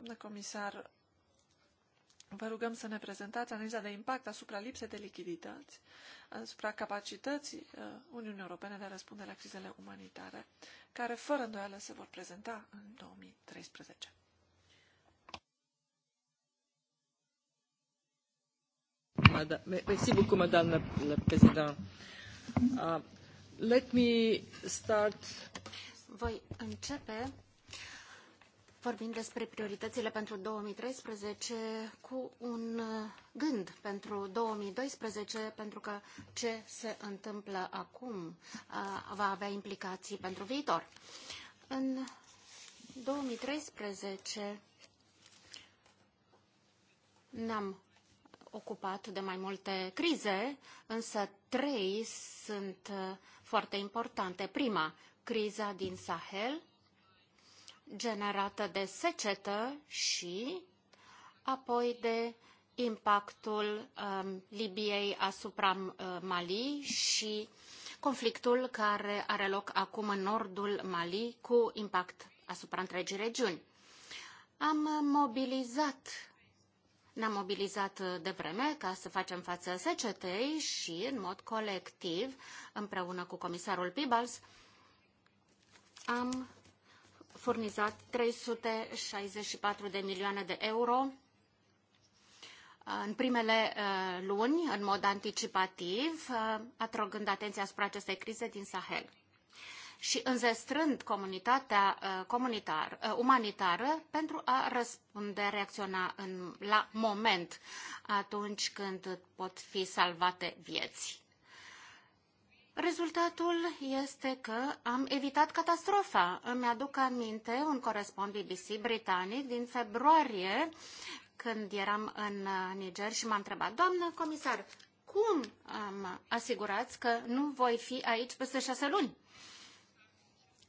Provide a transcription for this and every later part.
Doamnă comisar, vă rugăm să ne prezentați analiza de impact asupra lipsei de lichidități, asupra capacității uh, Uniunii Europene de a răspunde la crizele umanitare, care fără îndoială se vor prezenta în 2013. Merci beaucoup, Madame la Présidente. Uh, let me start. Voi începe vorbim despre prioritățile pentru 2013 cu un uh, gând pentru 2012, pentru că ce se întâmplă acum uh, va avea implicații pentru viitor. În 2013 ne-am ocupat de mai multe crize, însă trei sunt uh, foarte importante. Prima, criza din Sahel, generată de secetă și apoi de impactul um, Libiei asupra uh, Mali și conflictul care are loc acum în nordul Mali cu impact asupra întregii regiuni. Am mobilizat ne-am mobilizat de vreme ca să facem față secetei și, în mod colectiv, împreună cu comisarul Pibals, am furnizat 364 de milioane de euro în primele uh, luni, în mod anticipativ, uh, atrăgând atenția asupra acestei crize din Sahel și înzestrând comunitatea uh, comunitar, umanitară pentru a răspunde, reacționa în, la moment atunci când pot fi salvate vieți. Rezultatul este că am evitat catastrofa. Îmi aduc aminte un corespond BBC britanic din februarie, când eram în uh, Niger și m am întrebat, doamnă comisar, cum am asigurat că nu voi fi aici peste șase luni?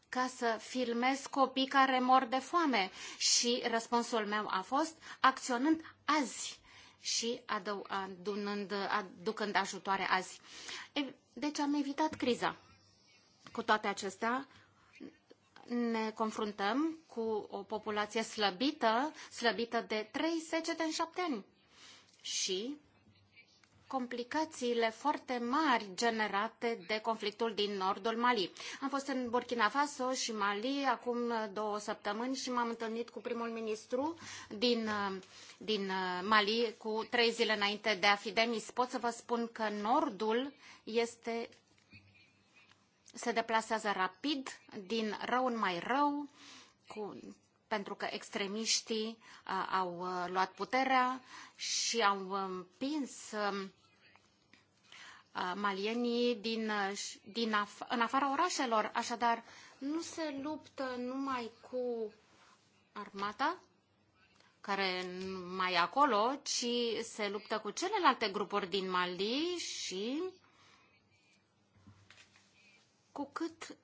ca să filmez copii care mor de foame. Și răspunsul meu a fost acționând azi și adunând, aducând ajutoare azi. Deci am evitat criza. Cu toate acestea, ne confruntăm cu o populație slăbită, slăbită de trei secete în șapte ani. Și complicațiile foarte mari generate de conflictul din nordul Mali. Am fost în Burkina Faso și Mali acum două săptămâni și m-am întâlnit cu primul ministru din, din Mali cu trei zile înainte de a fi demis. Pot să vă spun că nordul este se deplasează rapid din rău în mai rău, cu, pentru că extremiștii uh, au uh, luat puterea și au uh, împins uh, Uh, malienii din, uh, din af- în afara orașelor. Așadar, nu se luptă numai cu armata, care mai e acolo, ci se luptă cu celelalte grupuri din Mali și cu cât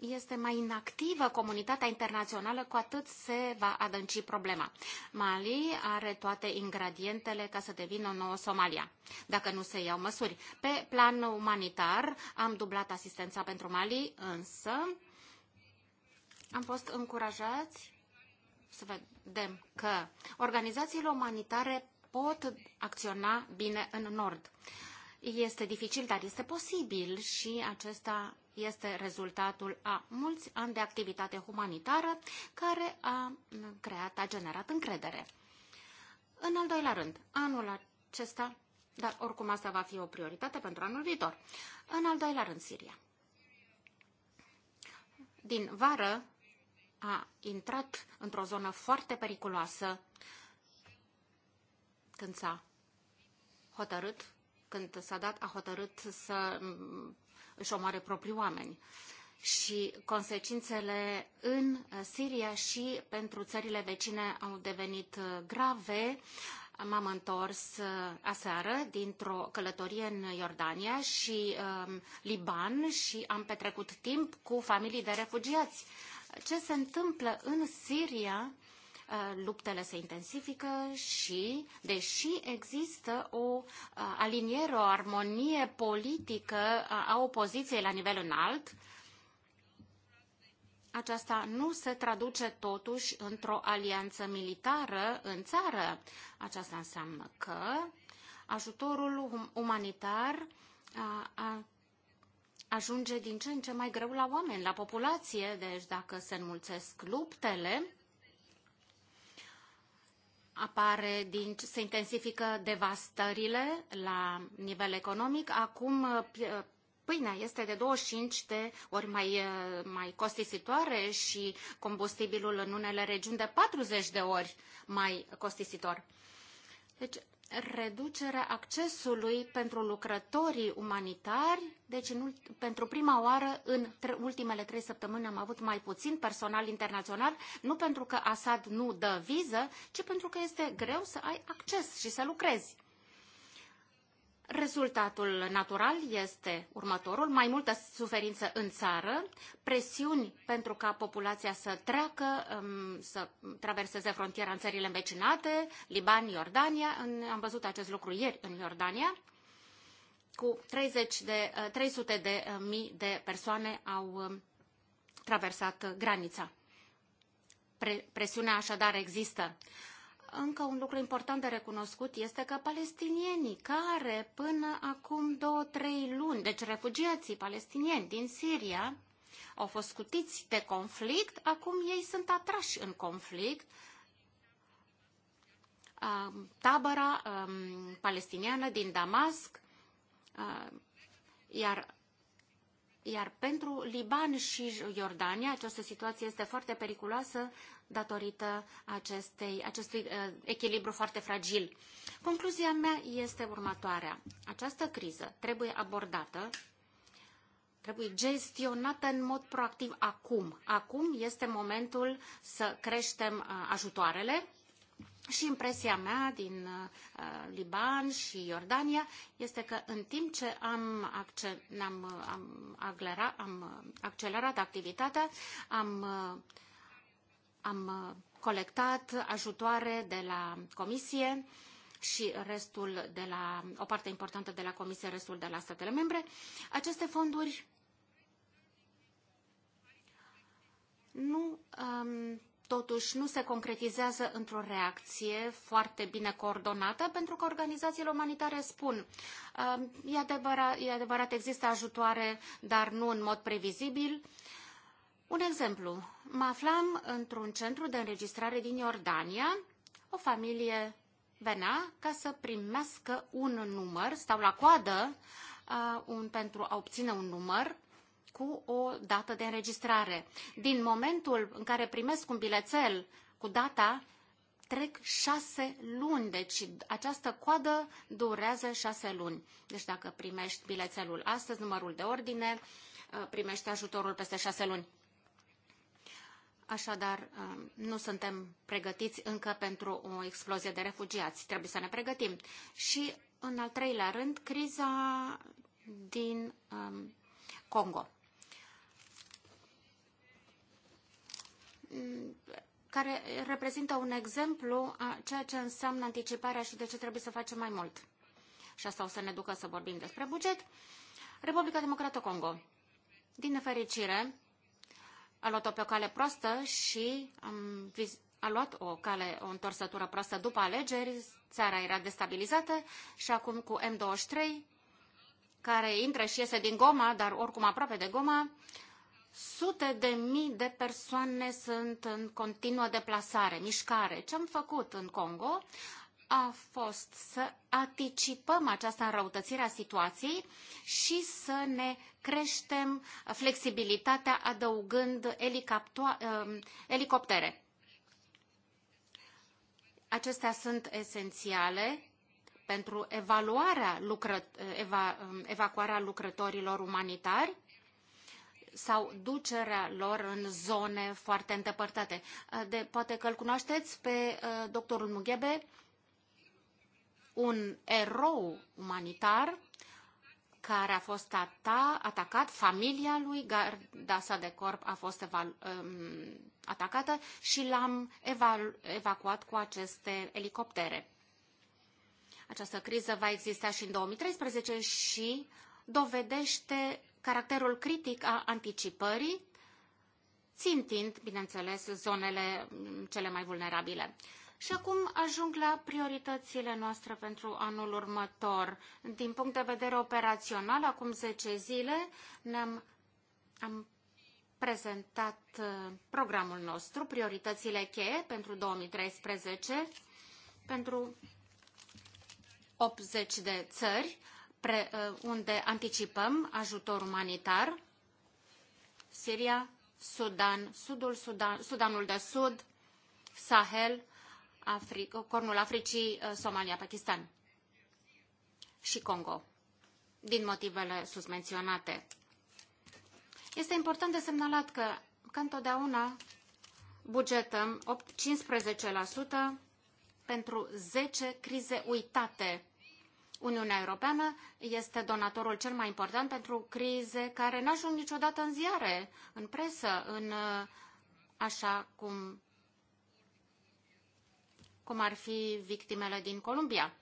este mai inactivă comunitatea internațională, cu atât se va adânci problema. Mali are toate ingredientele ca să devină o nouă Somalia, dacă nu se iau măsuri. Pe plan umanitar am dublat asistența pentru Mali, însă am fost încurajați să vedem că organizațiile umanitare pot acționa bine în Nord. Este dificil, dar este posibil și acesta este rezultatul a mulți ani de activitate humanitară care a creat, a generat încredere. În al doilea rând, anul acesta, dar oricum asta va fi o prioritate pentru anul viitor. În al doilea rând, Siria. Din vară a intrat într-o zonă foarte periculoasă când s-a hotărât, când dat, a hotărât să își omoare proprii oameni și consecințele în uh, Siria și pentru țările vecine au devenit uh, grave. M-am întors uh, aseară dintr-o călătorie în Iordania și um, Liban și am petrecut timp cu familii de refugiați. Ce se întâmplă în Siria Uh, luptele se intensifică și, deși există o uh, aliniere, o armonie politică a opoziției la nivel înalt, aceasta nu se traduce totuși într-o alianță militară în țară. Aceasta înseamnă că ajutorul um, umanitar a, uh, a, ajunge din ce în ce mai greu la oameni, la populație. Deci dacă se înmulțesc luptele, apare din, se intensifică devastările la nivel economic. Acum pâinea este de 25 de ori mai, mai costisitoare și combustibilul în unele regiuni de 40 de ori mai costisitor. Deci reducerea accesului pentru lucrătorii umanitari. Deci, în, pentru prima oară, în tre- ultimele trei săptămâni am avut mai puțin personal internațional, nu pentru că Assad nu dă viză, ci pentru că este greu să ai acces și să lucrezi. Rezultatul natural este următorul, mai multă suferință în țară, presiuni pentru ca populația să treacă, um, să traverseze frontiera în țările învecinate, Liban, Iordania, am văzut acest lucru ieri în Iordania, cu 30 de, 300 uh, de uh, mii de persoane au um, traversat granița. Pre presiunea așadar există. Încă un lucru important de recunoscut este că palestinienii care până acum două-trei luni, deci refugiații palestinieni din Siria, au fost scutiți de conflict, acum ei sunt atrași în conflict. Tabăra palestiniană din Damasc, iar iar pentru Liban și Iordania această situație este foarte periculoasă datorită acestei, acestui uh, echilibru foarte fragil. Concluzia mea este următoarea. Această criză trebuie abordată, trebuie gestionată în mod proactiv acum. Acum este momentul să creștem uh, ajutoarele, și impresia mea din uh, Liban și Iordania este că în timp ce am, accel- am, am, aglera, am uh, accelerat activitatea, am uh, am uh, colectat ajutoare de la Comisie și restul de la, o parte importantă de la Comisie, restul de la statele membre. Aceste fonduri nu, um, totuși nu se concretizează într-o reacție foarte bine coordonată, pentru că organizațiile umanitare spun, um, e, adevărat, e adevărat, există ajutoare, dar nu în mod previzibil. Uh, un exemplu. Mă aflam într-un centru de înregistrare din Iordania. O familie venea ca să primească un număr, stau la coadă uh, un, pentru a obține un număr cu o dată de înregistrare. Din momentul în care primesc un bilețel cu data, trec șase luni, deci această coadă durează șase luni. Deci dacă primești bilețelul astăzi, numărul de ordine, uh, primești ajutorul peste șase luni. Așadar, um, nu suntem pregătiți încă pentru o explozie de refugiați. Trebuie să ne pregătim. Și, în al treilea rând, criza din um, Congo. Mm, care reprezintă un exemplu a ceea ce înseamnă anticiparea și de ce trebuie să facem mai mult. Și asta o să ne ducă să vorbim despre buget. Republica Democrată Congo. Din nefericire, a luat-o pe o cale proastă și um, a luat o cale, o întorsătură proastă după alegeri, țara era destabilizată și acum cu M23, care intră și iese din Goma, dar oricum aproape de Goma, sute de mii de persoane sunt în continuă deplasare, mișcare. Ce am făcut în Congo? a fost să anticipăm această înrăutățire a situației și să ne creștem flexibilitatea adăugând um, elicoptere. Acestea sunt esențiale pentru evaluarea lucră, eva, um, evacuarea lucrătorilor umanitari sau ducerea lor în zone foarte îndepărtate. De, poate că îl cunoașteți pe uh, doctorul Mughebe, un erou umanitar care a fost ata, atacat, familia lui, garda sa de corp a fost um, atacată și l-am evacuat cu aceste elicoptere. Această criză va exista și în 2013 și dovedește caracterul critic a anticipării, țintind, bineînțeles, zonele cele mai vulnerabile. Și acum ajung la prioritățile noastre pentru anul următor. Din punct de vedere operațional, acum 10 zile ne-am am prezentat uh, programul nostru, prioritățile cheie pentru 2013, pentru 80 de țări pre, uh, unde anticipăm ajutor umanitar, Siria, Sudan, Sudul Sudan, Sudanul de Sud, Sahel, Afric, Cornul Africii, uh, Somalia, Pakistan și Congo, din motivele susmenționate. Este important de semnalat că, ca întotdeauna, bugetăm 8, 15% pentru 10 crize uitate. Uniunea Europeană este donatorul cel mai important pentru crize care nu ajung niciodată în ziare, în presă, în uh, așa cum cum ar fi victimele din Columbia.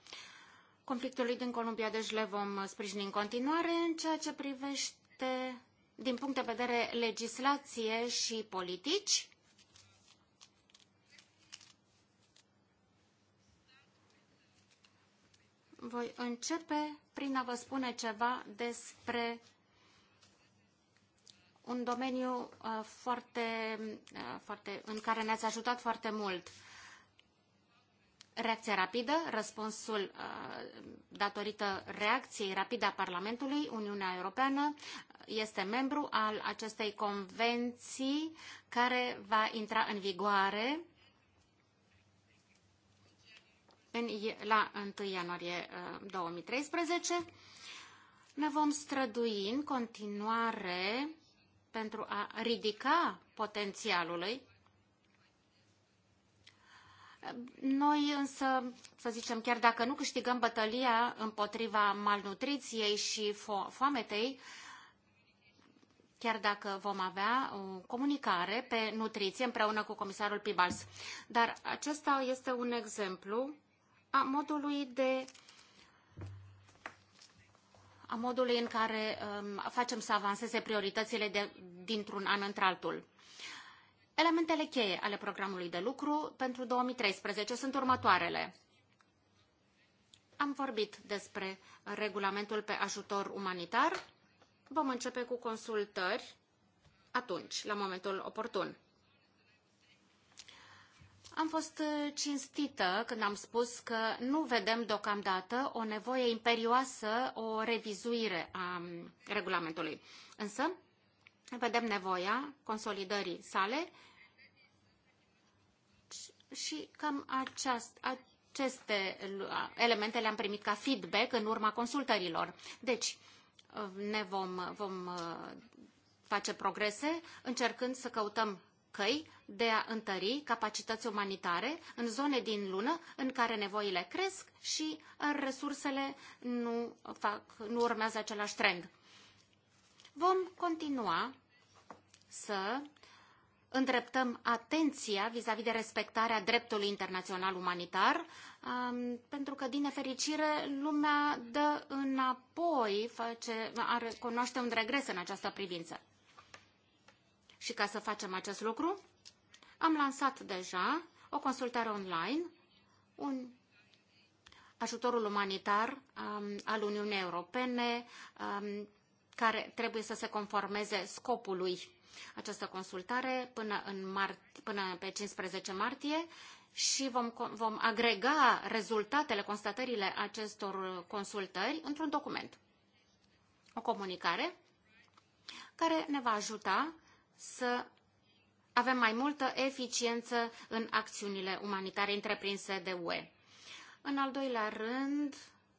Conflictului din Columbia, deci le vom sprijini în continuare în ceea ce privește, din punct de vedere legislație și politici. Voi începe prin a vă spune ceva despre un domeniu uh, foarte, uh, foarte, în care ne-ați ajutat foarte mult reacția rapidă, răspunsul uh, datorită reacției rapide a Parlamentului, Uniunea Europeană este membru al acestei convenții care va intra în vigoare în, la 1 ianuarie 2013. Uh, ne vom strădui în continuare pentru a ridica potențialului noi însă, să zicem, chiar dacă nu câștigăm bătălia împotriva malnutriției și fo- foametei, chiar dacă vom avea o comunicare pe nutriție împreună cu comisarul Pibals. Dar acesta este un exemplu a modului de a modului în care um, facem să avanseze prioritățile de, dintr-un an într-altul. Elementele cheie ale programului de lucru pentru 2013 sunt următoarele. Am vorbit despre regulamentul pe ajutor umanitar. Vom începe cu consultări atunci, la momentul oportun. Am fost cinstită când am spus că nu vedem deocamdată o nevoie imperioasă, o revizuire a regulamentului. Însă, vedem nevoia consolidării sale și cam aceast, aceste elemente le-am primit ca feedback în urma consultărilor. Deci, ne vom, vom uh, face progrese încercând să căutăm căi de a întări capacități umanitare în zone din lună în care nevoile cresc și uh, resursele nu, fac, nu urmează același trend. Vom continua să îndreptăm atenția vis-a-vis de respectarea dreptului internațional umanitar, um, pentru că, din nefericire, lumea dă înapoi, face, ar cunoaște un regres în această privință. Și ca să facem acest lucru, am lansat deja o consultare online, un ajutorul umanitar um, al Uniunii Europene, um, care trebuie să se conformeze scopului această consultare până, în mart, până pe 15 martie și vom, vom agrega rezultatele, constatările acestor consultări într-un document. O comunicare care ne va ajuta să avem mai multă eficiență în acțiunile umanitare întreprinse de UE. În al doilea rând,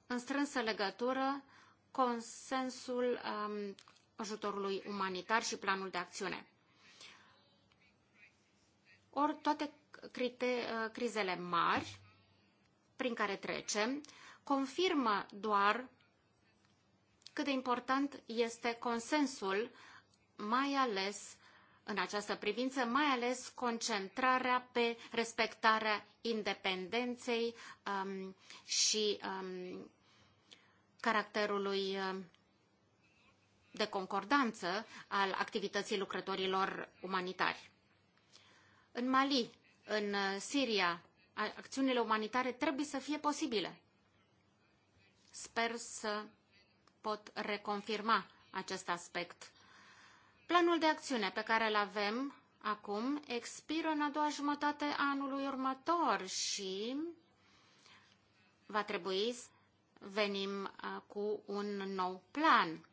în strânsă legătură, consensul um, ajutorului umanitar și planul de acțiune. Ori toate uh, crizele mari prin care trecem confirmă doar cât de important este consensul, mai ales în această privință, mai ales concentrarea pe respectarea independenței um, și um, caracterului um, de concordanță al activității lucrătorilor umanitari. În Mali, în Siria, acțiunile umanitare trebuie să fie posibile. Sper să pot reconfirma acest aspect. Planul de acțiune pe care îl avem acum expiră în a doua jumătate a anului următor și va trebui să venim cu un nou plan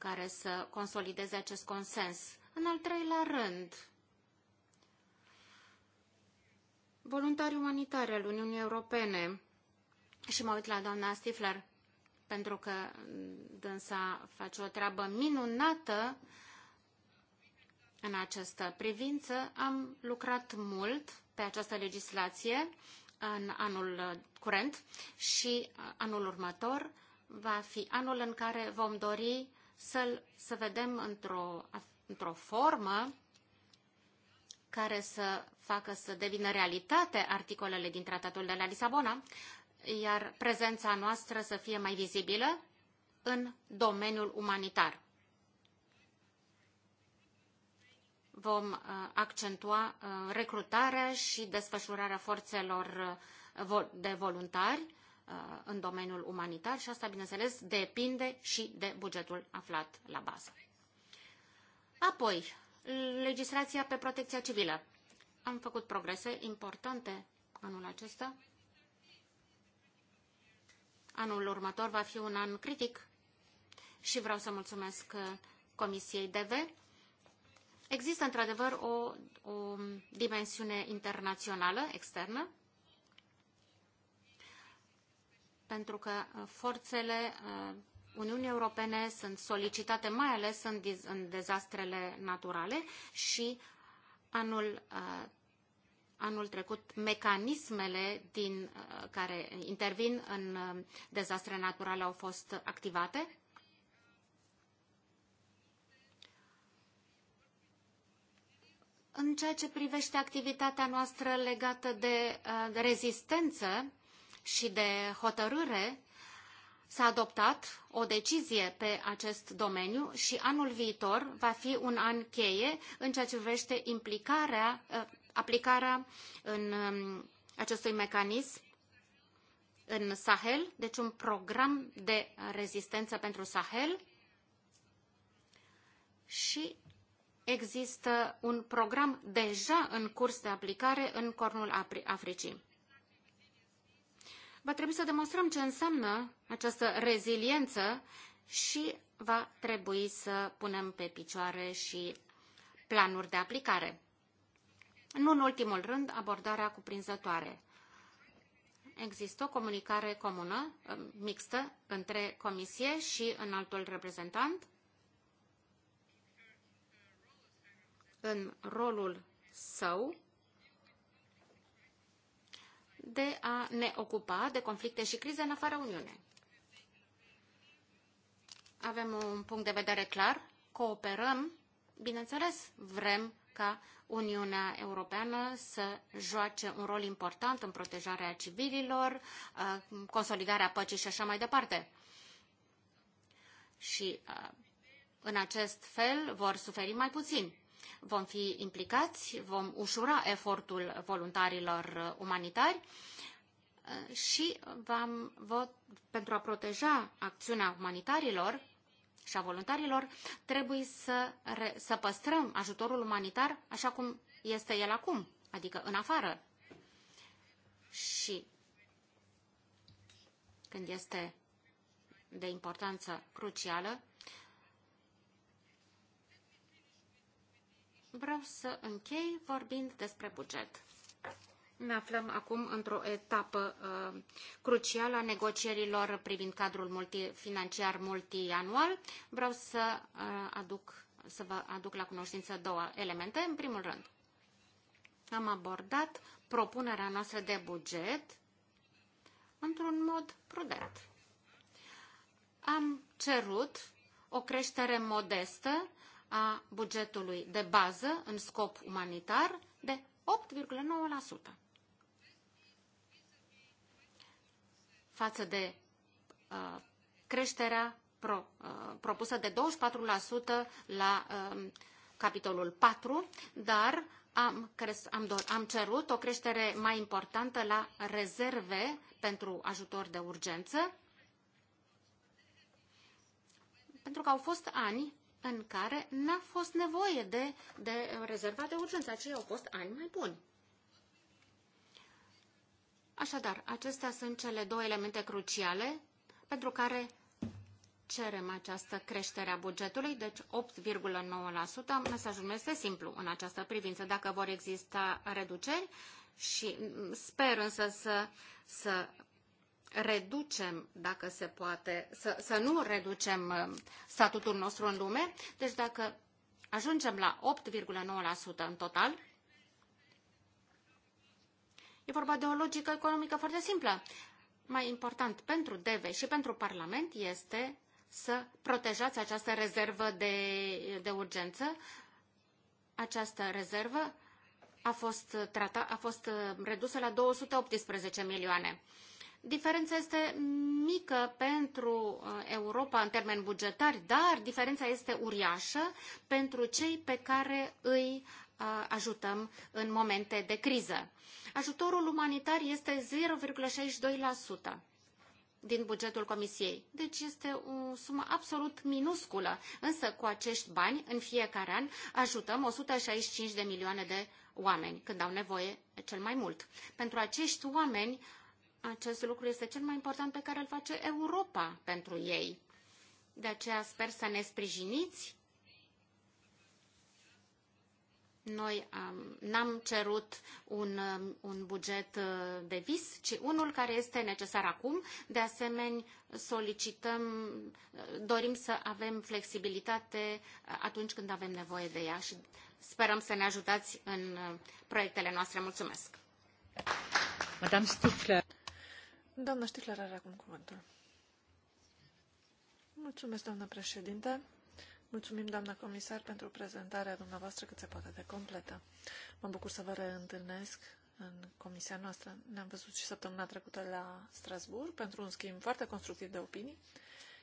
care să consolideze acest consens. În al treilea rând, voluntari umanitari al Uniunii Europene și mă uit la doamna Stifler pentru că dânsa face o treabă minunată în această privință. Am lucrat mult pe această legislație în anul curent și anul următor va fi anul în care vom dori să, să vedem într-o, într-o formă care să facă să devină realitate articolele din Tratatul de la Lisabona, iar prezența noastră să fie mai vizibilă în domeniul umanitar. Vom uh, accentua uh, recrutarea și desfășurarea forțelor uh, de voluntari Uh, în domeniul umanitar și asta, bineînțeles, depinde și de bugetul aflat la bază. Apoi, legislația pe protecția civilă. Am făcut progrese importante anul acesta. Anul următor va fi un an critic și vreau să mulțumesc uh, Comisiei DV. Există într-adevăr o, o dimensiune internațională, externă, pentru că uh, forțele uh, Uniunii Europene sunt solicitate mai ales în, în dezastrele naturale și anul, uh, anul trecut mecanismele din, care intervin în dezastre naturale au fost activate. În ceea ce privește activitatea noastră legată de, de rezistență, și de hotărâre s-a adoptat o decizie pe acest domeniu și anul viitor va fi un an cheie în ceea ce privește implicarea, eh, aplicarea în eh, acestui mecanism în Sahel, deci un program de rezistență pentru Sahel și există un program deja în curs de aplicare în cornul Africii va trebui să demonstrăm ce înseamnă această reziliență și va trebui să punem pe picioare și planuri de aplicare. Nu în ultimul rând, abordarea cuprinzătoare. Există o comunicare comună, uh, mixtă, între Comisie și înaltul reprezentant în rolul său de a ne ocupa de conflicte și crize în afara Uniunii. Avem un punct de vedere clar, cooperăm, bineînțeles, vrem ca Uniunea Europeană să joace un rol important în protejarea civililor, uh, consolidarea păcii și așa mai departe. Și uh, în acest fel vor suferi mai puțin vom fi implicați, vom ușura efortul voluntarilor umanitari uh, și vom, pentru a proteja acțiunea umanitarilor și a voluntarilor, trebuie să, să păstrăm ajutorul umanitar așa cum este el acum, adică în afară. Și când este de importanță crucială, Vreau să închei vorbind despre buget. Ne aflăm acum într-o etapă uh, crucială a negocierilor privind cadrul multi, financiar multianual. Vreau să, uh, aduc, să vă aduc la cunoștință două elemente. În primul rând, am abordat propunerea noastră de buget într-un mod prudent. Am cerut o creștere modestă a bugetului de bază în scop umanitar de 8,9% față de uh, creșterea pro, uh, propusă de 24% la uh, capitolul 4, dar am, cres, am, do- am cerut o creștere mai importantă la rezerve pentru ajutor de urgență, pentru că au fost ani în care n-a fost nevoie de, de rezerva de urgență. Aceia au fost ani mai buni. Așadar, acestea sunt cele două elemente cruciale pentru care cerem această creștere a bugetului, deci 8,9%. Mesajul meu este simplu în această privință. Dacă vor exista reduceri, și sper însă să, să reducem, dacă se poate, să, să nu reducem uh, statutul nostru în lume. Deci dacă ajungem la 8,9% în total, e vorba de o logică economică foarte simplă. Mai important pentru DEVE și pentru Parlament este să protejați această rezervă de, de urgență. Această rezervă a fost, trata, a fost uh, redusă la 218 milioane. Diferența este mică pentru uh, Europa în termeni bugetari, dar diferența este uriașă pentru cei pe care îi uh, ajutăm în momente de criză. Ajutorul umanitar este 0,62% din bugetul Comisiei. Deci este o sumă absolut minusculă, însă cu acești bani, în fiecare an, ajutăm 165 de milioane de oameni când au nevoie cel mai mult. Pentru acești oameni acest lucru este cel mai important pe care îl face Europa pentru ei. De aceea sper să ne sprijiniți. Noi n-am cerut un, un buget uh, de vis, ci unul care este necesar acum. De asemenea, solicităm, uh, dorim să avem flexibilitate uh, atunci când avem nevoie de ea și sperăm să ne ajutați în proiectele noastre. Mulțumesc! Madame Stifler. Doamna Șticler are acum cuvântul. Mulțumesc, doamnă președinte. Mulțumim, doamna comisar, pentru prezentarea dumneavoastră cât se poate de completă. Mă bucur să vă reîntâlnesc în comisia noastră. Ne-am văzut și săptămâna trecută la Strasbourg pentru un schimb foarte constructiv de opinii.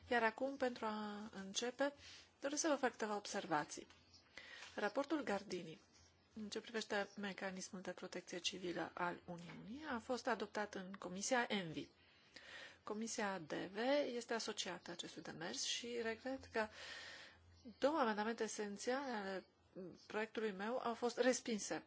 Iar acum, pentru a începe, doresc să vă fac câteva observații. Raportul Gardini în ce privește mecanismul de protecție civilă al Uniunii, a fost adoptat în Comisia ENVI. Comisia DV este asociată acestui demers și regret că două amendamente esențiale ale proiectului meu au fost respinse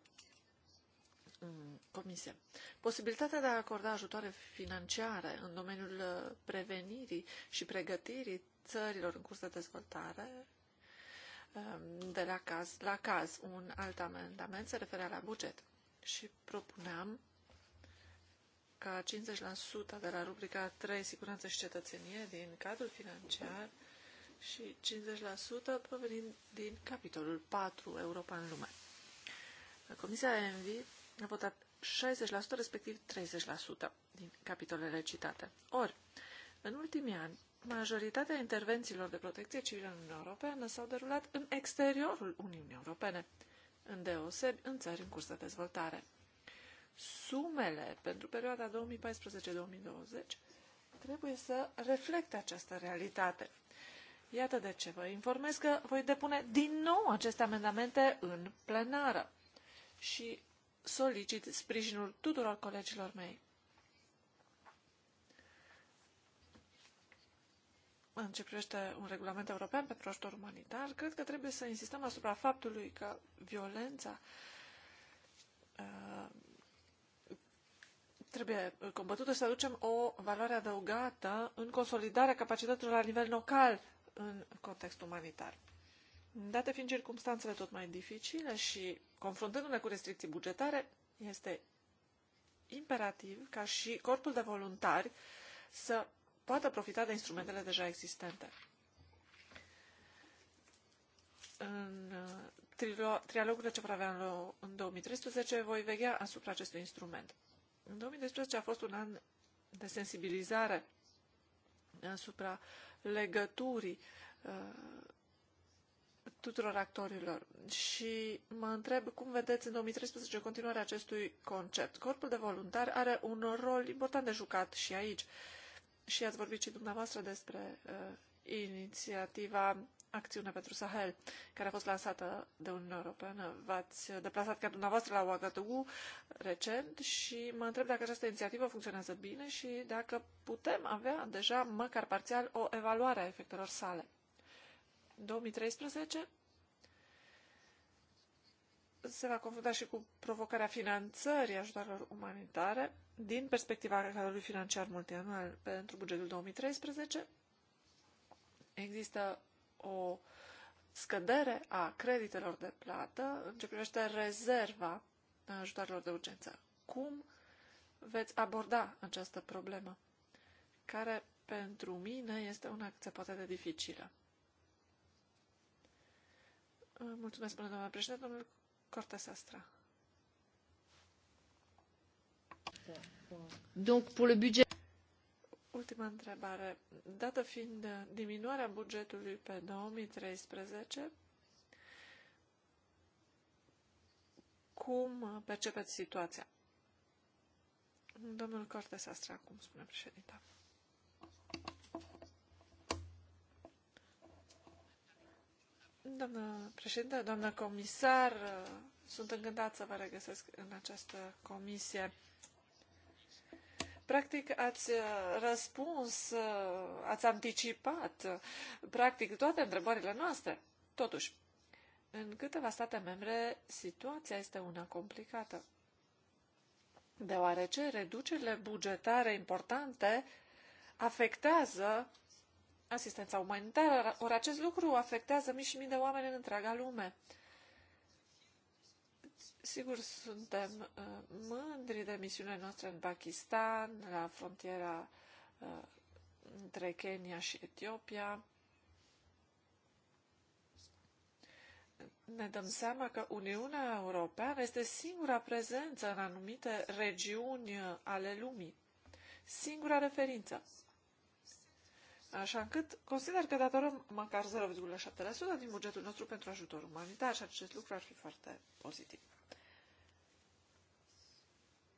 în comisie. Posibilitatea de a acorda ajutoare financiare în domeniul uh, prevenirii și pregătirii țărilor în curs de dezvoltare Ehm, de la caz la caz. Un alt amendament se referea la buget și propuneam ca 50% de la rubrica 3, siguranță și cetățenie, din cadrul financiar și 50% provenind din capitolul 4, Europa în lume. Comisia ENVI a votat 60%, respectiv 30% din capitolele citate. Ori, în ultimii ani, Majoritatea intervențiilor de protecție civilă în Uniunea Europeană s-au derulat în exteriorul Uniunii Europene, îndeosebi în țări în curs de dezvoltare. Sumele pentru perioada 2014-2020 trebuie să reflecte această realitate. Iată de ce vă informez că voi depune din nou aceste amendamente în plenară și solicit sprijinul tuturor colegilor mei. în ce privește un regulament european pentru ajutor umanitar, cred că trebuie să insistăm asupra faptului că violența uh, trebuie combătută să aducem o valoare adăugată în consolidarea capacităților la nivel local în context umanitar. Date fiind circumstanțele tot mai dificile și confruntându-ne cu restricții bugetare, este imperativ ca și corpul de voluntari să poată profita de instrumentele deja existente. În uh, trialogurile ce vor avea în 2013 voi veghea asupra acestui instrument. În 2013 a fost un an de sensibilizare asupra legăturii uh, tuturor actorilor. Și mă întreb cum vedeți în 2013 continuarea acestui concept. Corpul de voluntari are un rol important de jucat și aici. Uh, și ați vorbit și dumneavoastră despre uh, inițiativa Acțiune pentru Sahel, care a fost lansată de Uniunea Europeană. V-ați deplasat chiar dumneavoastră la Ouagadougou recent și mă întreb dacă această inițiativă funcționează bine și dacă putem avea deja, măcar parțial, o evaluare a efectelor sale. 2013 se va confrunta și cu provocarea finanțării ajutoarelor umanitare din perspectiva cadrului financiar multianual pentru bugetul 2013. Există o scădere a creditelor de plată în ce privește rezerva ajutoarelor de urgență. Cum veți aborda această problemă, care pentru mine este una cât se poate de dificilă? Mulțumesc, până doamna președinte. domnule Corta Sastra. Donc, pour le budget... Ultima întrebare. Dată fiind diminuarea bugetului pe 2013, cum percepeți situația? Domnul Cortes Astra, cum spune președinta. Doamnă președinte, doamnă comisar, sunt încântat să vă regăsesc în această comisie. Practic ați răspuns, ați anticipat, practic, toate întrebările noastre. Totuși, în câteva state membre, situația este una complicată, deoarece reducerile bugetare importante afectează asistența umanitară, ori acest lucru afectează mii și mii de oameni în întreaga lume. Sigur, suntem uh, mândri de misiunea noastră în Pakistan, la frontiera uh, între Kenya și Etiopia. Ne dăm seama că Uniunea Europeană este singura prezență în anumite regiuni ale lumii, singura referință. Așa încât consider că datorăm măcar 0,7% din bugetul nostru pentru ajutor umanitar și acest lucru ar fi foarte pozitiv.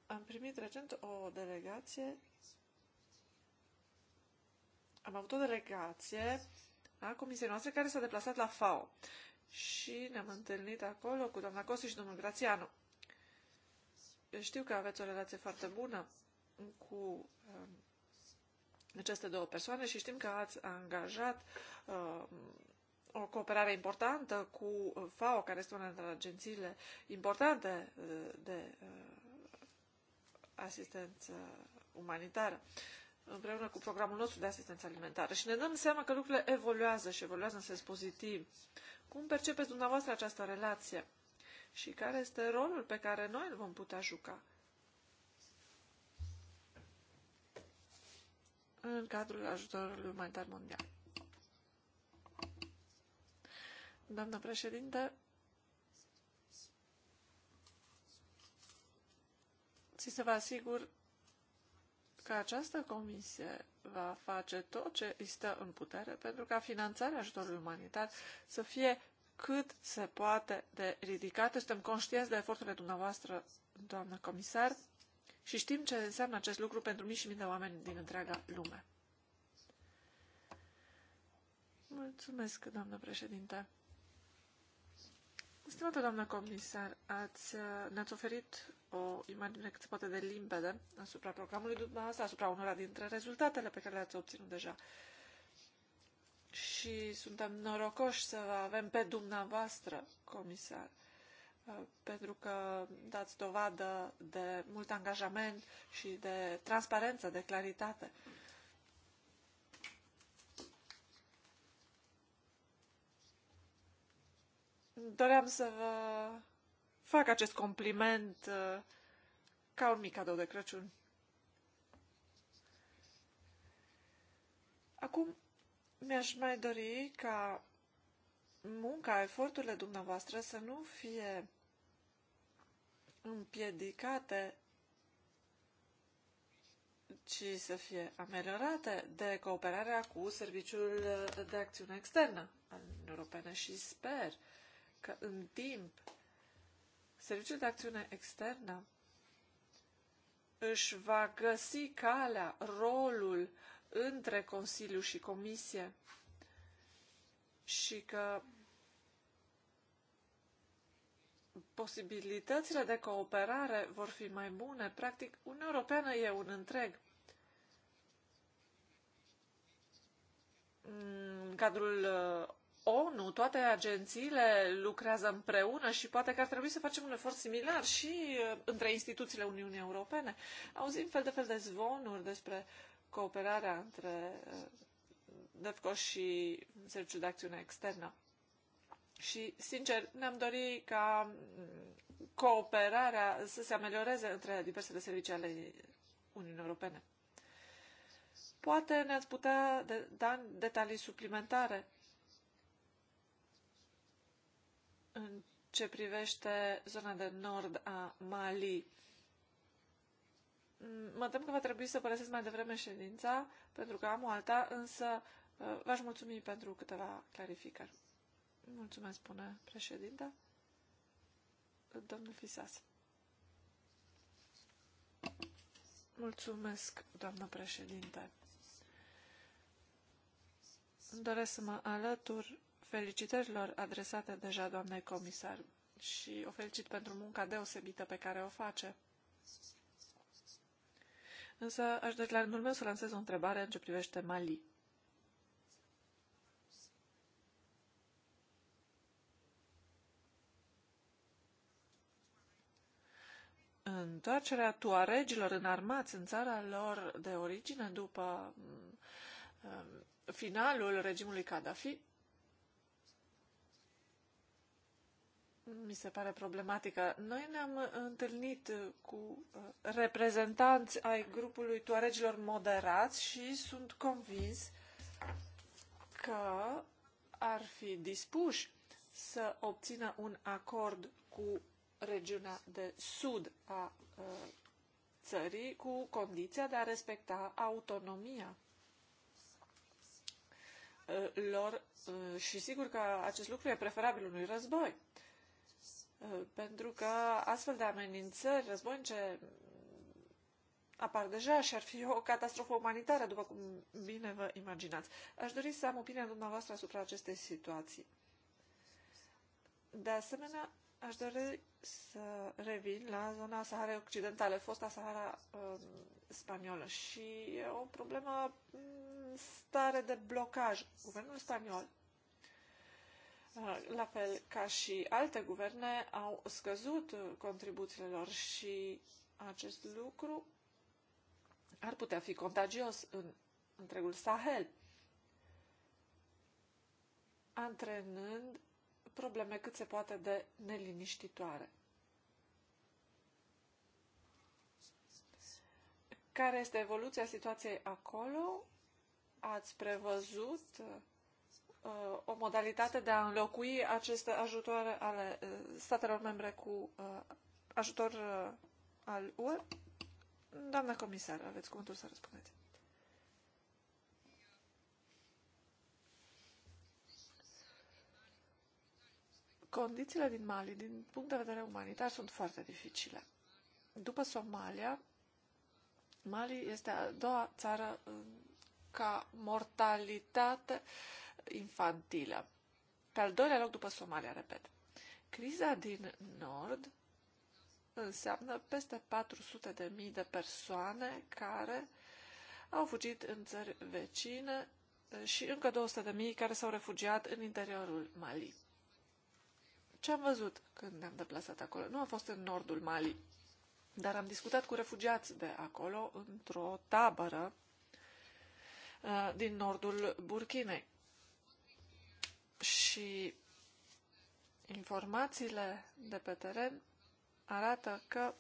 Am primit recent o delegație am avut o delegație a comisiei noastre care s-a deplasat la FAO și ne-am întâlnit acolo cu doamna Cosi și domnul Grațianu. Eu știu că aveți o relație foarte bună cu um, aceste două persoane și știm că ați angajat uh, o cooperare importantă cu FAO, care este una dintre agențiile importante uh, de uh, asistență umanitară, împreună cu programul nostru de asistență alimentară. Și ne dăm seama că lucrurile evoluează și evoluează în sens pozitiv. Cum percepeți dumneavoastră această relație? Și care este rolul pe care noi îl vom putea juca? în cadrul ajutorului umanitar mondial. Doamnă președinte, ți se va asigur că această comisie va face tot ce îi stă în putere pentru ca finanțarea ajutorului umanitar să fie cât se poate de ridicată. Suntem conștienți de eforturile dumneavoastră, doamnă comisar, și știm ce înseamnă acest lucru pentru mii și mii de oameni din întreaga lume. Mulțumesc, doamnă președinte. Stimată doamnă comisar, ați, ne-ați oferit o imagine cât se poate de limpede asupra programului dumneavoastră, asupra unora dintre rezultatele pe care le-ați obținut deja. Și suntem norocoși să avem pe dumneavoastră, comisar, pentru că dați dovadă de mult angajament și de transparență, de claritate. Doream să vă fac acest compliment uh, ca un mic cadou de Crăciun. Acum mi-aș mai dori ca munca, eforturile dumneavoastră să nu fie împiedicate, ci să fie ameliorate de cooperarea cu Serviciul de Acțiune Externă al Uniunii Europene și sper că în timp Serviciul de Acțiune Externă își va găsi calea, rolul între Consiliu și Comisie și că posibilitățile de cooperare vor fi mai bune. Practic, Uniunea Europeană e un întreg. În cadrul uh, ONU, toate agențiile lucrează împreună și poate că ar trebui să facem un efort similar și uh, între instituțiile Uniunii Europene. Auzim fel de fel de zvonuri despre cooperarea între uh, DEFCO și Serviciul de Acțiune Externă. Și, sincer, ne-am dorit ca mm, cooperarea să se amelioreze între diversele servicii ale Uniunii Europene. Poate ne-ați putea da detalii suplimentare în ce privește zona de nord a Mali. Mm, mă tem că va trebui să părăsesc mai devreme ședința, pentru că am o alta, însă Uh, v-aș mulțumi pentru câteva clarificări. Mulțumesc, spune președinte. Domnul Fisas. Mulțumesc, doamnă președinte. Îmi doresc să mă alătur felicitărilor adresate deja doamnei comisar și o felicit pentru munca deosebită pe care o face. Însă aș dori la rândul meu să lansez o întrebare în ce privește Mali. întoarcerea tuaregilor înarmați în țara lor de origine după um, um, finalul regimului Gaddafi mi se pare problematică. Noi ne-am întâlnit cu uh, reprezentanți ai grupului tuaregilor moderați și sunt convins că ar fi dispuși să obțină un acord cu regiunea de sud a uh, țării cu condiția de a respecta autonomia uh, lor uh, și sigur că acest lucru e preferabil unui război. Pentru că astfel de amenințări războinice apar deja și ar fi o catastrofă umanitară, după cum bine vă imaginați. Aș dori să am opinia dumneavoastră asupra acestei situații. De asemenea, Aș dori să revin la zona Saharei Occidentale, fosta Sahara um, spaniolă și e o problemă mm, stare de blocaj. Guvernul spaniol, uh, la fel ca și alte guverne, au scăzut contribuțiile lor și acest lucru ar putea fi contagios în întregul Sahel, antrenând probleme cât se poate de neliniștitoare. Care este evoluția situației acolo? Ați prevăzut uh, o modalitate de a înlocui aceste ajutoare ale uh, statelor membre cu uh, ajutor uh, al UE? Doamna comisar, aveți cuvântul să răspundeți. Condițiile din Mali, din punct de vedere umanitar, sunt foarte dificile. După Somalia, Mali este a doua țară uh, ca mortalitate infantilă. Pe al doilea loc după Somalia, repet. Criza din nord înseamnă peste 400.000 de de persoane care au fugit în țări vecine uh, și încă 200.000 care s-au refugiat în interiorul Mali ce am văzut când ne-am deplasat acolo. Nu am fost în nordul Mali, dar am discutat cu refugiați de acolo într-o tabără uh, din nordul Burkinei. Și informațiile de pe teren arată că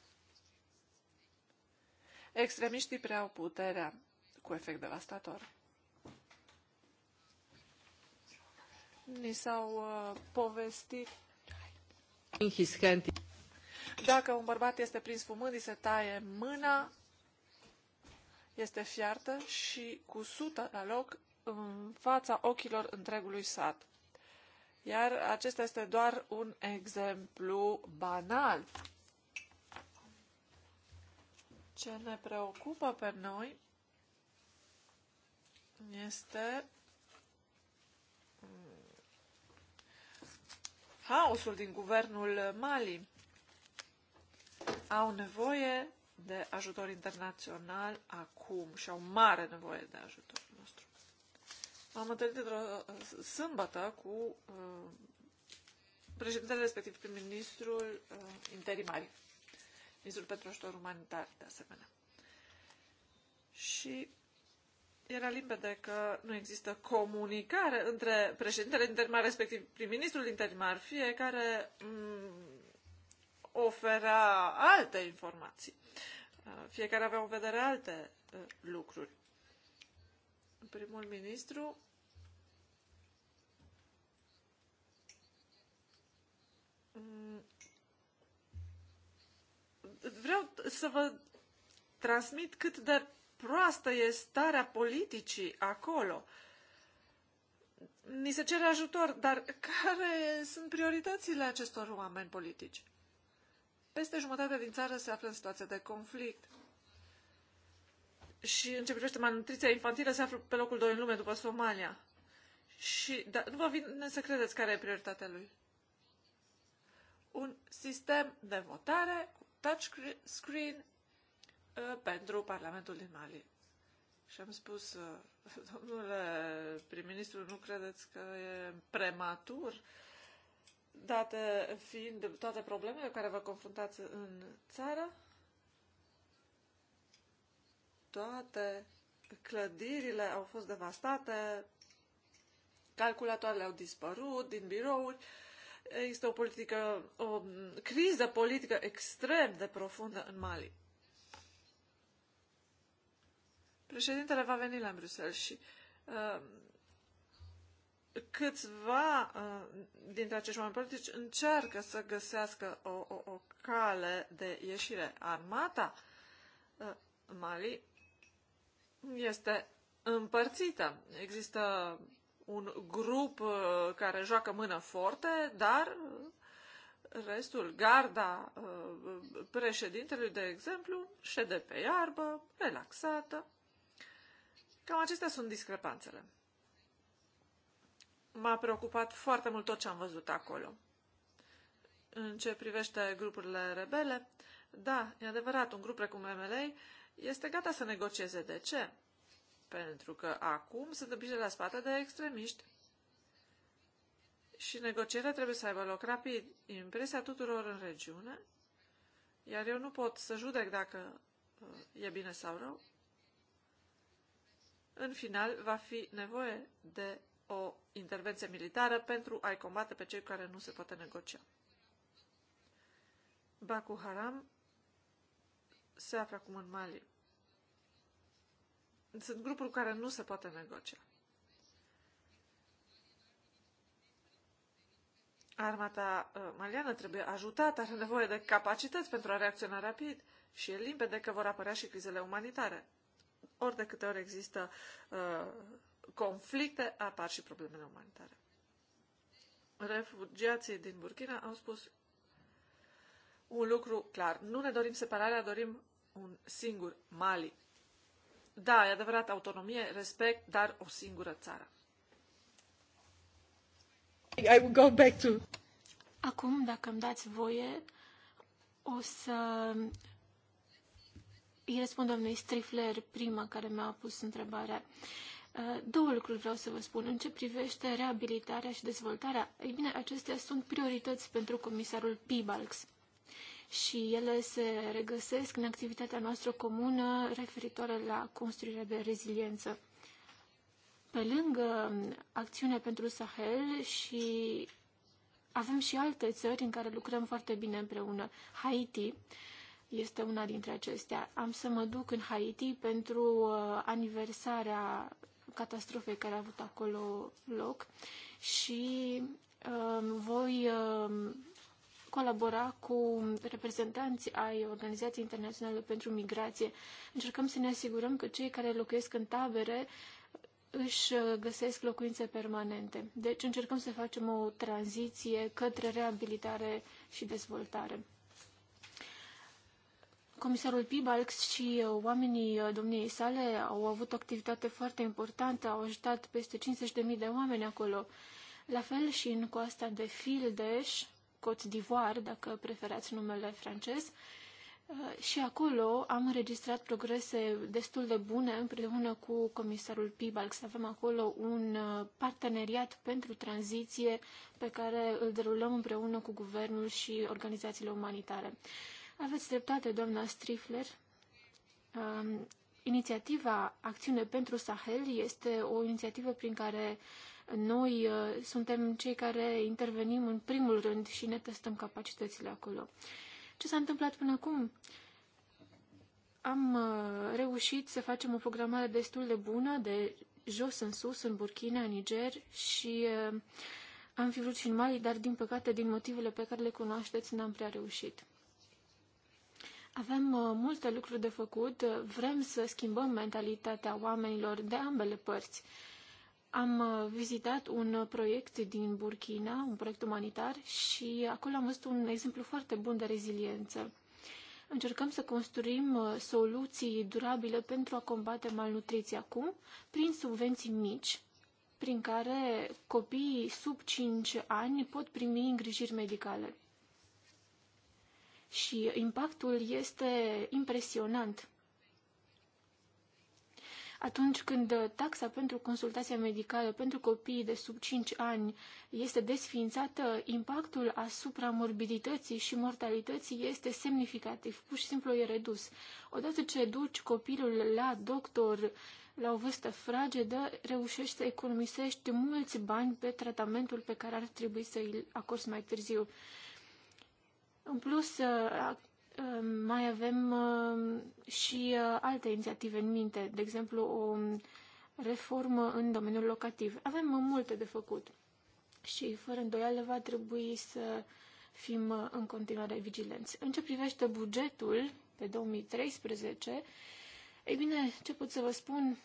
extremiștii preau puterea cu efect devastator. Ni s-au uh, povestit dacă un bărbat este prins fumând, îi se taie mâna, este fiartă și cu sută la loc în fața ochilor întregului sat. Iar acesta este doar un exemplu banal. Ce ne preocupă pe noi este haosul din guvernul Mali au nevoie de ajutor internațional acum și au mare nevoie de ajutor nostru. M-am întâlnit într-o uh, sâmbătă cu uh, președintele respectiv prim-ministrul uh, interimar, ministrul pentru ajutor umanitar, de asemenea. Și era limpede că nu există comunicare între președintele interimar, respectiv prim-ministrul interimar, fiecare mm, oferea alte informații. Uh, fiecare avea în vedere alte uh, lucruri. Primul ministru mm. vreau să vă transmit cât de proastă e starea politicii acolo. Ni se cere ajutor, dar care sunt prioritățile acestor oameni politici? Peste jumătate din țară se află în situația de conflict. Și în ce privește malnutriția infantilă se află pe locul 2 în lume după Somalia. Și da, nu vă vine să credeți care e prioritatea lui. Un sistem de votare cu touchscreen. Uh, pentru Parlamentul din Mali. Și am spus, uh, domnule prim-ministru, nu credeți că e prematur, date fiind toate problemele care vă confruntați în țară? Toate clădirile au fost devastate, calculatoarele au dispărut din birouri, există o politică, o criză politică extrem de profundă în Mali. Președintele va veni la Bruxelles și uh, câțiva uh, dintre acești oameni politici încearcă să găsească o, o, o cale de ieșire. Armata uh, Mali este împărțită. Există un grup care joacă mână forte, dar restul, garda președintelui, de exemplu, șede pe iarbă, relaxată, Cam acestea sunt discrepanțele. M-a preocupat foarte mult tot ce am văzut acolo. În ce privește grupurile rebele, da, e adevărat, un grup precum MLA este gata să negocieze. De ce? Pentru că acum sunt împinși la spate de extremiști. Și negocierea trebuie să aibă loc rapid. Impresia tuturor în regiune, iar eu nu pot să judec dacă uh, e bine sau rău, în final va fi nevoie de o intervenție militară pentru a-i combate pe cei care nu se poate negocia. Baku Haram se află acum în Mali. Sunt grupuri care nu se poate negocia. Armata uh, maliană trebuie ajutată, are nevoie de capacități pentru a reacționa rapid și e limpede că vor apărea și crizele umanitare. Ori de câte ori există uh, conflicte, apar și problemele umanitare. Refugiații din Burkina au spus un lucru clar. Nu ne dorim separarea, dorim un singur Mali. Da, e adevărat, autonomie, respect, dar o singură țară. I will go back to... Acum, dacă îmi dați voie, o să îi răspund doamnei Strifler, prima care mi-a pus întrebarea. Uh, două lucruri vreau să vă spun. În ce privește reabilitarea și dezvoltarea, ei bine, acestea sunt priorități pentru comisarul PIBALX și ele se regăsesc în activitatea noastră comună referitoare la construirea de reziliență. Pe lângă um, acțiunea pentru Sahel și avem și alte țări în care lucrăm foarte bine împreună. Haiti, este una dintre acestea. Am să mă duc în Haiti pentru uh, aniversarea catastrofei care a avut acolo loc și um, voi um, colabora cu reprezentanți ai Organizației Internaționale pentru Migrație. Încercăm să ne asigurăm că cei care locuiesc în tabere își uh, găsesc locuințe permanente. Deci încercăm să facem o tranziție către reabilitare și dezvoltare. Comisarul Pibalx și uh, oamenii uh, domniei sale au avut o activitate foarte importantă, au ajutat peste 50.000 de oameni acolo. La fel și în coasta de Fildeș, Côte d'Ivoire, dacă preferați numele francez, uh, și acolo am înregistrat progrese destul de bune împreună cu comisarul Pibalx. Avem acolo un parteneriat pentru tranziție pe care îl derulăm împreună cu guvernul și organizațiile umanitare. Aveți dreptate, doamna Strifler. Um, inițiativa Acțiune pentru Sahel este o inițiativă prin care noi uh, suntem cei care intervenim în primul rând și ne testăm capacitățile acolo. Ce s-a întâmplat până acum? Am uh, reușit să facem o programare destul de bună, de jos în sus, în Burkina, în Niger și uh, am fi vrut și în Mali, dar din păcate, din motivele pe care le cunoașteți, n-am prea reușit. Avem uh, multe lucruri de făcut. Vrem să schimbăm mentalitatea oamenilor de ambele părți. Am uh, vizitat un proiect din Burkina, un proiect umanitar, și acolo am văzut un exemplu foarte bun de reziliență. Încercăm să construim uh, soluții durabile pentru a combate malnutriția acum, prin subvenții mici, prin care copiii sub 5 ani pot primi îngrijiri medicale și impactul este impresionant. Atunci când taxa pentru consultația medicală pentru copiii de sub 5 ani este desființată, impactul asupra morbidității și mortalității este semnificativ, pur și simplu e redus. Odată ce duci copilul la doctor la o vârstă fragedă, reușești să economisești mulți bani pe tratamentul pe care ar trebui să îl acorzi mai târziu. În plus, uh, uh, mai avem uh, și alte inițiative în minte, de exemplu o reformă în domeniul locativ. Avem multe de făcut și, fără îndoială, va trebui să fim în continuare vigilenți. În ce privește bugetul pe 2013, ei bine, ce pot să vă spun?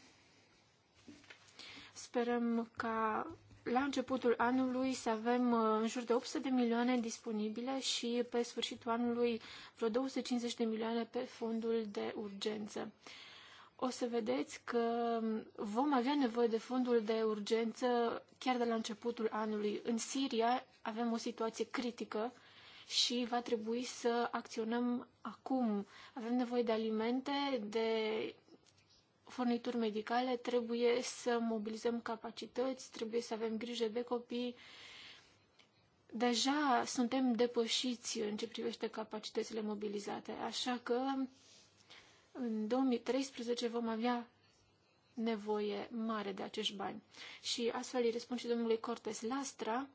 Sperăm ca la începutul anului să avem uh, în jur de 800 de milioane disponibile și pe sfârșitul anului vreo 250 de milioane pe fondul de urgență. O să vedeți că um, vom avea nevoie de fondul de urgență chiar de la începutul anului. În Siria avem o situație critică și va trebui să acționăm acum. Avem nevoie de alimente, de furnituri medicale, trebuie să mobilizăm capacități, trebuie să avem grijă de copii. Deja suntem depășiți în ce privește capacitățile mobilizate, așa că în 2013 vom avea nevoie mare de acești bani. Și astfel îi răspund și domnului Cortes Lastra.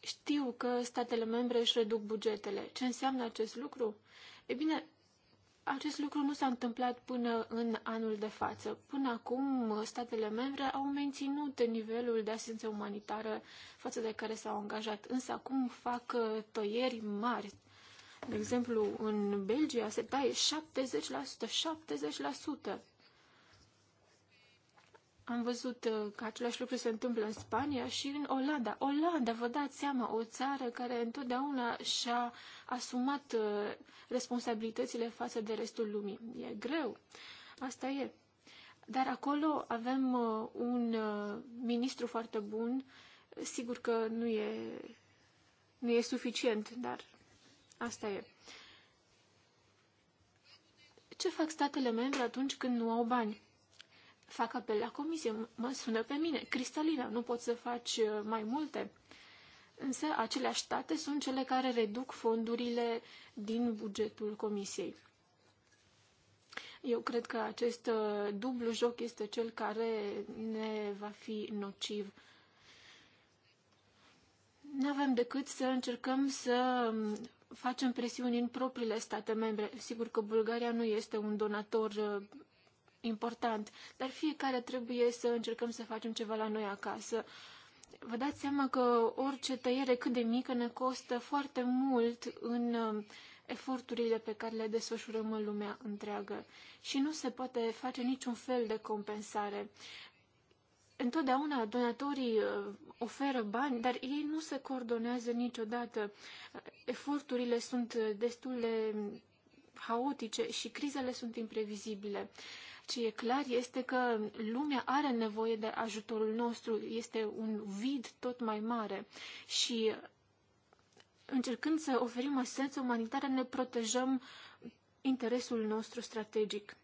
Știu că statele membre își reduc bugetele. Ce înseamnă acest lucru? E bine, acest lucru nu s-a întâmplat până în anul de față. Până acum, statele membre au menținut nivelul de asistență umanitară față de care s-au angajat, însă acum fac uh, tăieri mari. De exemplu, în Belgia se taie 70%, 70%. Am văzut uh, că același lucru se întâmplă în Spania și în Olanda. Olanda, vă dați seama, o țară care întotdeauna și-a asumat uh, responsabilitățile față de restul lumii. E greu. Asta e. Dar acolo avem uh, un ministru foarte bun. Sigur că nu e, nu e suficient, dar asta e. Ce fac statele membre atunci când nu au bani? fac apel la comisie, mă sună pe mine, Cristalina, nu poți să faci uh, mai multe. Însă aceleași state sunt cele care reduc fondurile din bugetul comisiei. Eu cred că acest uh, dublu joc este cel care ne va fi nociv. Nu avem decât să încercăm să um, facem presiuni în propriile state membre. Sigur că Bulgaria nu este un donator uh, important, dar fiecare trebuie să încercăm să facem ceva la noi acasă. Vă dați seama că orice tăiere cât de mică ne costă foarte mult în um, eforturile pe care le desfășurăm în lumea întreagă și nu se poate face niciun fel de compensare. Întotdeauna donatorii uh, oferă bani, dar ei nu se coordonează niciodată. Eforturile sunt destul de um, haotice și crizele sunt imprevizibile. Ce e clar este că lumea are nevoie de ajutorul nostru, este un vid tot mai mare și încercând să oferim asistență umanitară ne protejăm interesul nostru strategic,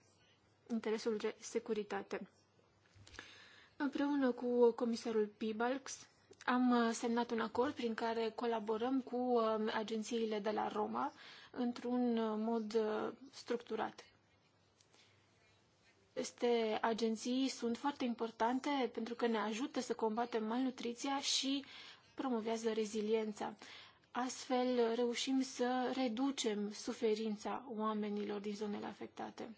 interesul de securitate. Împreună cu comisarul Pibalks am uh, semnat un acord prin care colaborăm cu uh, agențiile de la Roma într-un uh, mod structurat. Aceste agenții sunt foarte importante pentru că ne ajută să combatem malnutriția și promovează reziliența. Astfel reușim să reducem suferința oamenilor din zonele afectate.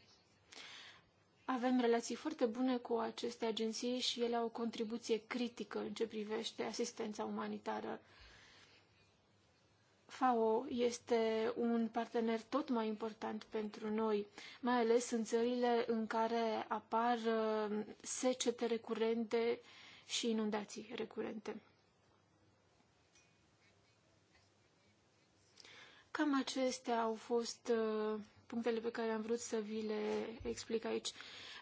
Avem relații foarte bune cu aceste agenții și ele au o contribuție critică în ce privește asistența umanitară FAO este un partener tot mai important pentru noi, mai ales în țările în care apar uh, secete recurente și inundații recurente. Cam acestea au fost uh, punctele pe care am vrut să vi le explic aici.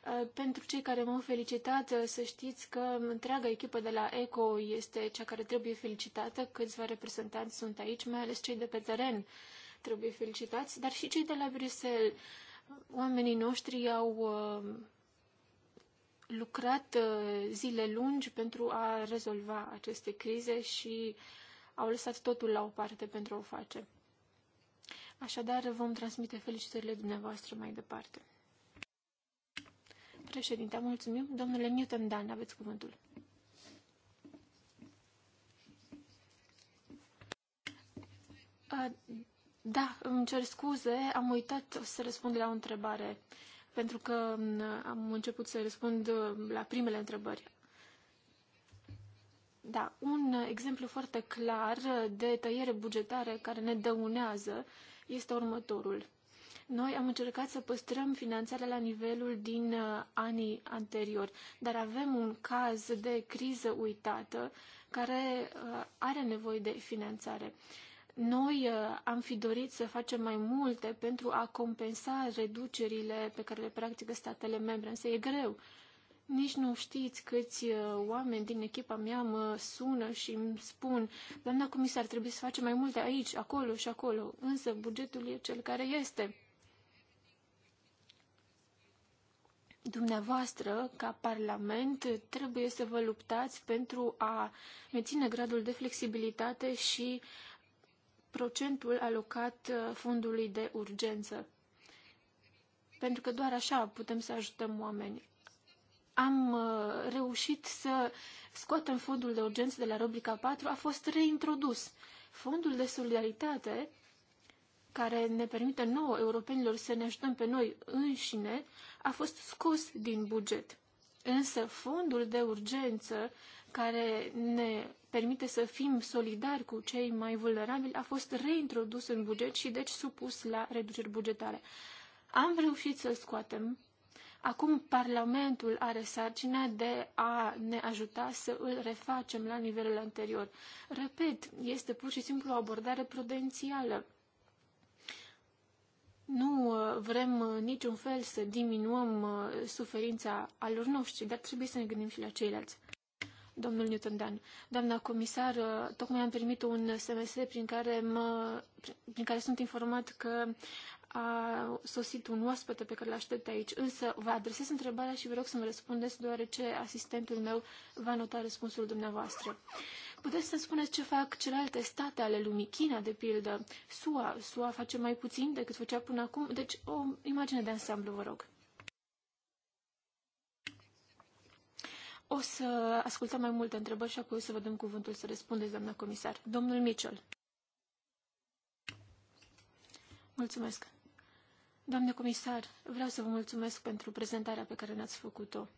Uh, pentru cei care m-au felicitat, uh, să știți că întreaga echipă de la ECO este cea care trebuie felicitată. Câțiva reprezentanți sunt aici, mai ales cei de pe teren trebuie felicitați, dar și cei de la Bruxelles. Oamenii noștri au uh, lucrat zile lungi pentru a rezolva aceste crize și au lăsat totul la o parte pentru a o face. Așadar, vom transmite felicitările dumneavoastră mai departe. Președinte, mulțumim. Domnule Newton Dan, aveți cuvântul. Da, îmi cer scuze, am uitat să răspund la o întrebare, pentru că am început să răspund uh, la primele întrebări. Da, un exemplu foarte clar de tăiere bugetare care ne dăunează este următorul. Noi am încercat să păstrăm finanțarea la nivelul din uh, anii anteriori, dar avem un caz de criză uitată care uh, are nevoie de finanțare. Noi uh, am fi dorit să facem mai multe pentru a compensa reducerile pe care le practică statele membre, însă e greu. Nici nu știți câți oameni din echipa mea mă sună și îmi spun, doamna comisar, trebuie să facem mai multe aici, acolo și acolo, însă bugetul e cel care este. Dumneavoastră, ca Parlament, trebuie să vă luptați pentru a menține gradul de flexibilitate și procentul alocat uh, fondului de urgență. Pentru că doar așa putem să ajutăm oameni. Am uh, reușit să scoatem fondul de urgență de la rubrica 4, a fost reintrodus. Fondul de solidaritate care ne permite nouă europenilor să ne ajutăm pe noi înșine, a fost scos din buget. Însă fondul de urgență care ne permite să fim solidari cu cei mai vulnerabili a fost reintrodus în buget și deci supus la reduceri bugetare. Am reușit să-l scoatem. Acum Parlamentul are sarcina de a ne ajuta să îl refacem la nivelul anterior. Repet, este pur și simplu o abordare prudențială. Nu uh, vrem uh, niciun fel să diminuăm uh, suferința alor noștri, dar trebuie să ne gândim și la ceilalți. Domnul Newton Dan. Doamna comisar, tocmai am primit un SMS prin care, mă, prin care sunt informat că a sosit un oaspete pe care l-aștept aici, însă vă adresez întrebarea și vă rog să-mi răspundeți, deoarece asistentul meu va nota răspunsul dumneavoastră. Puteți să spuneți ce fac celelalte state ale lumii, China, de pildă, SUA. SUA face mai puțin decât făcea până acum, deci o imagine de ansamblu, vă rog. O să ascultăm mai multe întrebări și apoi o să vă dăm cuvântul să răspundeți, doamna comisar. Domnul Mitchell. Mulțumesc. Doamne comisar, vreau să vă mulțumesc pentru prezentarea pe care ne-ați făcut-o.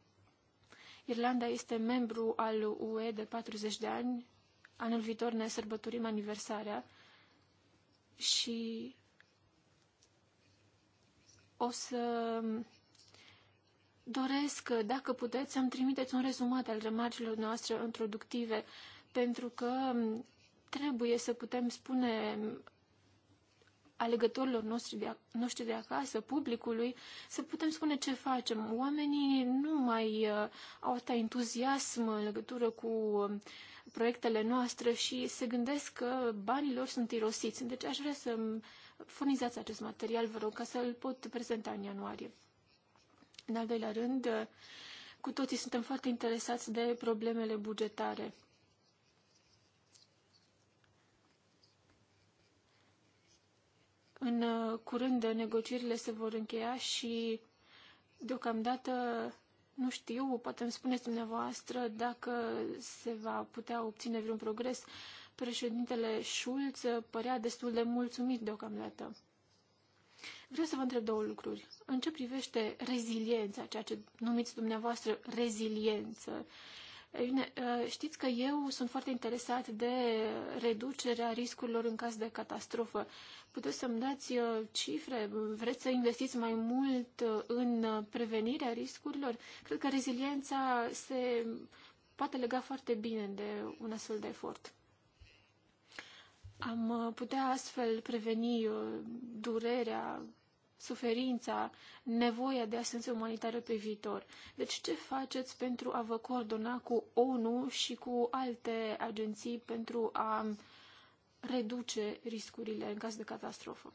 Irlanda este membru al UE de 40 de ani. Anul viitor ne sărbătorim aniversarea și o să doresc, dacă puteți, să-mi trimiteți un rezumat al remarcilor noastre introductive, pentru că trebuie să putem spune alegătorilor noștri de, noștri de acasă, publicului, să putem spune ce facem. Oamenii nu mai uh, au atâta entuziasm în legătură cu uh, proiectele noastre și se gândesc că banii lor sunt irosiți. Deci aș vrea să furnizați acest material, vă rog, ca să îl pot prezenta în ianuarie. În al doilea rând, uh, cu toții suntem foarte interesați de problemele bugetare. În uh, curând uh, negocierile se vor încheia și deocamdată nu știu, poate îmi spuneți dumneavoastră dacă se va putea obține vreun progres. Președintele Schulz uh, părea destul de mulțumit deocamdată. Vreau să vă întreb două lucruri. În ce privește reziliența, ceea ce numiți dumneavoastră reziliență, uh, ei bine, ă, știți că eu sunt foarte interesat de reducerea riscurilor în caz de catastrofă. Puteți să-mi dați ă, cifre? Vreți să investiți mai mult ă, în prevenirea riscurilor? Cred că reziliența se poate lega foarte bine de un astfel de efort. Am putea astfel preveni durerea suferința, nevoia de asistență umanitară pe viitor. Deci ce faceți pentru a vă coordona cu ONU și cu alte agenții pentru a reduce riscurile în caz de catastrofă?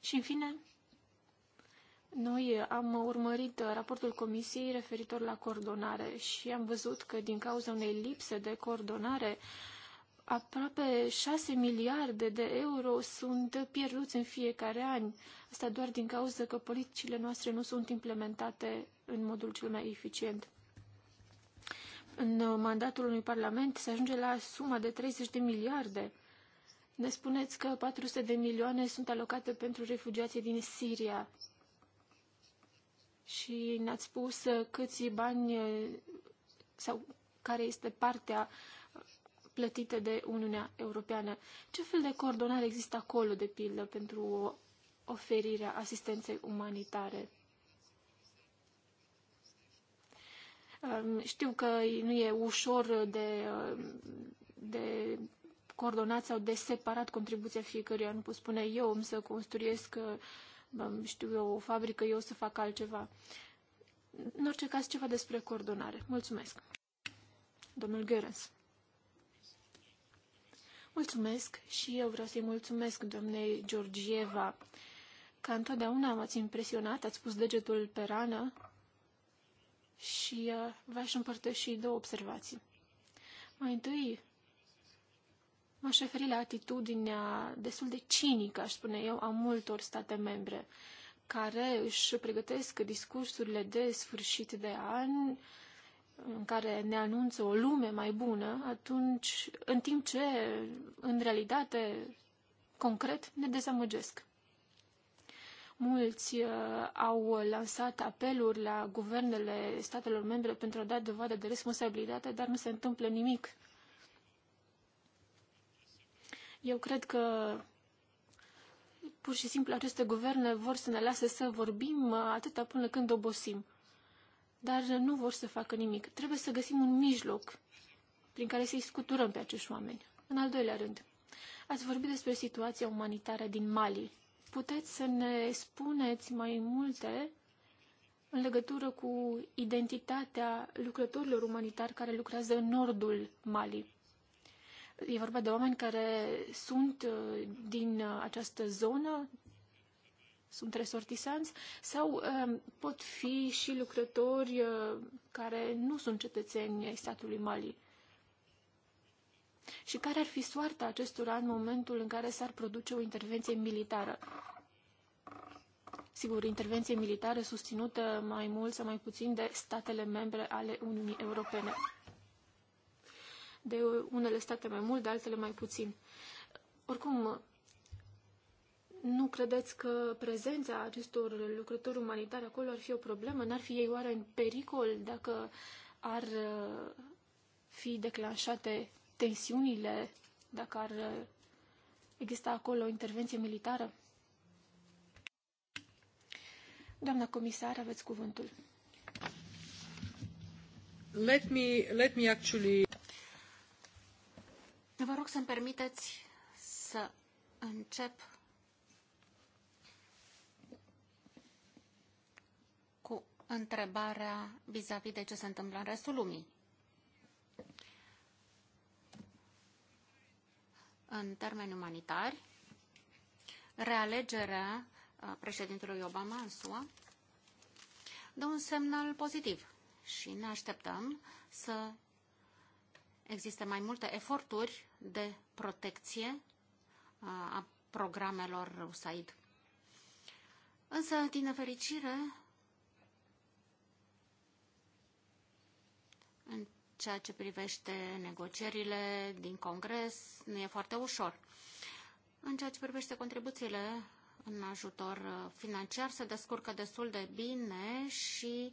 Și în fine, noi am urmărit raportul Comisiei referitor la coordonare și am văzut că din cauza unei lipse de coordonare, aproape 6 miliarde de euro sunt pierduți în fiecare an. Asta doar din cauza că politicile noastre nu sunt implementate în modul cel mai eficient. În mandatul unui parlament se ajunge la suma de 30 de miliarde. Ne spuneți că 400 de milioane sunt alocate pentru refugiații din Siria. Și ne-ați spus câți bani sau care este partea uh, plătite de Uniunea Europeană. Ce fel de coordonare există acolo, de pildă, pentru oferirea asistenței umanitare? Um, știu că nu e ușor de, de coordonat sau de separat contribuția fiecăruia. Nu pot spune eu îmi să construiesc, um, știu eu, o fabrică, eu să fac altceva. În orice caz, ceva despre coordonare. Mulțumesc. Domnul Gerens. Mulțumesc și eu vreau să-i mulțumesc doamnei Georgieva. Ca întotdeauna m-ați impresionat, ați pus degetul pe rană și uh, v-aș împărtăși două observații. Mai întâi, m-aș referi la atitudinea destul de cinică, aș spune eu, a multor state membre care își pregătesc discursurile de sfârșit de an în care ne anunță o lume mai bună, atunci, în timp ce, în realitate, concret, ne dezamăgesc. Mulți uh, au lansat apeluri la guvernele statelor membre pentru a da dovadă de responsabilitate, dar nu se întâmplă nimic. Eu cred că pur și simplu aceste guverne vor să ne lase să vorbim atâta până când obosim dar nu vor să facă nimic. Trebuie să găsim un mijloc prin care să-i scuturăm pe acești oameni. În al doilea rând, ați vorbit despre situația umanitară din Mali. Puteți să ne spuneți mai multe în legătură cu identitatea lucrătorilor umanitari care lucrează în nordul Mali. E vorba de oameni care sunt uh, din uh, această zonă, sunt resortisanți sau um, pot fi și lucrători uh, care nu sunt cetățeni ai statului Mali. Și care ar fi soarta acestora în momentul în care s-ar produce o intervenție militară? Sigur, intervenție militară susținută mai mult sau mai puțin de statele membre ale Uniunii Europene. De unele state mai mult, de altele mai puțin. Oricum, nu credeți că prezența acestor lucrători umanitari acolo ar fi o problemă? N-ar fi ei oare în pericol dacă ar uh, fi declanșate tensiunile, dacă ar uh, exista acolo o intervenție militară? Doamna comisar, aveți cuvântul. Let me, let me actually... Vă rog să-mi permiteți să încep întrebarea vis-a-vis -vis de ce se întâmplă în restul lumii. În termeni umanitari, realegerea președintelui Obama în SUA dă un semnal pozitiv și ne așteptăm să existe mai multe eforturi de protecție a programelor USAID. Însă, din nefericire, În ceea ce privește negocierile din Congres, nu e foarte ușor. În ceea ce privește contribuțiile în ajutor financiar, se descurcă destul de bine și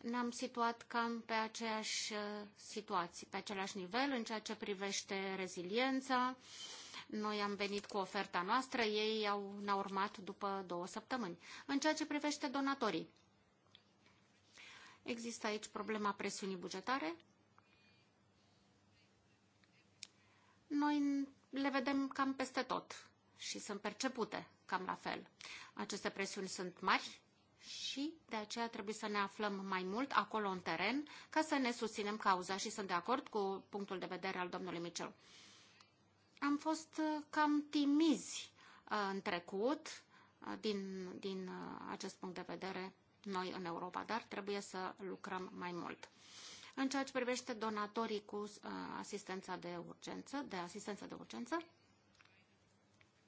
ne-am situat cam pe aceeași uh, situație, pe același nivel în ceea ce privește reziliența. Noi am venit cu oferta noastră, ei au, ne-au urmat după două săptămâni. În ceea ce privește donatorii, Există aici problema presiunii bugetare. Noi le vedem cam peste tot și sunt percepute cam la fel. Aceste presiuni sunt mari și de aceea trebuie să ne aflăm mai mult acolo în teren ca să ne susținem cauza și sunt de acord cu punctul de vedere al domnului Michel. Am fost uh, cam timizi uh, în trecut uh, din, din acest punct de vedere noi în Europa, dar trebuie să lucrăm mai mult. În ceea ce privește donatorii cu uh, asistența de urgență, de asistență de urgență,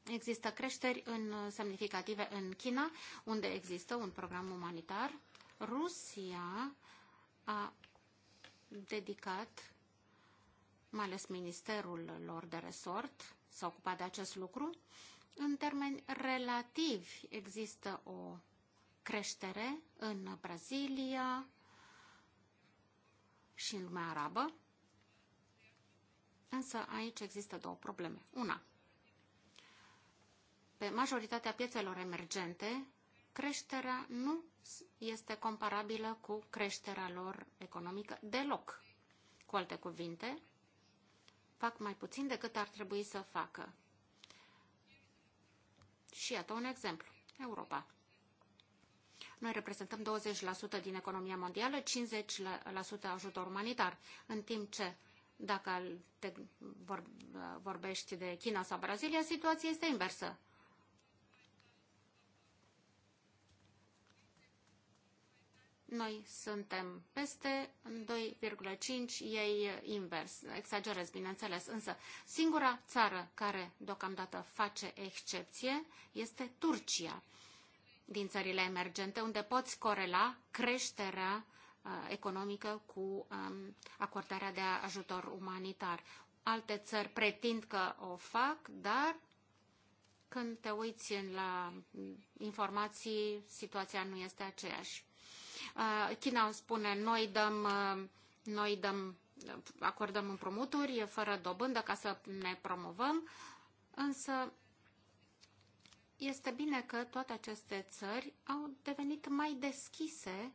există creșteri în, uh, semnificative în China, unde există un program umanitar. Rusia a dedicat, mai ales ministerul lor de resort, s-a ocupat de acest lucru. În termeni relativi există o creștere în Brazilia și în lumea arabă. Însă aici există două probleme. Una, pe majoritatea piețelor emergente, creșterea nu este comparabilă cu creșterea lor economică deloc. Cu alte cuvinte, fac mai puțin decât ar trebui să facă. Și iată un exemplu. Europa. Noi reprezentăm 20% din economia mondială, 50% ajutor umanitar, în timp ce dacă te vorbești de China sau Brazilia, situația este inversă. Noi suntem peste 2,5, ei invers. Exagerez, bineînțeles, însă singura țară care deocamdată face excepție este Turcia din țările emergente, unde poți corela creșterea uh, economică cu um, acordarea de ajutor umanitar. Alte țări pretind că o fac, dar când te uiți la informații, situația nu este aceeași. Uh, China spune, noi dăm, uh, noi dăm, acordăm împrumuturi fără dobândă ca să ne promovăm, însă este bine că toate aceste țări au devenit mai deschise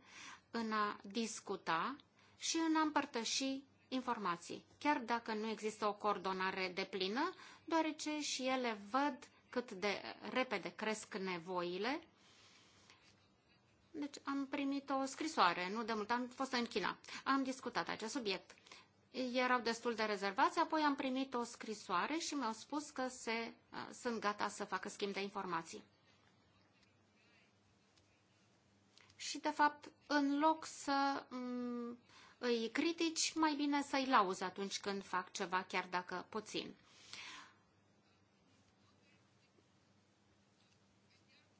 în a discuta și în a împărtăși informații, chiar dacă nu există o coordonare de plină, deoarece și ele văd cât de repede cresc nevoile. Deci am primit o scrisoare, nu de mult, am fost în China. Am discutat acest subiect erau destul de rezervați, apoi am primit o scrisoare și mi-au spus că se, sunt gata să facă schimb de informații. Și, de fapt, în loc să îi critici, mai bine să-i lauzi atunci când fac ceva, chiar dacă puțin.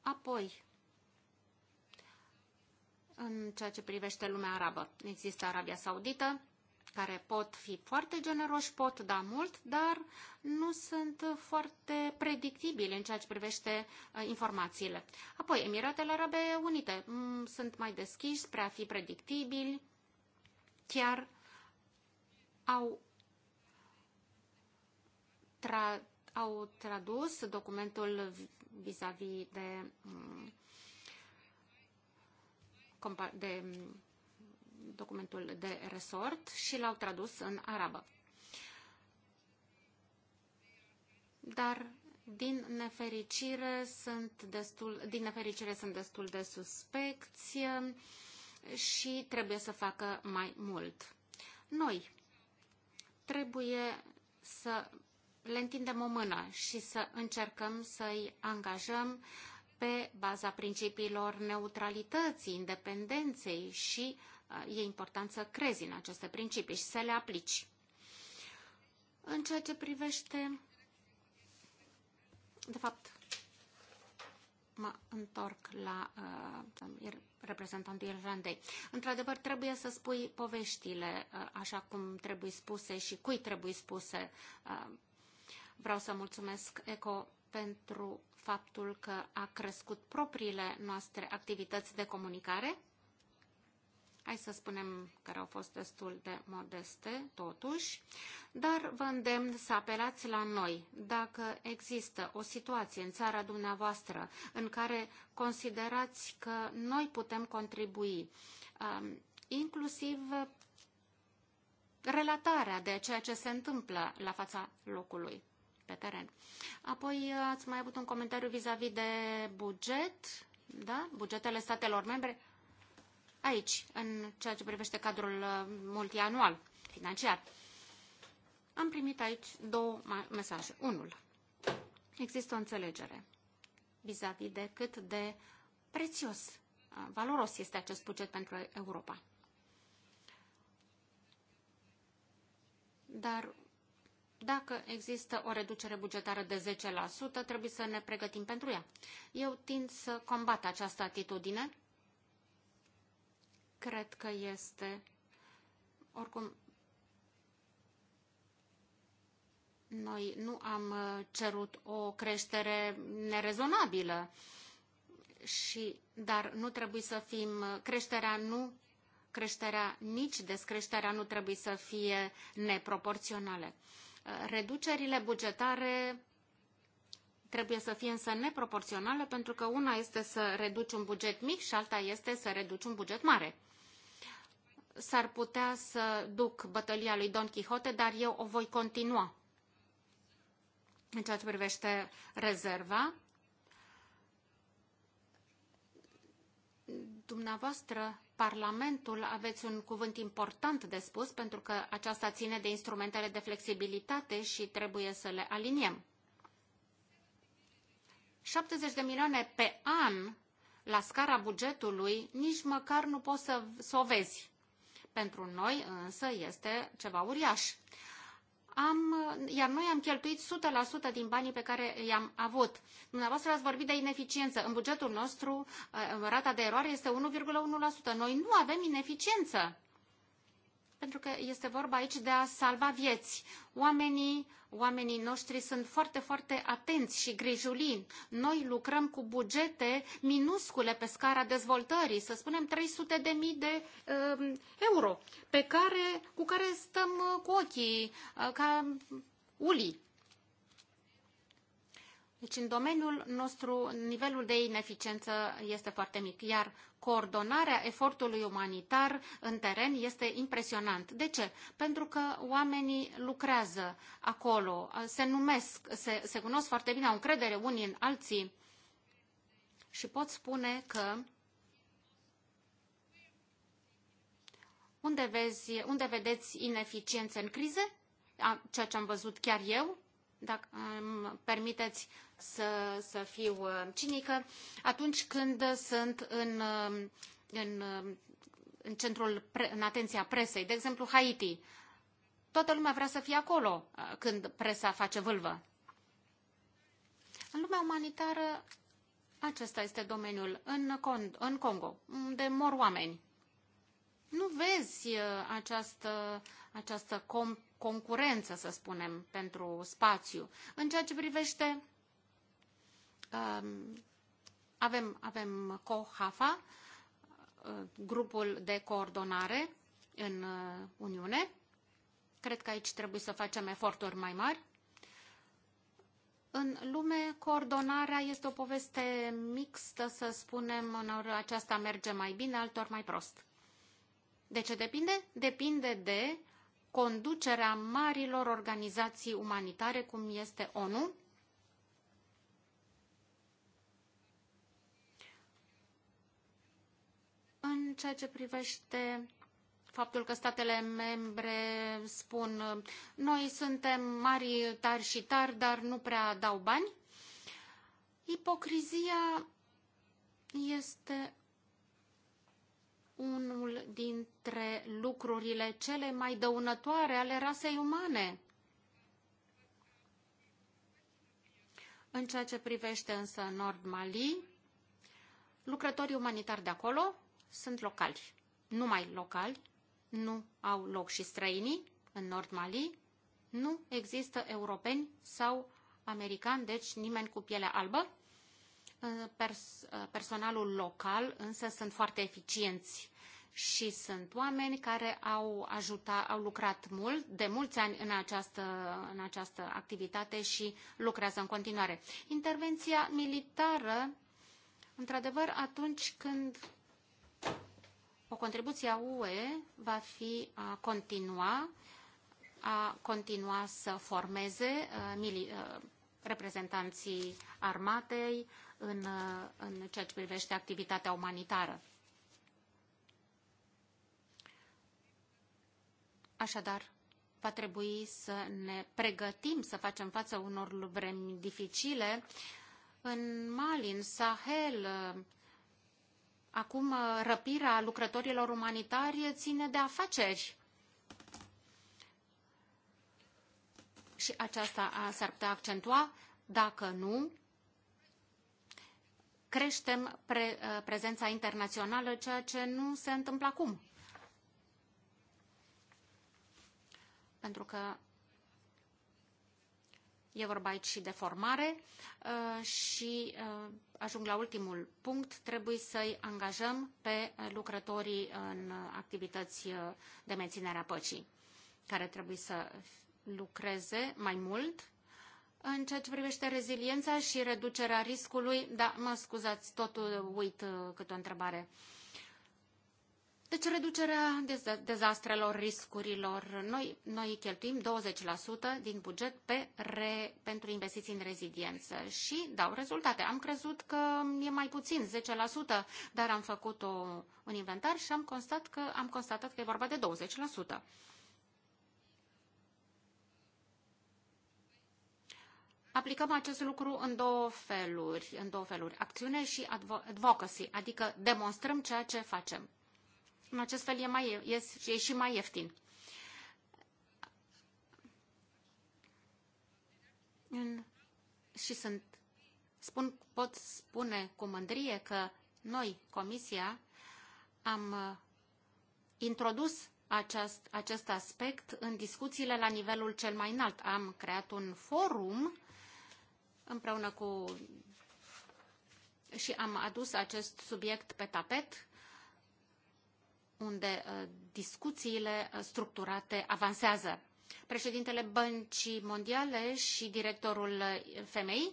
Apoi, în ceea ce privește lumea arabă, există Arabia Saudită, care pot fi foarte generoși, pot da mult, dar nu sunt foarte predictibili în ceea ce privește uh, informațiile. Apoi, Emiratele Arabe Unite mm, sunt mai deschiși spre a fi predictibili, chiar au, tra, au tradus documentul vis-a-vis -vis de, mm, de mm, documentul de resort și l-au tradus în arabă. Dar din nefericire sunt destul, din nefericire sunt destul de suspecți eh, și trebuie să facă mai mult. Noi trebuie să le întindem o mână și să încercăm să-i angajăm pe baza principiilor neutralității, independenței și Uh, e important să crezi în aceste principii și să le aplici. În ceea ce privește, de fapt, mă întorc la uh, reprezentantul Irlandei. Într-adevăr, trebuie să spui poveștile uh, așa cum trebuie spuse și cui trebuie spuse. Uh, vreau să mulțumesc ECO pentru faptul că a crescut propriile noastre activități de comunicare hai să spunem, care au fost destul de modeste, totuși, dar vă îndemn să apelați la noi. Dacă există o situație în țara dumneavoastră în care considerați că noi putem contribui, um, inclusiv relatarea de ceea ce se întâmplă la fața locului pe teren. Apoi ați mai avut un comentariu vis-a-vis -vis de buget, da? bugetele statelor membre aici, în ceea ce privește cadrul uh, multianual financiar. Am primit aici două mesaje. Unul, există o înțelegere vis-a-vis -vis de cât de prețios, uh, valoros este acest buget pentru Europa. Dar dacă există o reducere bugetară de 10%, trebuie să ne pregătim pentru ea. Eu tind să combat această atitudine Cred că este. Oricum, noi nu am uh, cerut o creștere nerezonabilă, și, dar nu trebuie să fim, uh, creșterea nu creșterea, nici descreșterea nu trebuie să fie neproporționale. Uh, reducerile bugetare trebuie să fie însă neproporționale pentru că una este să reduci un buget mic și alta este să reduci un buget mare s-ar putea să duc bătălia lui Don Quixote, dar eu o voi continua în ceea ce privește rezerva. Dumneavoastră, Parlamentul, aveți un cuvânt important de spus pentru că aceasta ține de instrumentele de flexibilitate și trebuie să le aliniem. 70 de milioane pe an la scara bugetului, nici măcar nu poți să, să o vezi. Pentru noi însă este ceva uriaș. Am, iar noi am cheltuit 100% din banii pe care i-am avut. Dumneavoastră ați vorbit de ineficiență. În bugetul nostru, rata de eroare este 1,1%. Noi nu avem ineficiență pentru că este vorba aici de a salva vieți. Oamenii, oamenii noștri sunt foarte, foarte atenți și grijulini. Noi lucrăm cu bugete minuscule pe scara dezvoltării, să spunem 300 de mii de uh, euro, pe care, cu care stăm uh, cu ochii, uh, ca ulii. Deci, în domeniul nostru, nivelul de ineficiență este foarte mic, iar coordonarea efortului umanitar în teren este impresionant. De ce? Pentru că oamenii lucrează acolo, se numesc, se, se cunosc foarte bine, au încredere unii în alții și pot spune că unde, vezi, unde vedeți ineficiențe în crize, ceea ce am văzut chiar eu, dacă îmi permiteți să, să fiu uh, cinică, atunci când sunt în, uh, în, uh, în centrul, pre, în atenția presei, de exemplu Haiti, toată lumea vrea să fie acolo când presa face vâlvă. În lumea umanitară, acesta este domeniul în, Con- în Congo, unde mor oameni. Nu vezi această, această com- concurență, să spunem, pentru spațiu. În ceea ce privește Um, avem, avem COHAFA, uh, grupul de coordonare în uh, Uniune. Cred că aici trebuie să facem eforturi mai mari. În lume, coordonarea este o poveste mixtă, să spunem, ori aceasta merge mai bine, altor mai prost. De ce depinde? Depinde de conducerea marilor organizații umanitare, cum este ONU, În ceea ce privește faptul că statele membre spun noi suntem mari, tari și tari, dar nu prea dau bani, ipocrizia este unul dintre lucrurile cele mai dăunătoare ale rasei umane. În ceea ce privește însă Nord Mali, lucrătorii umanitari de acolo sunt locali, numai locali, nu au loc și străinii în Nord Mali, nu există europeni sau americani, deci nimeni cu piele albă. Pers personalul local însă sunt foarte eficienți și sunt oameni care au, ajuta, au lucrat mult, de mulți ani în această, în această activitate și lucrează în continuare. Intervenția militară, într-adevăr, atunci când o contribuție a UE va fi a continua, a continua să formeze uh, mili, uh, reprezentanții armatei în, uh, în ceea ce privește activitatea umanitară. Așadar, va trebui să ne pregătim să facem față unor vremi dificile în Mali, în Sahel, Acum, uh, răpirea lucrătorilor umanitari ține de afaceri. Și aceasta s-ar putea accentua. Dacă nu, creștem pre, uh, prezența internațională, ceea ce nu se întâmplă acum. Pentru că E vorba aici și de formare uh, și uh, ajung la ultimul punct, trebuie să-i angajăm pe lucrătorii în activități uh, de menținere a păcii, care trebuie să lucreze mai mult în ceea ce privește reziliența și reducerea riscului. Da, mă scuzați, tot uit câte o întrebare. Uh, deci reducerea dez- dezastrelor, riscurilor. Noi, noi cheltuim 20% din buget pe re, pentru investiții în reziliență și dau rezultate. Am crezut că e mai puțin, 10%, dar am făcut o, un inventar și am, constat că, am constatat că e vorba de 20%. Aplicăm acest lucru în două feluri, în două feluri, acțiune și advocacy, adică demonstrăm ceea ce facem. În acest fel e, mai, e, e și mai ieftin. În, și sunt, spun, pot spune cu mândrie că noi, Comisia, am uh, introdus acest, acest aspect în discuțiile la nivelul cel mai înalt. Am creat un forum împreună cu și am adus acest subiect pe tapet unde uh, discuțiile uh, structurate avansează. Președintele Băncii Mondiale și directorul uh, FMI.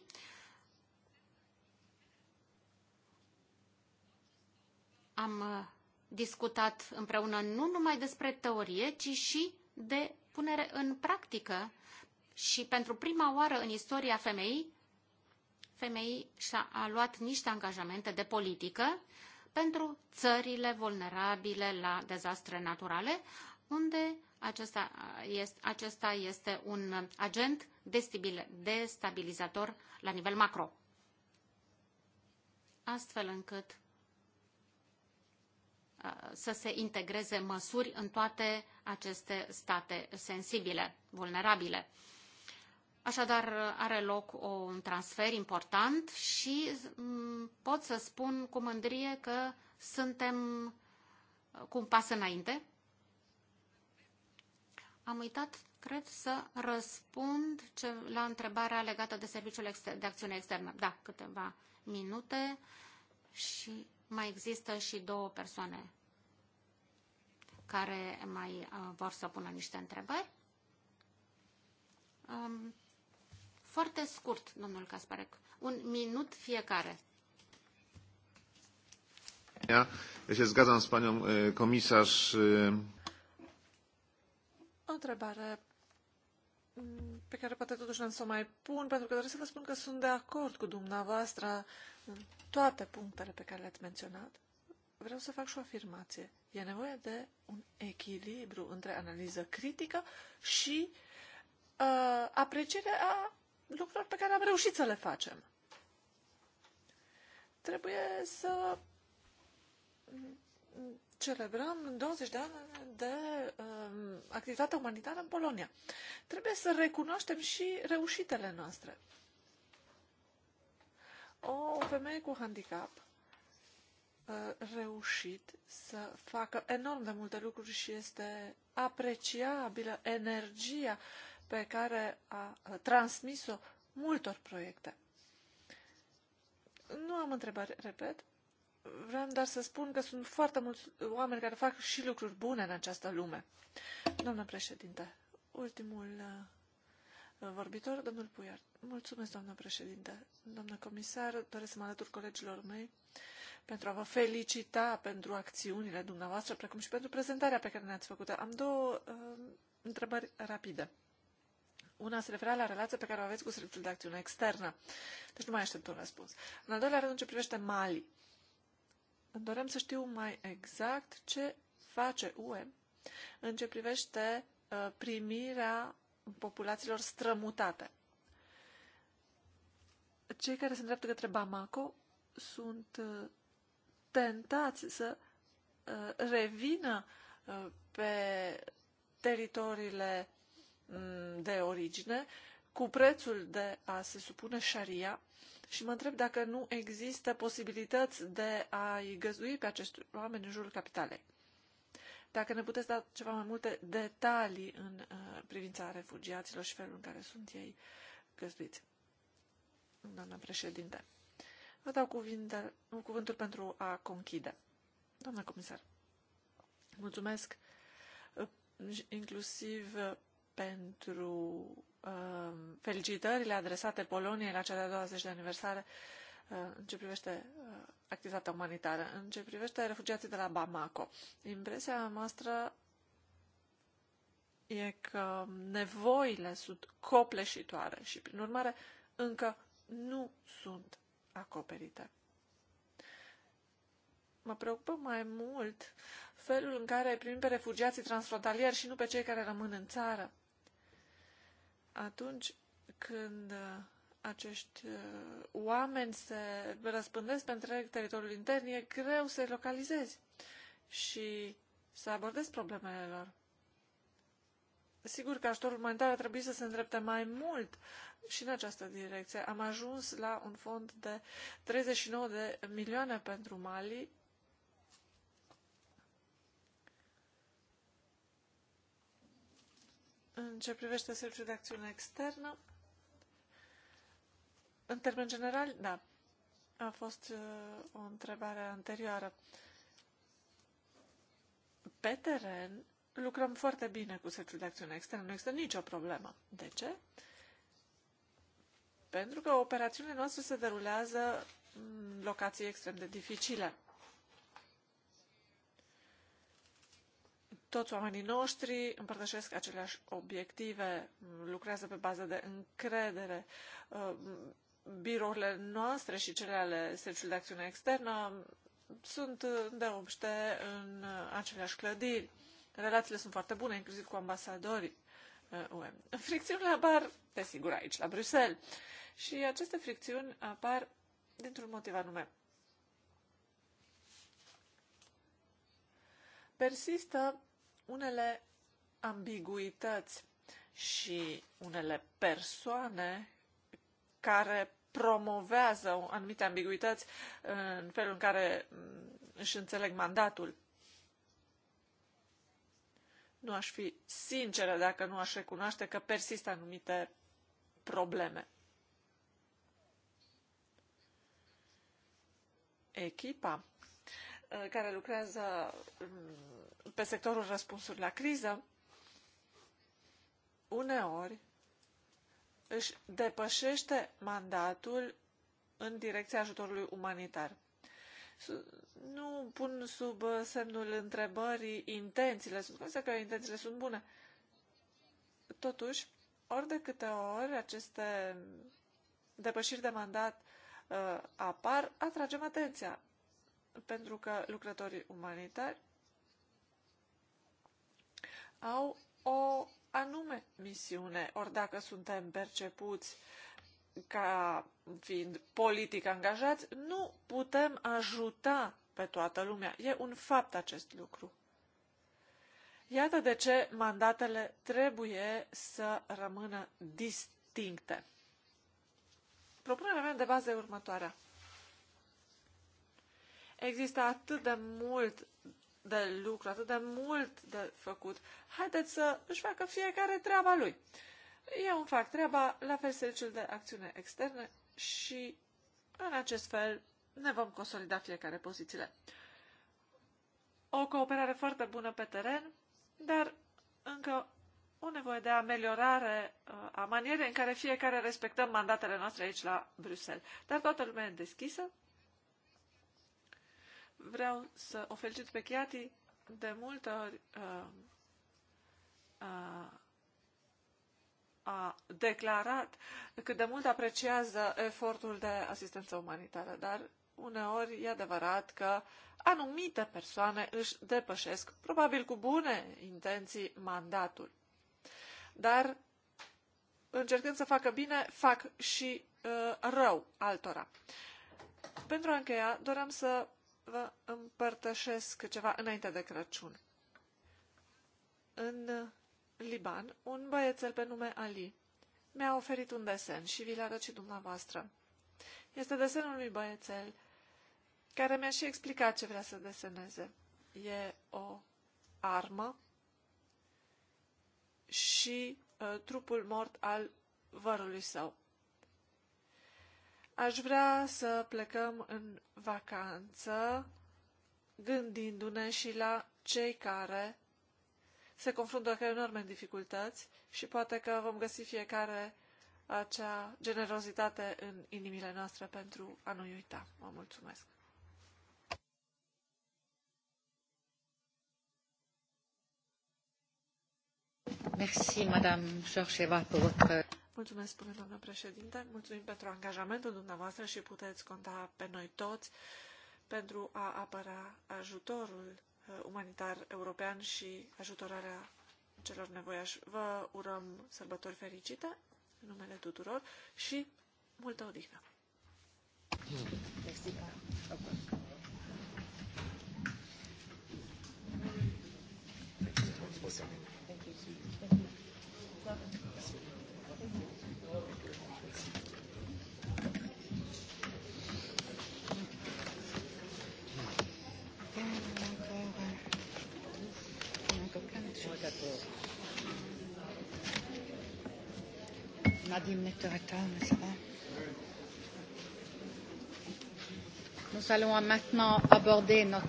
am discutat împreună nu numai despre teorie, ci și de punere în practică. Și pentru prima oară în istoria femeii, femeii și-a luat niște angajamente de politică pentru țările vulnerabile la dezastre naturale, unde acesta este, acesta este un agent destabilizator la nivel macro. Astfel încât uh, să se integreze măsuri în toate aceste state sensibile, vulnerabile. Așadar, are loc un transfer important și mm, pot să spun cu mândrie că suntem uh, cu un pas înainte. Am uitat, cred, să răspund ce, la întrebarea legată de Serviciul de Acțiune Externă. Da, câteva minute și mai există și două persoane care mai uh, vor să pună niște întrebări. Um, foarte scurt, domnul Casparec. Un minut fiecare. Ja, ja się zgadzam z panią komisarz. O întrebare mm, pe care poate totuși am să o mai pun, pentru că doresc să vă spun că sunt de acord cu dumneavoastră în toate punctele pe care le-ați menționat. Vreau să fac și o afirmație. E nevoie de un echilibru între analiză critică și uh, aprecierea lucruri pe care am reușit să le facem. Trebuie să celebrăm 20 de ani de um, activitate umanitară în Polonia. Trebuie să recunoaștem și reușitele noastre. O femeie cu handicap uh, reușit să facă enorm de multe lucruri și este apreciabilă energia pe care a transmis-o multor proiecte. Nu am întrebări, repet. Vreau doar să spun că sunt foarte mulți oameni care fac și lucruri bune în această lume. Doamna președinte, ultimul uh, vorbitor, domnul Puiar. Mulțumesc, doamnă președinte. Doamnă comisar, doresc să mă alătur colegilor mei pentru a vă felicita pentru acțiunile dumneavoastră, precum și pentru prezentarea pe care ne-ați făcut-o. Am două uh, întrebări rapide. Una se referea la relația pe care o aveți cu Serviciul de Acțiune Externă. Deci nu mai aștept un răspuns. În al doilea rând, în ce privește Mali, doream să știu mai exact ce face UE în ce privește uh, primirea populațiilor strămutate. Cei care se îndreaptă către Bamako sunt uh, tentați să uh, revină pe teritoriile Mm, de origine cu prețul de a se supune șaria și mă întreb dacă nu există posibilități de a-i găzdui pe acești oameni în jurul capitalei. Dacă ne puteți da ceva mai multe detalii în uh, privința refugiaților și felul în care sunt ei găzduiți. Doamna președinte, vă dau cuvinte, cuvântul pentru a conchide. Doamna comisar, mulțumesc uh, inclusiv uh, pentru uh, felicitările adresate Poloniei la cea de-a 20 de aniversare uh, în ce privește uh, activitatea umanitară, în ce privește refugiații de la Bamako. Impresia noastră e că nevoile sunt copleșitoare și, prin urmare, încă nu sunt acoperite. Mă preocupă mai mult felul în care îi primim pe refugiații transfrontalieri și nu pe cei care rămân în țară atunci când uh, acești uh, oameni se răspândesc pe întreg teritoriul intern, e greu să-i localizezi și să abordezi problemele lor. Sigur că ajutorul umanitar ar trebui să se îndrepte mai mult și în această direcție. Am ajuns la un fond de 39 de milioane pentru Mali În ce privește serviciul de acțiune externă, în termen general, da, a fost uh, o întrebare anterioară. Pe teren lucrăm foarte bine cu serviciul de acțiune externă, nu există nicio problemă. De ce? Pentru că operațiunile noastre se derulează în locații extrem de dificile. Toți oamenii noștri împărtășesc aceleași obiective, lucrează pe bază de încredere. Uh, birourile noastre și cele ale Serviciului de Acțiune Externă sunt de obște în aceleași clădiri. Relațiile sunt foarte bune, inclusiv cu ambasadorii UE. Uh, Fricțiunile apar, desigur, aici, la Bruxelles. Și aceste fricțiuni apar dintr-un motiv anume. Persistă unele ambiguități și unele persoane care promovează anumite ambiguități uh, în felul în care mm, își înțeleg mandatul. Nu aș fi sinceră dacă nu aș recunoaște că persistă anumite probleme. Echipa uh, care lucrează mm, pe sectorul răspunsuri la criză, uneori își depășește mandatul în direcția ajutorului umanitar. Nu pun sub semnul întrebării intențiile, sunt convinsă că intențiile sunt bune. Totuși, ori de câte ori aceste depășiri de mandat uh, apar, atragem atenția, pentru că lucrătorii umanitari au o anume misiune. Ori dacă suntem percepuți ca fiind politic angajați, nu putem ajuta pe toată lumea. E un fapt acest lucru. Iată de ce mandatele trebuie să rămână distincte. Propunerea mea de bază e următoarea. Există atât de mult de lucru, atât de mult de făcut. Haideți să își facă fiecare treaba lui. Eu îmi fac treaba, la fel serviciul de acțiune externe și în acest fel ne vom consolida fiecare pozițiile. O cooperare foarte bună pe teren, dar încă o nevoie de ameliorare uh, a manierei în care fiecare respectăm mandatele noastre aici la Bruxelles. Dar toată lumea e deschisă Vreau să o felicit pe Chiati. De multe ori uh, uh, a declarat că de mult apreciază efortul de asistență umanitară, dar uneori e adevărat că anumite persoane își depășesc, probabil cu bune intenții, mandatul. Dar încercând să facă bine, fac și uh, rău altora. Pentru a încheia, doream să vă împărtășesc ceva înainte de Crăciun. În Liban, un băiețel pe nume Ali mi-a oferit un desen și vi-l arăt și dumneavoastră. Este desenul unui băiețel care mi-a și explicat ce vrea să deseneze. E o armă și uh, trupul mort al vărului său. Aș vrea să plecăm în vacanță gândindu-ne și la cei care se confruntă cu enorme dificultăți și poate că vom găsi fiecare acea generozitate în inimile noastre pentru a nu uita. Vă mulțumesc! Merci, Madame Georgieva, pour votre Mulțumesc, spune doamna președinte. Mulțumim pentru angajamentul dumneavoastră și puteți conta pe noi toți pentru a apăra ajutorul uh, umanitar european și ajutorarea celor nevoiași. Vă urăm sărbători fericite în numele tuturor și multă odihnă! Mulțumesc. On a 10 minutes de Nous allons maintenant aborder notre...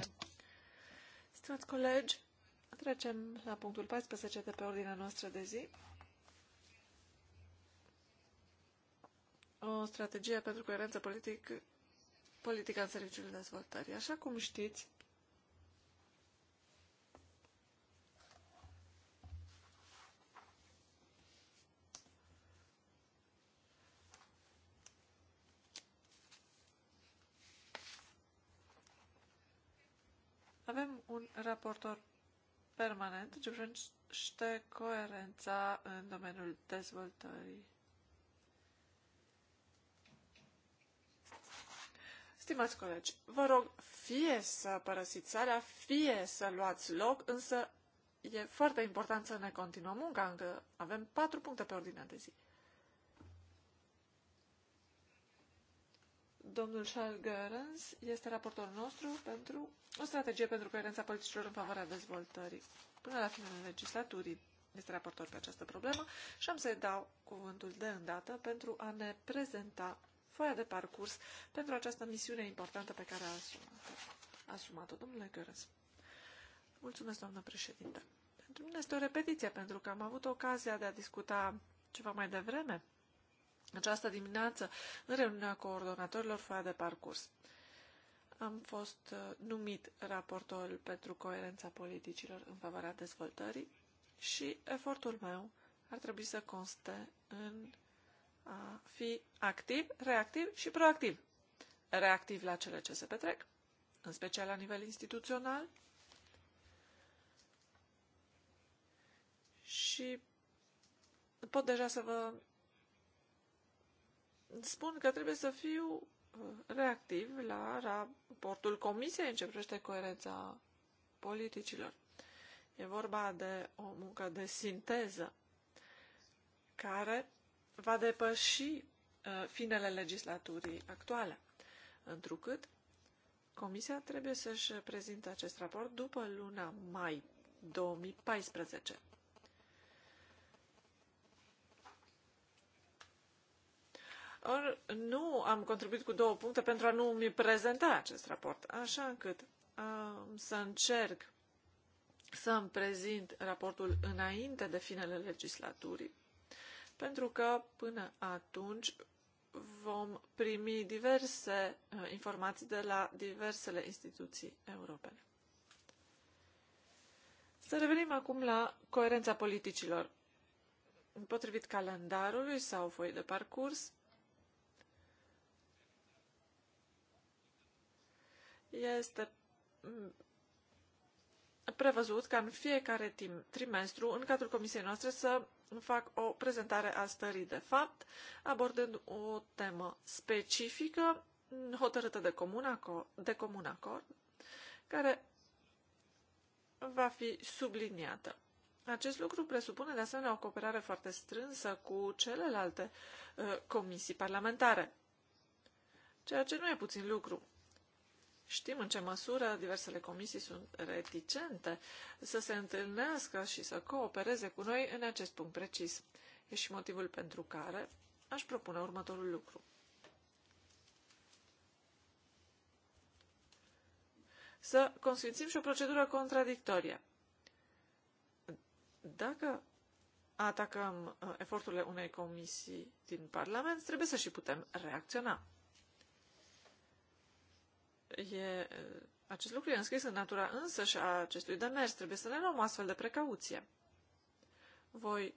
Stimați colegi, trecem la punctul 14 de pe ordinea noastră de zi. O strategie pentru coerență politic, politică în serviciul dezvoltării. Așa cum știți, Avem un raportor permanent ce deci privește coerența în domeniul dezvoltării. Stimați colegi, vă rog fie să părăsiți sala, fie să luați loc, însă e foarte important să ne continuăm munca, încă avem patru puncte pe ordinea de zi. Domnul Charles Görens este raportorul nostru pentru o strategie pentru coerența politicilor în favoarea dezvoltării. Până la finalul legislaturii este raportor pe această problemă și am să-i dau cuvântul de îndată pentru a ne prezenta foaia de parcurs pentru această misiune importantă pe care a asumat-o. Asumat domnule Görens. Mulțumesc, doamnă președinte. Pentru mine este o repetiție, pentru că am avut ocazia de a discuta ceva mai devreme această dimineață în reuniunea coordonatorilor foaia de parcurs. Am fost uh, numit raportor pentru coerența politicilor în favoarea dezvoltării și efortul meu ar trebui să conste în a fi activ, reactiv și proactiv. Reactiv la cele ce se petrec, în special la nivel instituțional, și pot deja să vă spun că trebuie să fiu uh, reactiv la raportul Comisiei în ce privește coerența politicilor. E vorba de o muncă de sinteză care va depăși uh, finele legislaturii actuale, întrucât Comisia trebuie să-și prezinte acest raport după luna mai 2014. Or, nu am contribuit cu două puncte pentru a nu mi prezenta acest raport, așa încât um, să încerc să îmi prezint raportul înainte de finele legislaturii, pentru că până atunci vom primi diverse uh, informații de la diversele instituții europene. Să revenim acum la coerența politicilor. Potrivit calendarului sau foi de parcurs, este mm, prevăzut ca în fiecare timp, trimestru, în cadrul comisiei noastre, să fac o prezentare a stării de fapt, abordând o temă specifică hotărâtă de comun acord, de comun acord care va fi subliniată. Acest lucru presupune de asemenea o cooperare foarte strânsă cu celelalte uh, comisii parlamentare, ceea ce nu e puțin lucru. Știm în ce măsură diversele comisii sunt reticente să se întâlnească și să coopereze cu noi în acest punct precis. E și motivul pentru care aș propune următorul lucru. Să consfințim și o procedură contradictorie. Dacă atacăm uh, eforturile unei comisii din Parlament, trebuie să și putem reacționa. E, acest lucru e înscris în natura însă și a acestui demers. Trebuie să ne luăm astfel de precauție. Voi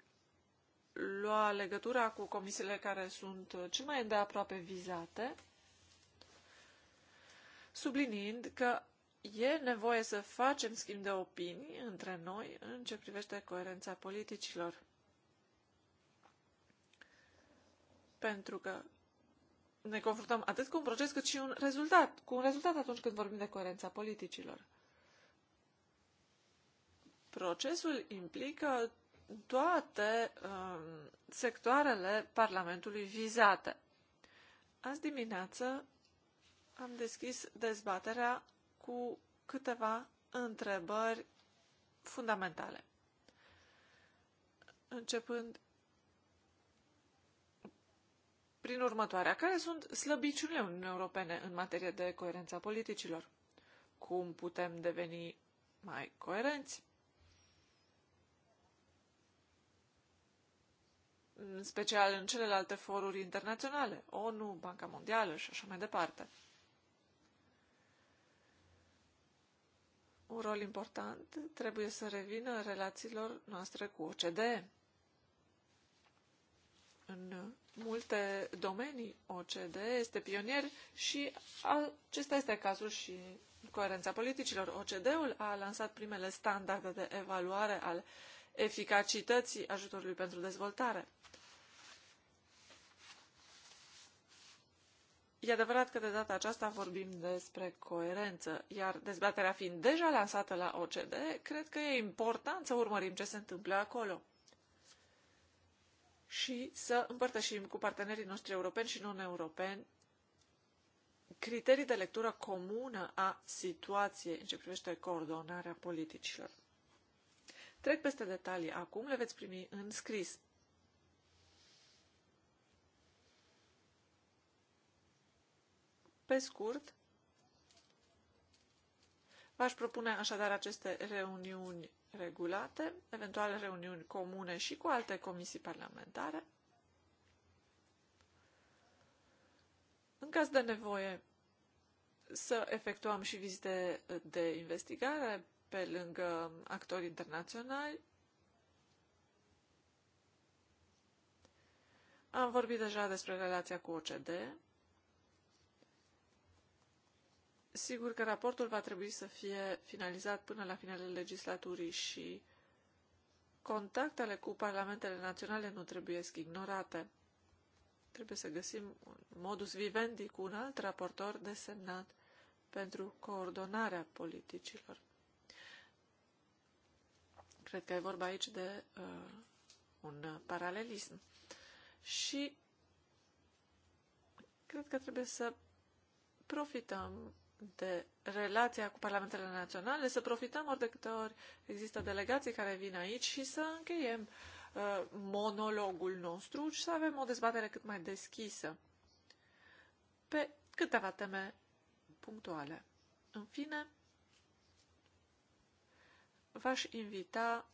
lua legătura cu comisiile care sunt cel mai îndeaproape vizate, sublinind că e nevoie să facem schimb de opinii între noi în ce privește coerența politicilor. Pentru că ne confruntăm atât cu un proces cât și un rezultat, cu un rezultat atunci când vorbim de coerența politicilor. Procesul implică toate um, sectoarele Parlamentului vizate. Azi dimineață am deschis dezbaterea cu câteva întrebări fundamentale. Începând prin următoarea. Care sunt slăbiciunile Uniunii Europene în materie de coerența politicilor? Cum putem deveni mai coerenți? În special în celelalte foruri internaționale, ONU, Banca Mondială și așa mai departe. Un rol important trebuie să revină relațiilor noastre cu OCDE. În multe domenii OCD, este pionier și acesta este cazul și coerența politicilor. OCD-ul a lansat primele standarde de evaluare al eficacității ajutorului pentru dezvoltare. E adevărat că de data aceasta vorbim despre coerență, iar dezbaterea fiind deja lansată la OCD, cred că e important să urmărim ce se întâmplă acolo și să împărtășim cu partenerii noștri europeni și non-europeni criterii de lectură comună a situației în ce privește coordonarea politicilor. Trec peste detalii acum, le veți primi în scris. Pe scurt, v-aș propune așadar aceste reuniuni regulate, eventuale reuniuni comune și cu alte comisii parlamentare. În caz de nevoie, să efectuăm și vizite de investigare pe lângă actori internaționali. Am vorbit deja despre relația cu OCDE. Sigur că raportul va trebui să fie finalizat până la finalul legislaturii și contactele cu parlamentele naționale nu trebuie ignorate. Trebuie să găsim un modus vivendi cu un alt raportor desemnat pentru coordonarea politicilor. Cred că e vorba aici de uh, un paralelism. Și cred că trebuie să profităm de relația cu parlamentele naționale, să profităm ori de câte ori există delegații care vin aici și să încheiem uh, monologul nostru și să avem o dezbatere cât mai deschisă pe câteva teme punctuale. În fine, v-aș invita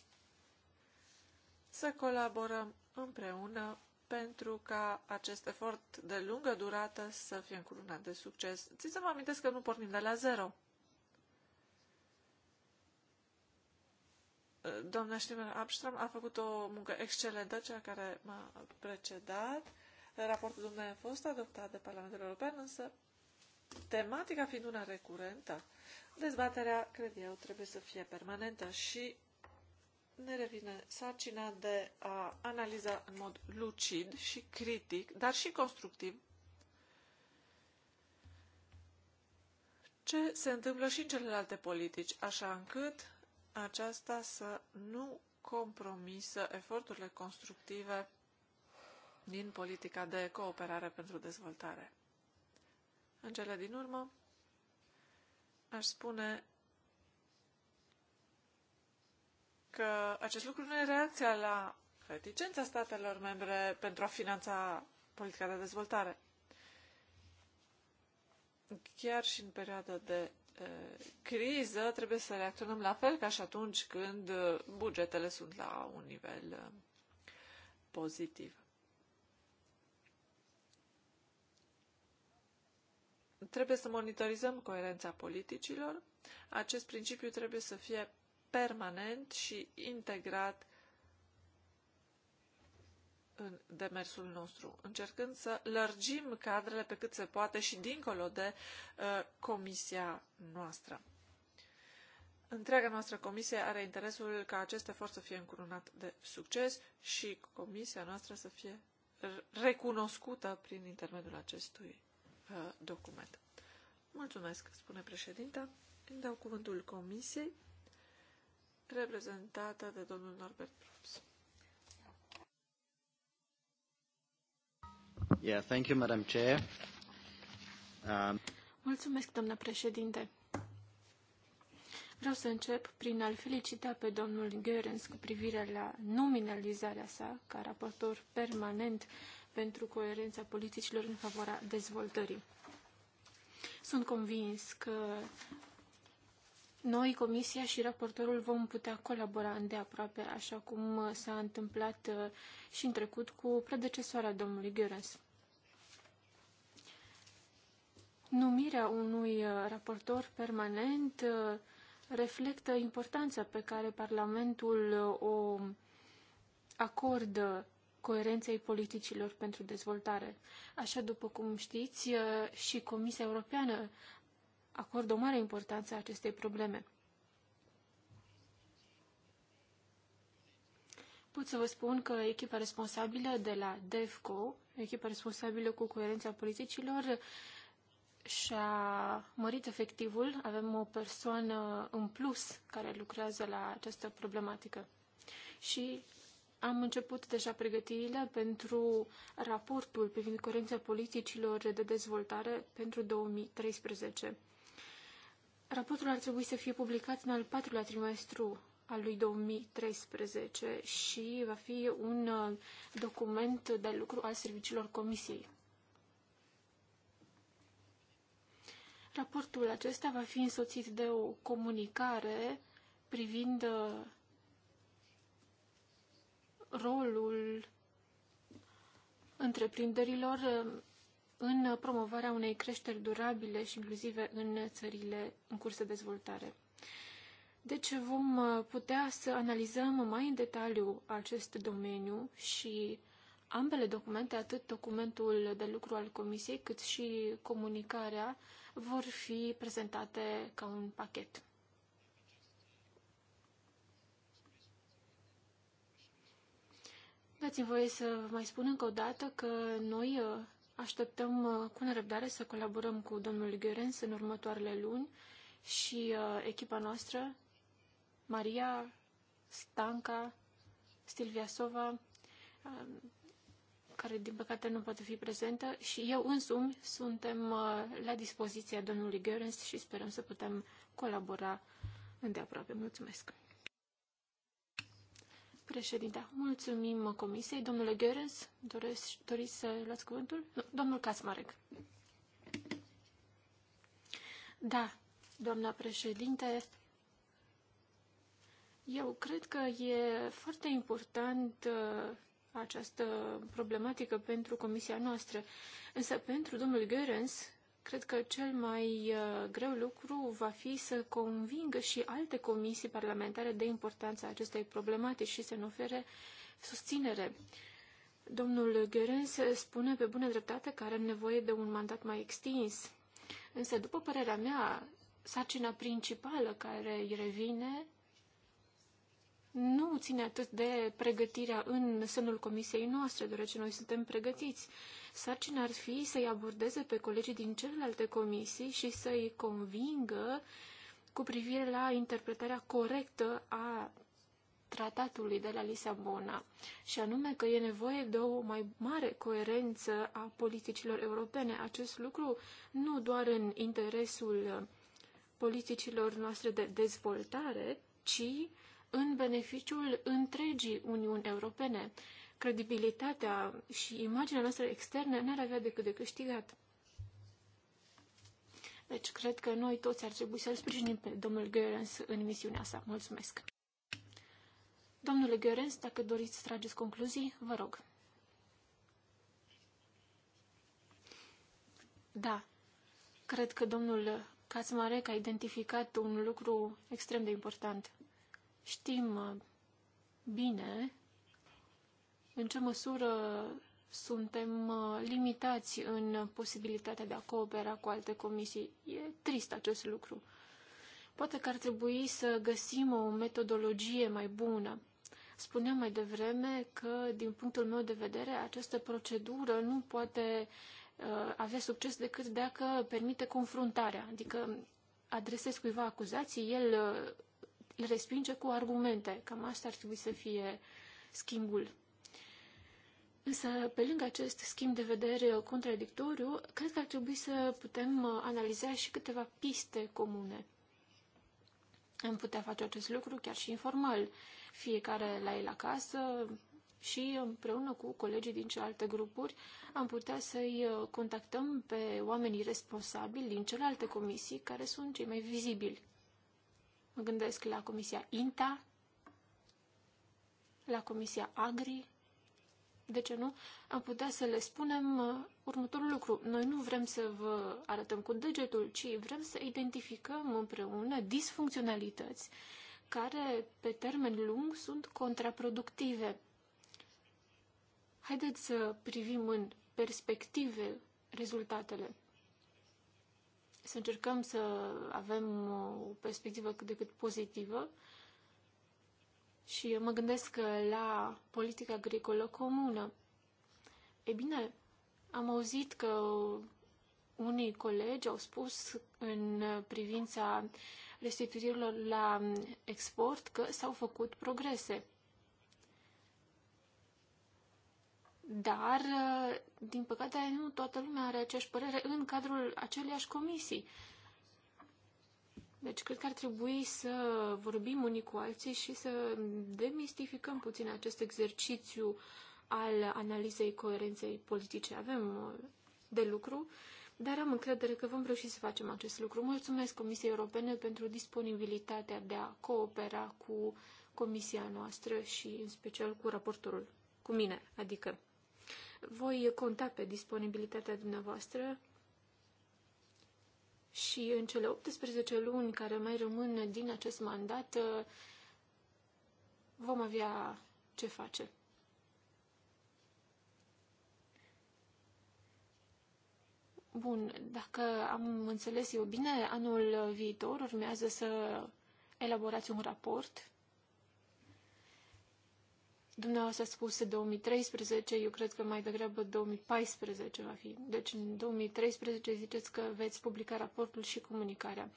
să colaborăm împreună pentru ca acest efort de lungă durată să fie încurunat de succes. Ți să mă amintesc că nu pornim de la zero. Doamna Stimer Abstram a făcut o muncă excelentă, cea care m-a precedat. Raportul dumneavoastră a fost adoptat de Parlamentul European, însă tematica fiind una recurentă, dezbaterea, cred eu, trebuie să fie permanentă și ne revine sarcina de a analiza în mod lucid și critic, dar și constructiv, ce se întâmplă și în celelalte politici, așa încât aceasta să nu compromisă eforturile constructive din politica de cooperare pentru dezvoltare. În cele din urmă, aș spune că acest lucru nu e reacția la reticența statelor membre pentru a finanța politica de dezvoltare. Chiar și în perioada de e, criză trebuie să reacționăm la fel ca și atunci când bugetele sunt la un nivel e, pozitiv. Trebuie să monitorizăm coerența politicilor. Acest principiu trebuie să fie permanent și integrat în demersul nostru, încercând să lărgim cadrele pe cât se poate și dincolo de uh, comisia noastră. Întreaga noastră comisie are interesul ca acest efort să fie încurunat de succes și comisia noastră să fie recunoscută prin intermediul acestui uh, document. Mulțumesc, spune președinta. Îmi dau cuvântul comisiei reprezentată de domnul Norbert Props. Yeah, thank you, Madam Chair. Um... Mulțumesc, doamnă președinte. Vreau să încep prin a-l felicita pe domnul Görens cu privire la nominalizarea sa ca raportor permanent pentru coerența politicilor în favoarea dezvoltării. Sunt convins că noi, Comisia și raportorul vom putea colabora îndeaproape, așa cum uh, s-a întâmplat uh, și în trecut cu predecesoarea domnului Gheorens. Numirea unui uh, raportor permanent reflectă importanța pe care Parlamentul o acordă coerenței politicilor pentru dezvoltare. Așa după cum știți, și Comisia Europeană acordă o mare importanță acestei probleme. Pot să vă spun că echipa responsabilă de la DEFCO, echipa responsabilă cu coerența politicilor, și-a mărit efectivul. Avem o persoană în plus care lucrează la această problematică. Și am început deja pregătirile pentru raportul privind coerența politicilor de dezvoltare pentru 2013. Raportul ar trebui să fie publicat în al patrulea trimestru al lui 2013 și va fi un uh, document de lucru al serviciilor Comisiei. Raportul acesta va fi însoțit de o comunicare privind uh, rolul întreprinderilor uh, în promovarea unei creșteri durabile și inclusive în țările în curs de dezvoltare. Deci vom putea să analizăm mai în detaliu acest domeniu și ambele documente, atât documentul de lucru al Comisiei, cât și comunicarea, vor fi prezentate ca un pachet. Dați-mi voie să vă mai spun încă o dată că noi Așteptăm uh, cu nerăbdare să colaborăm cu domnul Gherens în următoarele luni și uh, echipa noastră, Maria, Stanca, Stilviasova, um, care din păcate nu poate fi prezentă, și eu însumi suntem uh, la dispoziția domnului Gherens și sperăm să putem colabora îndeaproape. Mulțumesc! Președinte, mulțumim Comisiei. Domnule Gerens, doresc, doriți să luați cuvântul? domnul Casmarec. Da, doamna președinte, eu cred că e foarte important uh, această problematică pentru comisia noastră. Însă pentru domnul Görens Cred că cel mai uh, greu lucru va fi să convingă și alte comisii parlamentare de importanța acestei problematici și să ne ofere susținere. Domnul Gerens spune pe bună dreptate că are nevoie de un mandat mai extins. Însă, după părerea mea, sarcina principală care îi revine nu ține atât de pregătirea în sânul comisiei noastre, deoarece noi suntem pregătiți. Sarcina ar fi să-i abordeze pe colegii din celelalte comisii și să-i convingă cu privire la interpretarea corectă a tratatului de la Lisabona, și anume că e nevoie de o mai mare coerență a politicilor europene. Acest lucru nu doar în interesul politicilor noastre de dezvoltare, ci în beneficiul întregii Uniuni Europene credibilitatea și imaginea noastră externă n-ar avea decât de câștigat. Deci, cred că noi toți ar trebui să-l sprijinim pe domnul Goerens în misiunea sa. Mulțumesc! Domnule Goerens, dacă doriți să trageți concluzii, vă rog. Da, cred că domnul Casmarec a identificat un lucru extrem de important. Știm uh, bine în ce măsură suntem uh, limitați în posibilitatea de a coopera cu alte comisii. E trist acest lucru. Poate că ar trebui să găsim o metodologie mai bună. Spuneam mai devreme că, din punctul meu de vedere, această procedură nu poate uh, avea succes decât dacă permite confruntarea, adică adresez cuiva acuzații, el uh, le respinge cu argumente. Cam asta ar trebui să fie schimbul Însă, pe lângă acest schimb de vedere contradictoriu, cred că ar trebui să putem uh, analiza și câteva piste comune. Am putea face acest lucru chiar și informal, fiecare la el acasă și împreună cu colegii din celelalte grupuri am putea să-i uh, contactăm pe oamenii responsabili din celelalte comisii care sunt cei mai vizibili. Mă gândesc la Comisia INTA, la Comisia AGRI, de ce nu, am putea să le spunem uh, următorul lucru. Noi nu vrem să vă arătăm cu degetul, ci vrem să identificăm împreună disfuncționalități care, pe termen lung, sunt contraproductive. Haideți să privim în perspective rezultatele. Să încercăm să avem uh, o perspectivă cât de cât pozitivă și mă gândesc la politica agricolă comună. E bine, am auzit că unii colegi au spus în privința restituirilor la export că s-au făcut progrese. Dar, din păcate, nu toată lumea are aceeași părere în cadrul aceleiași comisii. Deci cred că ar trebui să vorbim unii cu alții și să demistificăm puțin acest exercițiu al analizei coerenței politice. Avem uh, de lucru, dar am încredere că vom reuși să facem acest lucru. Mulțumesc Comisiei Europene pentru disponibilitatea de a coopera cu comisia noastră și în special cu raportorul, cu mine, adică voi conta pe disponibilitatea dumneavoastră și în cele 18 luni care mai rămân din acest mandat uh, vom avea ce face. Bun, dacă am înțeles eu bine, anul viitor urmează să elaborați un raport Dumneavoastră a spus 2013, eu cred că mai degrabă 2014 va fi. Deci în 2013 ziceți că veți publica raportul și comunicarea.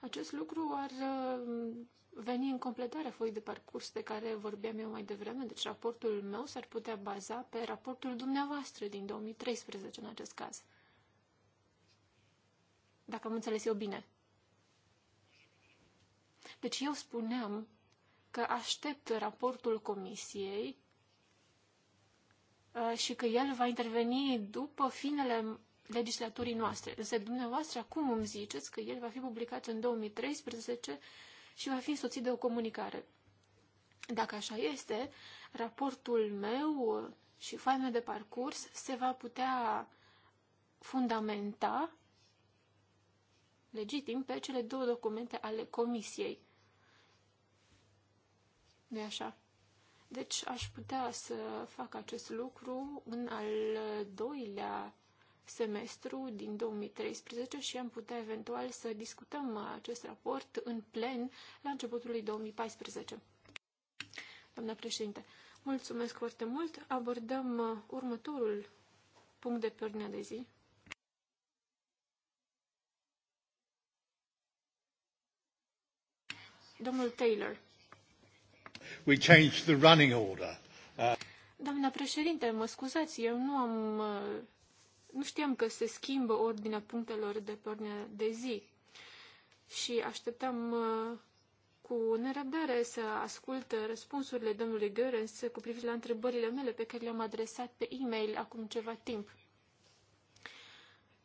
Acest lucru ar uh, veni în completarea foii de parcurs de care vorbeam eu mai devreme, deci raportul meu s-ar putea baza pe raportul dumneavoastră din 2013 în acest caz. Dacă am înțeles eu bine. Deci eu spuneam că aștept raportul comisiei uh, și că el va interveni după finele legislaturii noastre. Însă dumneavoastră acum îmi ziceți că el va fi publicat în 2013 și va fi însoțit de o comunicare. Dacă așa este, raportul meu uh, și faima de parcurs se va putea fundamenta legitim pe cele două documente ale comisiei nu așa? Deci aș putea să fac acest lucru în al doilea semestru din 2013 și am putea eventual să discutăm acest raport în plen la începutul lui 2014. Doamna președinte, mulțumesc foarte mult. Abordăm uh, următorul punct de pe ordinea de zi. Domnul Taylor. Doamna președinte, mă scuzați, eu nu am... Nu știam că se schimbă ordinea punctelor de pe ordinea de zi și așteptam uh, cu nerăbdare să ascult răspunsurile domnului Görens cu privire la întrebările mele pe care le-am adresat pe e-mail acum ceva timp.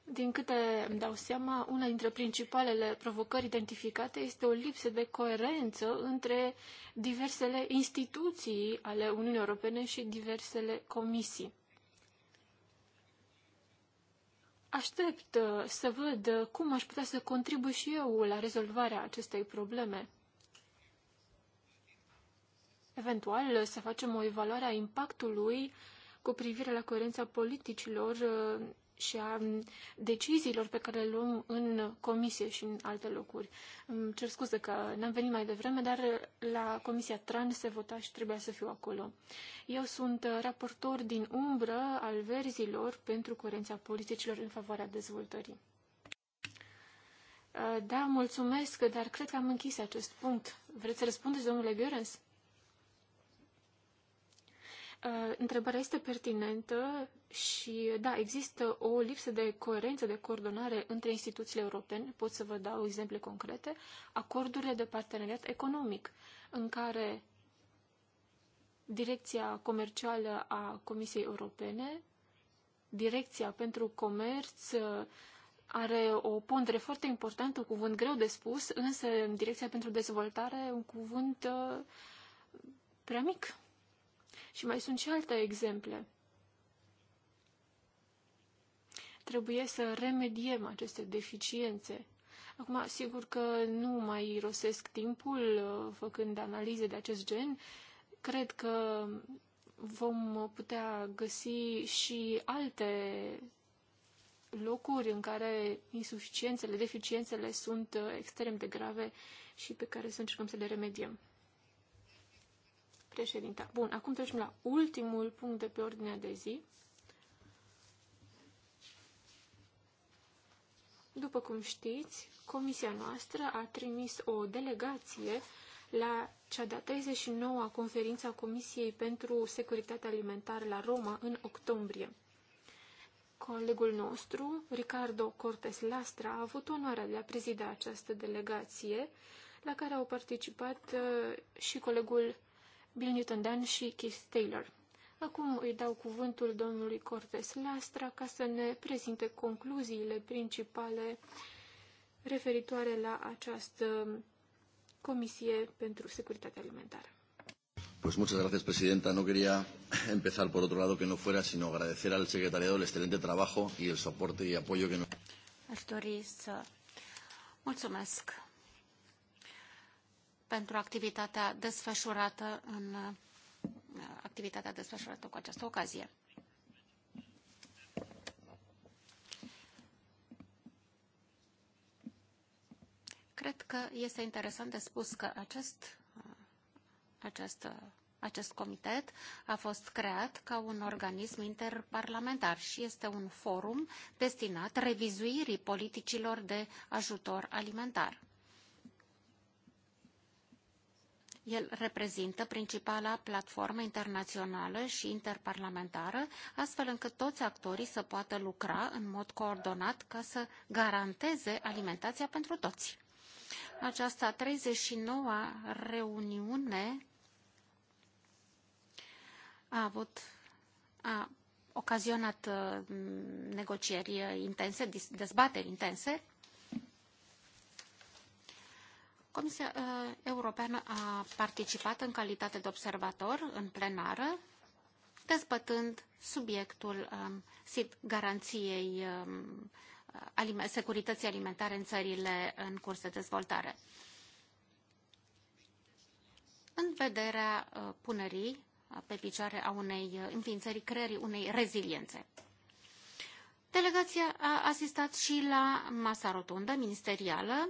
Din câte îmi dau seama, una dintre principalele provocări identificate este o lipsă de coerență între diversele instituții ale Uniunii Europene și diversele comisii. Aștept uh, să văd uh, cum aș putea să contribui și eu la rezolvarea acestei probleme. Eventual, uh, să facem o evaluare a impactului cu privire la coerența politicilor și a deciziilor pe care le luăm în comisie și în alte locuri. Îmi cer scuze că n-am venit mai devreme, dar la Comisia Tran se vota și trebuia să fiu acolo. Eu sunt raportor din umbră al verzilor pentru coerența politicilor în favoarea dezvoltării. Da, mulțumesc, dar cred că am închis acest punct. Vreți să răspundeți, domnule Görens? Uh, întrebarea este pertinentă și, da, există o lipsă de coerență, de coordonare între instituțiile europene. Pot să vă dau exemple concrete. Acordurile de parteneriat economic, în care Direcția Comercială a Comisiei Europene, Direcția pentru Comerț, uh, are o pondere foarte importantă, un cuvânt greu de spus, însă Direcția pentru Dezvoltare, un cuvânt uh, prea mic. Și mai sunt și alte exemple. Trebuie să remediem aceste deficiențe. Acum, sigur că nu mai rosesc timpul uh, făcând analize de acest gen. Cred că vom putea găsi și alte locuri în care insuficiențele, deficiențele sunt uh, extrem de grave și pe care să încercăm să le remediem. Președinta. Bun, acum trecem la ultimul punct de pe ordinea de zi. După cum știți, comisia noastră a trimis o delegație la cea de-a 39-a conferință a Comisiei pentru Securitatea Alimentară la Roma în octombrie. Colegul nostru, Ricardo Cortes Lastra, a avut onoarea de a prezida această delegație, la care au participat uh, și colegul Bill Newton dunn și Keith Taylor. Acum îi dau cuvântul domnului Cortes Lastra ca să ne prezinte concluziile principale referitoare la această Comisie pentru securitate Alimentară. Pues muchas gracias, Presidenta. No quería empezar por otro lado que no fuera, sino agradecer al secretariado el excelente trabajo y el soporte y apoyo que nos... Aș dori să mulțumesc pentru activitatea desfășurată în uh, activitatea desfășurată cu această ocazie. Cred că este interesant de spus că acest, uh, acest, uh, acest comitet a fost creat ca un organism interparlamentar și este un forum destinat revizuirii politicilor de ajutor alimentar. El reprezintă principala platformă internațională și interparlamentară, astfel încât toți actorii să poată lucra în mod coordonat ca să garanteze alimentația pentru toți. Aceasta 39-a reuniune a avut a ocazionat uh, negocieri uh, intense, dezbateri intense Comisia uh, Europeană a participat în calitate de observator în plenară, dezbătând subiectul um, garanției um, securității alimentare în țările în curs de dezvoltare. În vederea uh, punerii uh, pe picioare a unei înființării, creării unei reziliențe. Delegația a asistat și la masa rotundă ministerială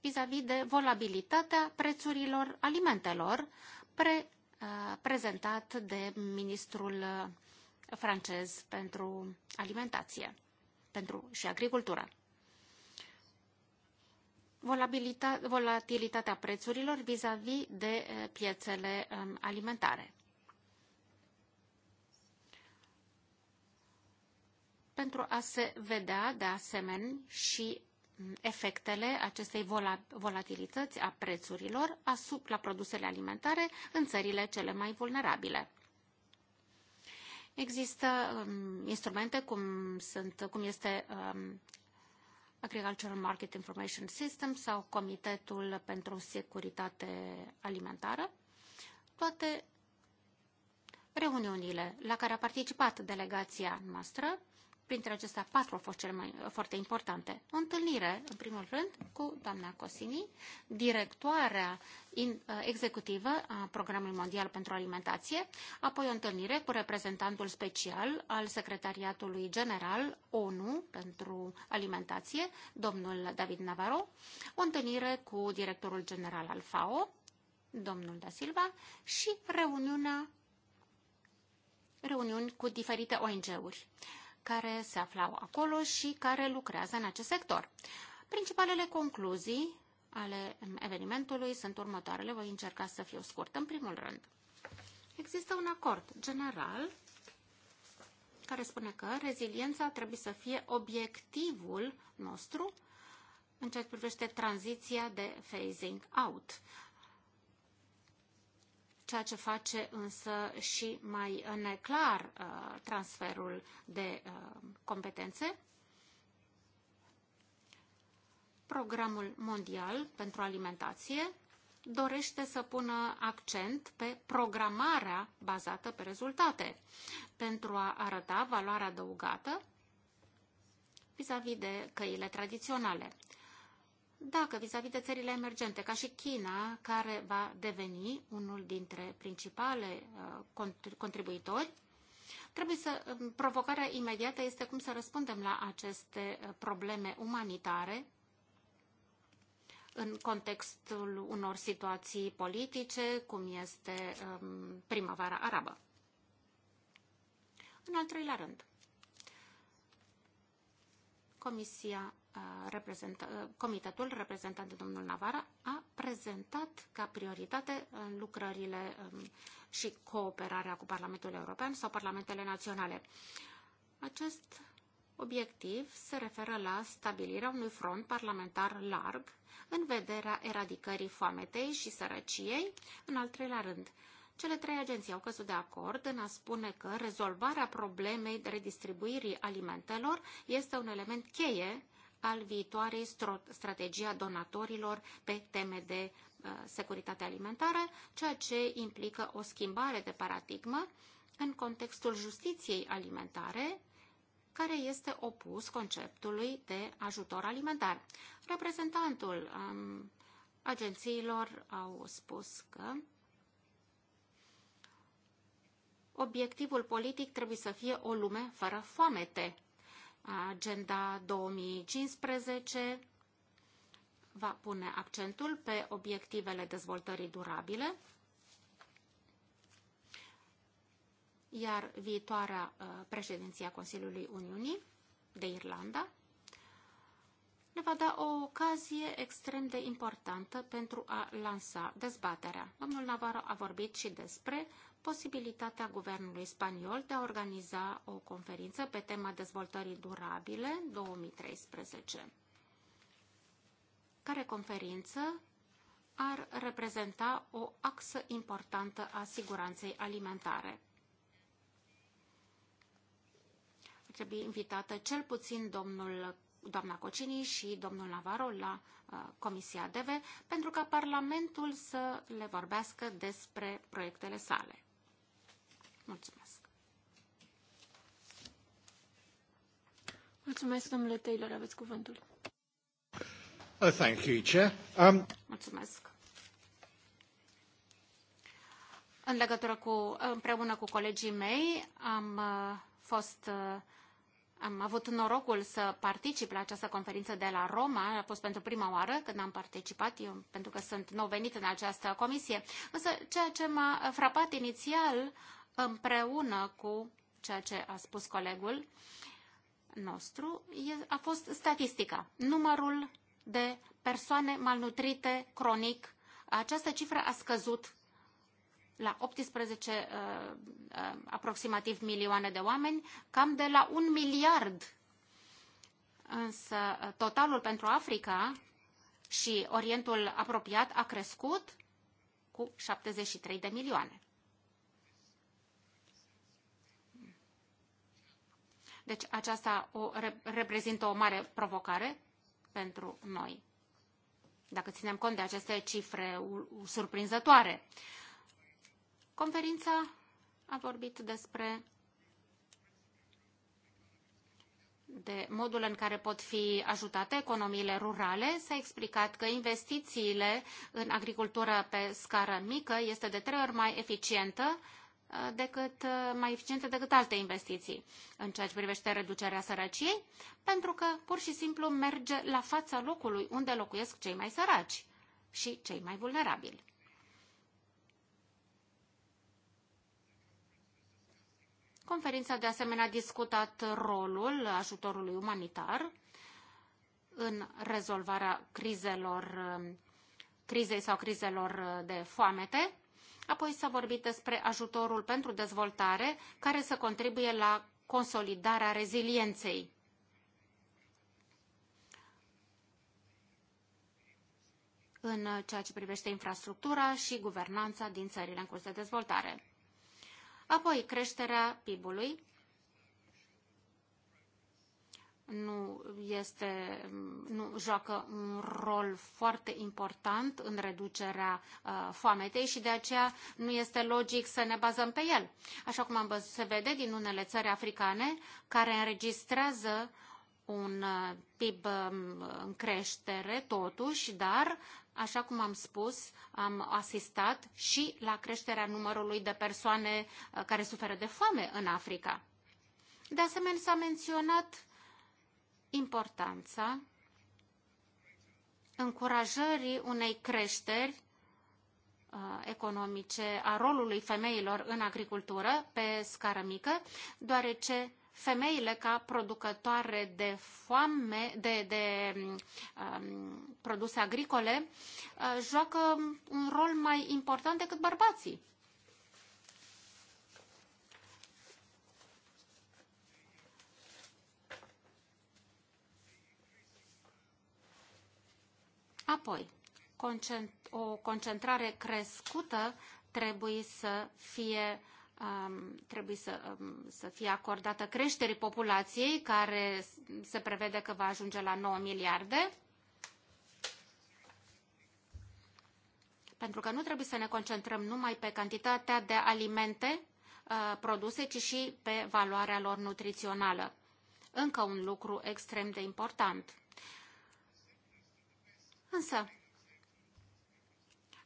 vis-a-vis -vis de volabilitatea prețurilor alimentelor pre, uh, prezentat de ministrul uh, francez pentru alimentație pentru și agricultură. Volatilitatea prețurilor vis-a-vis -vis de uh, piețele um, alimentare. pentru a se vedea de asemenea și efectele acestei volatilități a prețurilor asupra produsele alimentare în țările cele mai vulnerabile. Există um, instrumente cum, sunt, cum este um, Agricultural Market Information System sau Comitetul pentru Securitate Alimentară. Toate reuniunile la care a participat delegația noastră Printre acestea, patru au fost cele mai, foarte importante. O întâlnire, în primul rând, cu doamna Cosini, directoarea in, uh, executivă a Programului Mondial pentru Alimentație, apoi o întâlnire cu reprezentantul special al Secretariatului General ONU pentru Alimentație, domnul David Navarro, o întâlnire cu directorul general al FAO, domnul Da Silva, și reuniunea reuniuni cu diferite ONG-uri care se aflau acolo și care lucrează în acest sector. Principalele concluzii ale evenimentului sunt următoarele. Voi încerca să fiu scurt. În primul rând, există un acord general care spune că reziliența trebuie să fie obiectivul nostru în ceea ce privește tranziția de phasing out ceea ce face însă și mai uh, neclar uh, transferul de uh, competențe. Programul Mondial pentru Alimentație dorește să pună accent pe programarea bazată pe rezultate pentru a arăta valoarea adăugată vis-a-vis -vis de căile tradiționale. Dacă vis-a-vis -vis de țările emergente, ca și China, care va deveni unul dintre principale uh, contribuitori, trebuie să, um, provocarea imediată este cum să răspundem la aceste uh, probleme umanitare în contextul unor situații politice, cum este um, primăvara arabă. În al treilea rând, Comisia reprezentat, comitetul reprezentant de domnul Navara a prezentat ca prioritate lucrările și cooperarea cu Parlamentul European sau Parlamentele Naționale. Acest obiectiv se referă la stabilirea unui front parlamentar larg în vederea eradicării foametei și sărăciei, în al treilea rând, cele trei agenții au căzut de acord în a spune că rezolvarea problemei redistribuirii alimentelor este un element cheie al viitoarei strategii a donatorilor pe teme de uh, securitate alimentară, ceea ce implică o schimbare de paradigmă în contextul justiției alimentare, care este opus conceptului de ajutor alimentar. Reprezentantul um, agențiilor au spus că obiectivul politic trebuie să fie o lume fără foamete. Agenda 2015 va pune accentul pe obiectivele dezvoltării durabile, iar viitoarea uh, președinție a Consiliului Uniunii de Irlanda ne va da o ocazie extrem de importantă pentru a lansa dezbaterea. Domnul Navarro a vorbit și despre posibilitatea guvernului spaniol de a organiza o conferință pe tema dezvoltării durabile 2013, care conferință ar reprezenta o axă importantă a siguranței alimentare. Ar trebui invitată cel puțin domnul doamna Cocini și domnul Navarro la uh, Comisia DEVE pentru ca Parlamentul să le vorbească despre proiectele sale. Mulțumesc. Mulțumesc, domnule Taylor, aveți cuvântul. Oh, thank you, Chair. Um... Mulțumesc. În legătură cu, împreună cu colegii mei, am uh, fost uh, am avut norocul să particip la această conferință de la Roma, a fost pentru prima oară când am participat, eu, pentru că sunt nou venit în această comisie. Însă ceea ce m-a frapat inițial împreună cu ceea ce a spus colegul nostru, a fost statistica, numărul de persoane malnutrite cronic. Această cifră a scăzut la 18 uh, uh, aproximativ milioane de oameni, cam de la un miliard. Însă uh, totalul pentru Africa și Orientul apropiat a crescut cu 73 de milioane. Deci aceasta o reprezintă o mare provocare pentru noi, dacă ținem cont de aceste cifre surprinzătoare. Conferința a vorbit despre de modul în care pot fi ajutate economiile rurale. S-a explicat că investițiile în agricultură pe scară mică este de trei ori mai eficientă Uh, decât, uh, mai eficiente decât alte investiții în ceea ce privește reducerea sărăciei, pentru că pur și simplu merge la fața locului unde locuiesc cei mai săraci și cei mai vulnerabili. Conferința de asemenea a discutat rolul ajutorului umanitar în rezolvarea crizelor, uh, crizei sau crizelor de foamete, Apoi s-a vorbit despre ajutorul pentru dezvoltare care să contribuie la consolidarea rezilienței. în ceea ce privește infrastructura și guvernanța din țările în curs de dezvoltare. Apoi, creșterea PIB-ului nu este, nu joacă un rol foarte important în reducerea uh, foametei și de aceea nu este logic să ne bazăm pe el. Așa cum am văzut, se vede din unele țări africane care înregistrează un uh, PIB uh, în creștere totuși, dar așa cum am spus, am asistat și la creșterea numărului de persoane uh, care suferă de foame în Africa. De asemenea, s-a menționat importanța încurajării unei creșteri uh, economice a rolului femeilor în agricultură pe scară mică, deoarece femeile ca producătoare de foame, de, de um, produse agricole, uh, joacă un rol mai important decât bărbații. Apoi, o concentrare crescută trebuie să fie um, trebuie să, um, să fie acordată creșterii populației, care se prevede că va ajunge la 9 miliarde. Pentru că nu trebuie să ne concentrăm numai pe cantitatea de alimente uh, produse, ci și pe valoarea lor nutrițională. Încă un lucru extrem de important – Însă,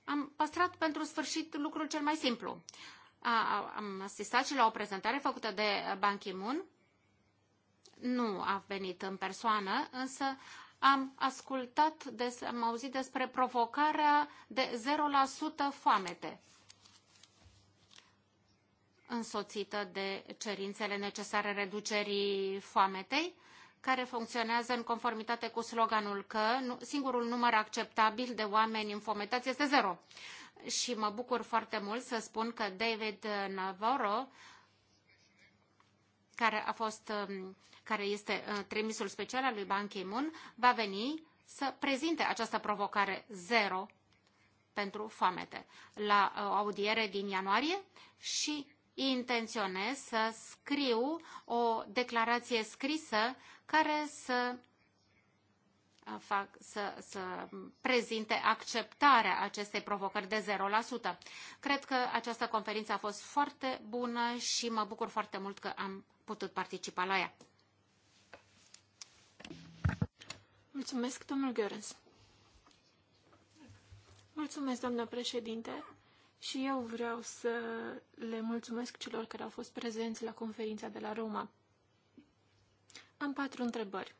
am păstrat pentru sfârșit lucrul cel mai simplu. A, am asistat și la o prezentare făcută de Ban Ki-moon. Nu a venit în persoană, însă am ascultat, des, am auzit despre provocarea de 0% foamete însoțită de cerințele necesare reducerii foametei care funcționează în conformitate cu sloganul că singurul număr acceptabil de oameni înfometați este zero. Și mă bucur foarte mult să spun că David Navarro, care, a fost, um, care este uh, trimisul special al lui Ban Ki-moon, va veni să prezinte această provocare zero pentru foamete la uh, o audiere din ianuarie și intenționez să scriu o declarație scrisă care să, fac, să, să prezinte acceptarea acestei provocări de 0%. Cred că această conferință a fost foarte bună și mă bucur foarte mult că am putut participa la ea. Mulțumesc, domnul Görens. Mulțumesc, doamnă președinte. Și eu vreau să le mulțumesc celor care au fost prezenți la conferința de la Roma. Am patru întrebări.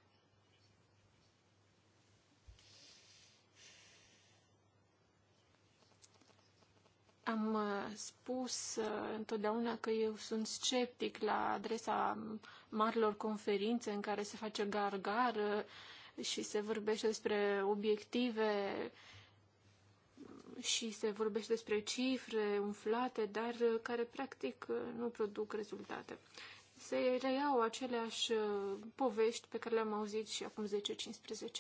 Am uh, spus uh, întotdeauna că eu sunt sceptic la adresa marilor conferințe în care se face gargar și se vorbește despre obiective și se vorbește despre cifre umflate, dar uh, care practic nu produc rezultate se reiau aceleași uh, povești pe care le-am auzit și acum 10-15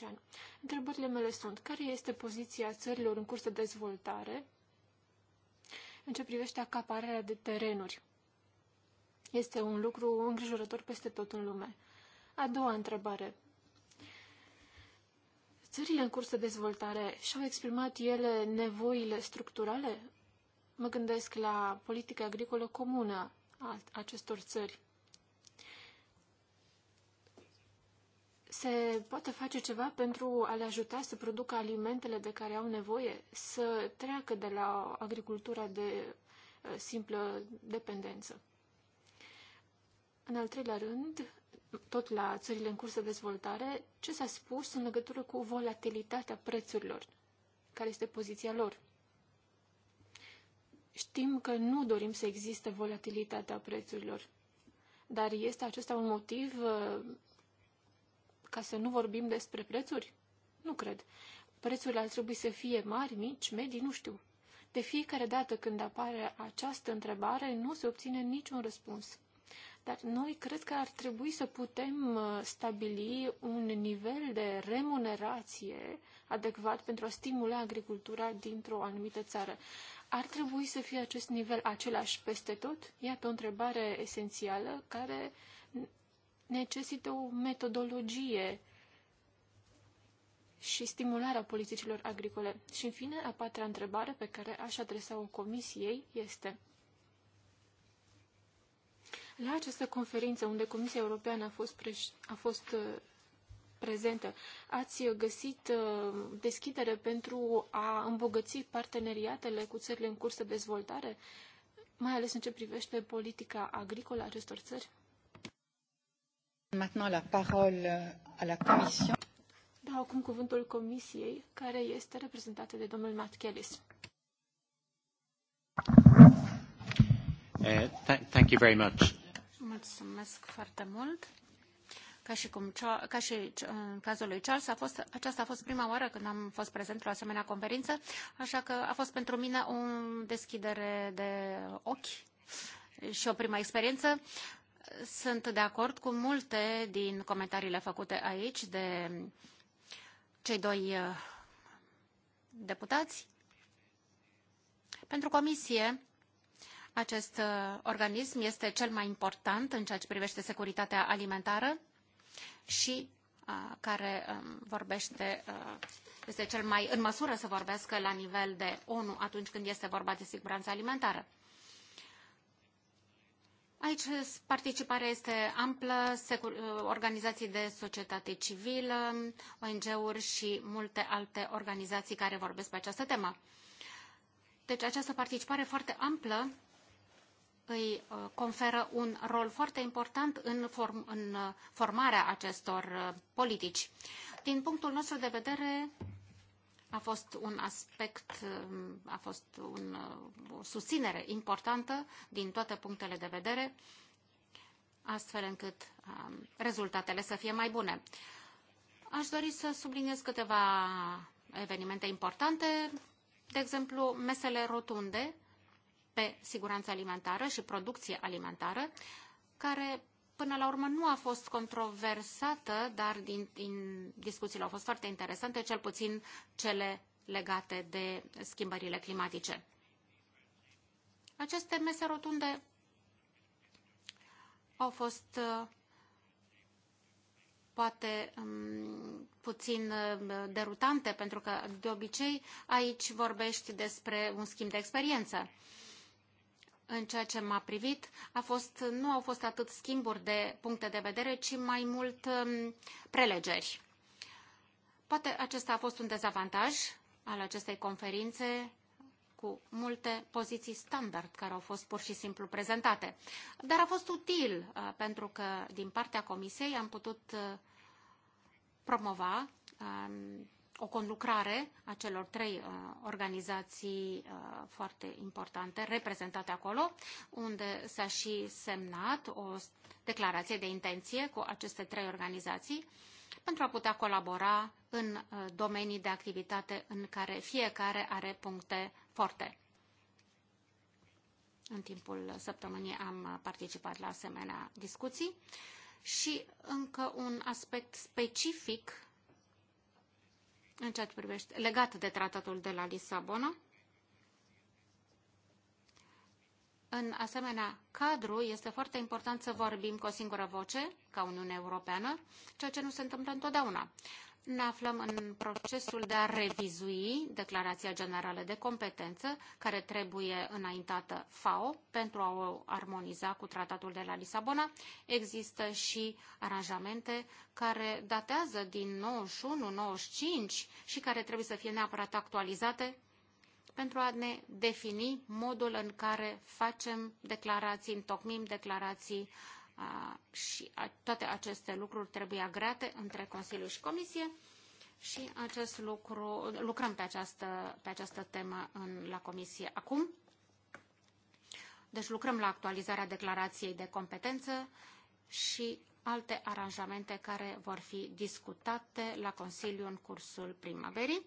ani. Întrebările mele sunt, care este poziția țărilor în curs de dezvoltare în ce privește acapararea de terenuri? Este un lucru îngrijorător peste tot în lume. A doua întrebare. Țările în curs de dezvoltare și-au exprimat ele nevoile structurale? Mă gândesc la politica agricolă comună a acestor țări se poate face ceva pentru a le ajuta să producă alimentele de care au nevoie, să treacă de la agricultura de uh, simplă dependență. În al treilea rând, tot la țările în curs de dezvoltare, ce s-a spus în legătură cu volatilitatea prețurilor, care este poziția lor. Știm că nu dorim să existe volatilitatea prețurilor, dar este acesta un motiv uh, ca să nu vorbim despre prețuri? Nu cred. Prețurile ar trebui să fie mari, mici, medii, nu știu. De fiecare dată când apare această întrebare, nu se obține niciun răspuns. Dar noi cred că ar trebui să putem uh, stabili un nivel de remunerație adecvat pentru a stimula agricultura dintr-o anumită țară. Ar trebui să fie acest nivel același peste tot? Iată o întrebare esențială care necesită o metodologie și stimularea politicilor agricole. Și, în fine, a patra întrebare pe care aș adresa-o comisiei este la această conferință unde Comisia Europeană a fost, pre- a fost uh, prezentă, ați găsit uh, deschidere pentru a îmbogăți parteneriatele cu țările în curs de dezvoltare, mai ales în ce privește politica agricolă a acestor țări? Maintenant la parole euh, à la Commission. Dau acum cuvântul Comisiei, care este reprezentată de domnul Matt Kellis. Uh, eh, th thank you very much. Mulțumesc foarte mult. Ca și, cum, ca și în cazul lui Charles, a fost, aceasta a fost prima oară când am fost prezent la o asemenea conferință, așa că a fost pentru mine o deschidere de ochi și o prima experiență. Sunt de acord cu multe din comentariile făcute aici de cei doi uh, deputați. Pentru comisie, acest uh, organism este cel mai important în ceea ce privește securitatea alimentară și uh, care um, vorbește, este cel mai în măsură să vorbească la nivel de ONU atunci când este vorba de siguranță alimentară. Aici participarea este amplă, uh, organizații de societate civilă, ONG-uri și multe alte organizații care vorbesc pe această temă. Deci această participare foarte amplă îi uh, conferă un rol foarte important în, form, în uh, formarea acestor politici. Din punctul nostru de vedere, a fost un aspect, um, a fost un, uh, o susținere importantă din toate punctele de vedere, astfel încât um, rezultatele să fie mai bune. Aș dori să subliniez câteva evenimente importante, de exemplu, mesele rotunde pe siguranță alimentară și producție alimentară, care până la urmă nu a fost controversată, dar din, din discuțiile au fost foarte interesante, cel puțin cele legate de schimbările climatice. Aceste mese rotunde au fost uh, poate um, puțin uh, derutante, pentru că de obicei aici vorbești despre un schimb de experiență în ceea ce m-a privit, a fost, nu au fost atât schimburi de puncte de vedere, ci mai mult um, prelegeri. Poate acesta a fost un dezavantaj al acestei conferințe cu multe poziții standard care au fost pur și simplu prezentate. Dar a fost util uh, pentru că din partea Comisiei am putut uh, promova um, o conlucrare a celor trei uh, organizații uh, foarte importante reprezentate acolo, unde s-a și semnat o declarație de intenție cu aceste trei organizații pentru a putea colabora în uh, domenii de activitate în care fiecare are puncte forte. În timpul săptămânii am participat la asemenea discuții și încă un aspect specific în ceea ce privește, legat de tratatul de la Lisabona. În asemenea cadru, este foarte important să vorbim cu o singură voce, ca Uniunea Europeană, ceea ce nu se întâmplă întotdeauna ne aflăm în procesul de a revizui declarația generală de competență care trebuie înaintată FAO pentru a o armoniza cu tratatul de la Lisabona. Există și aranjamente care datează din 91-95 și care trebuie să fie neapărat actualizate pentru a ne defini modul în care facem declarații, întocmim declarații uh, Uh, și toate aceste lucruri trebuie agreate între Consiliu și Comisie și acest lucru, lucrăm pe această, pe această temă în, la Comisie acum. Deci lucrăm la actualizarea declarației de competență și alte aranjamente care vor fi discutate la Consiliu în cursul primăverii.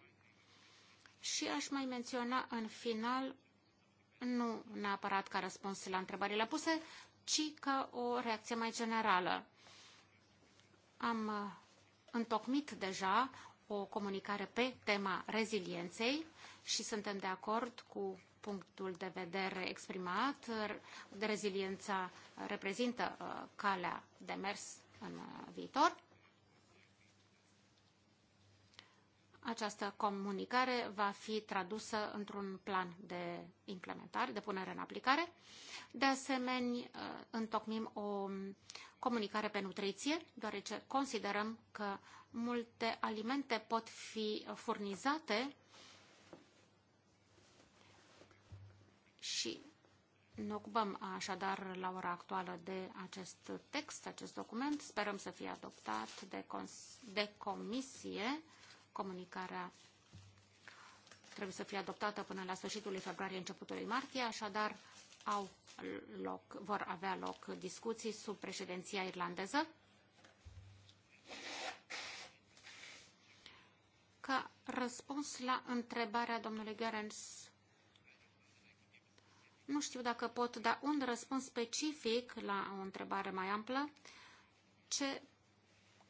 Și aș mai menționa în final, nu neapărat ca răspuns la întrebările puse, ci ca o reacție mai generală. Am uh, întocmit deja o comunicare pe tema rezilienței și suntem de acord cu punctul de vedere exprimat. Reziliența reprezintă uh, calea de mers în uh, viitor Această comunicare va fi tradusă într-un plan de implementare, de punere în aplicare. De asemenea, uh, întocmim o comunicare pe nutriție, deoarece considerăm că multe alimente pot fi furnizate și ne ocupăm așadar la ora actuală de acest text, acest document. Sperăm să fie adoptat de, de comisie Comunicarea trebuie să fie adoptată până la sfârșitul lui februarie, începutul lui martie, așadar au loc, vor avea loc discuții sub președinția irlandeză. Ca răspuns la întrebarea domnului Gerens, nu știu dacă pot da un răspuns specific la o întrebare mai amplă, ce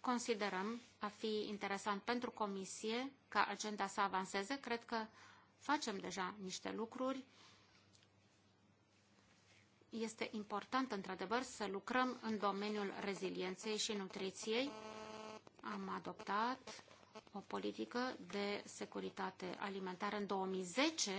considerăm va fi interesant pentru comisie ca agenda să avanseze. Cred că facem deja niște lucruri. Este important, într-adevăr, să lucrăm în domeniul rezilienței și nutriției. Am adoptat o politică de securitate alimentară în 2010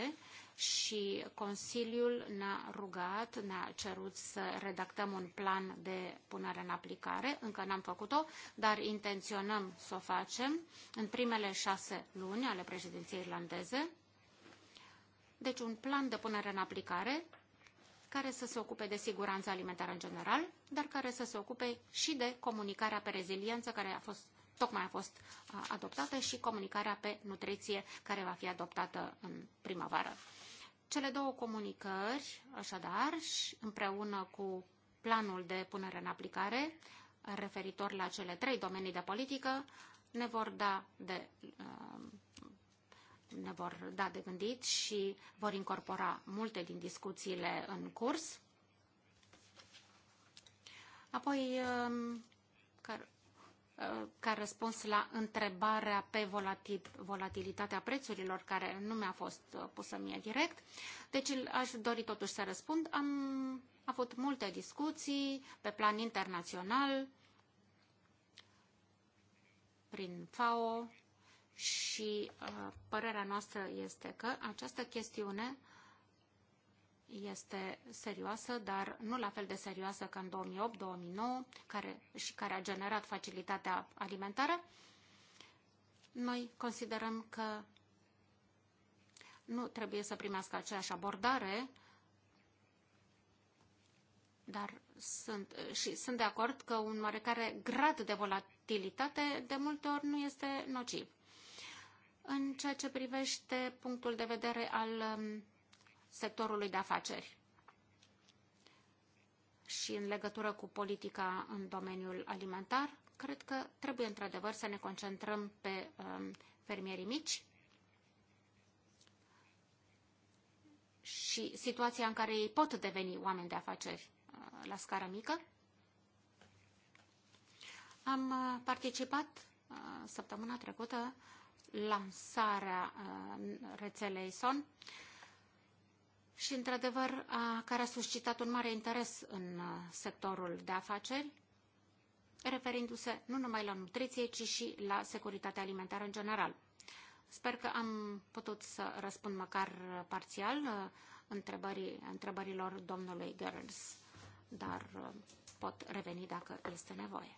și Consiliul ne-a rugat, ne-a cerut să redactăm un plan de punere în aplicare. Încă n-am făcut-o, dar intenționăm să o facem în primele șase luni ale președinției irlandeze. Deci un plan de punere în aplicare care să se ocupe de siguranța alimentară în general, dar care să se ocupe și de comunicarea pe reziliență, care a fost tocmai a fost adoptată și comunicarea pe nutriție care va fi adoptată în primăvară. Cele două comunicări, așadar, împreună cu planul de punere în aplicare referitor la cele trei domenii de politică, ne vor da de, um, ne vor da de gândit și vor incorpora multe din discuțiile în curs. Apoi, um, Uh, ca răspuns la întrebarea pe volatilitatea prețurilor, care nu mi-a fost uh, pusă mie direct. Deci aș dori totuși să răspund. Am avut multe discuții pe plan internațional, prin FAO și uh, părerea noastră este că această chestiune uh, este serioasă, dar nu la fel de serioasă ca în 2008-2009 care, și care a generat facilitatea alimentară, noi considerăm că nu trebuie să primească aceeași abordare, dar sunt, și sunt de acord că un oarecare grad de volatilitate de multe ori nu este nociv. În ceea ce privește punctul de vedere al um, sectorului de afaceri și în legătură cu politica în domeniul alimentar, cred că trebuie într-adevăr să ne concentrăm pe um, fermierii mici și situația în care ei pot deveni oameni de afaceri uh, la scară mică. Am uh, participat uh, săptămâna trecută lansarea uh, rețelei SON și, într-adevăr, a, care a suscitat un mare interes în sectorul de afaceri, referindu-se nu numai la nutriție, ci și la securitatea alimentară în general. Sper că am putut să răspund măcar parțial întrebării, întrebărilor domnului Gerns, dar pot reveni dacă este nevoie.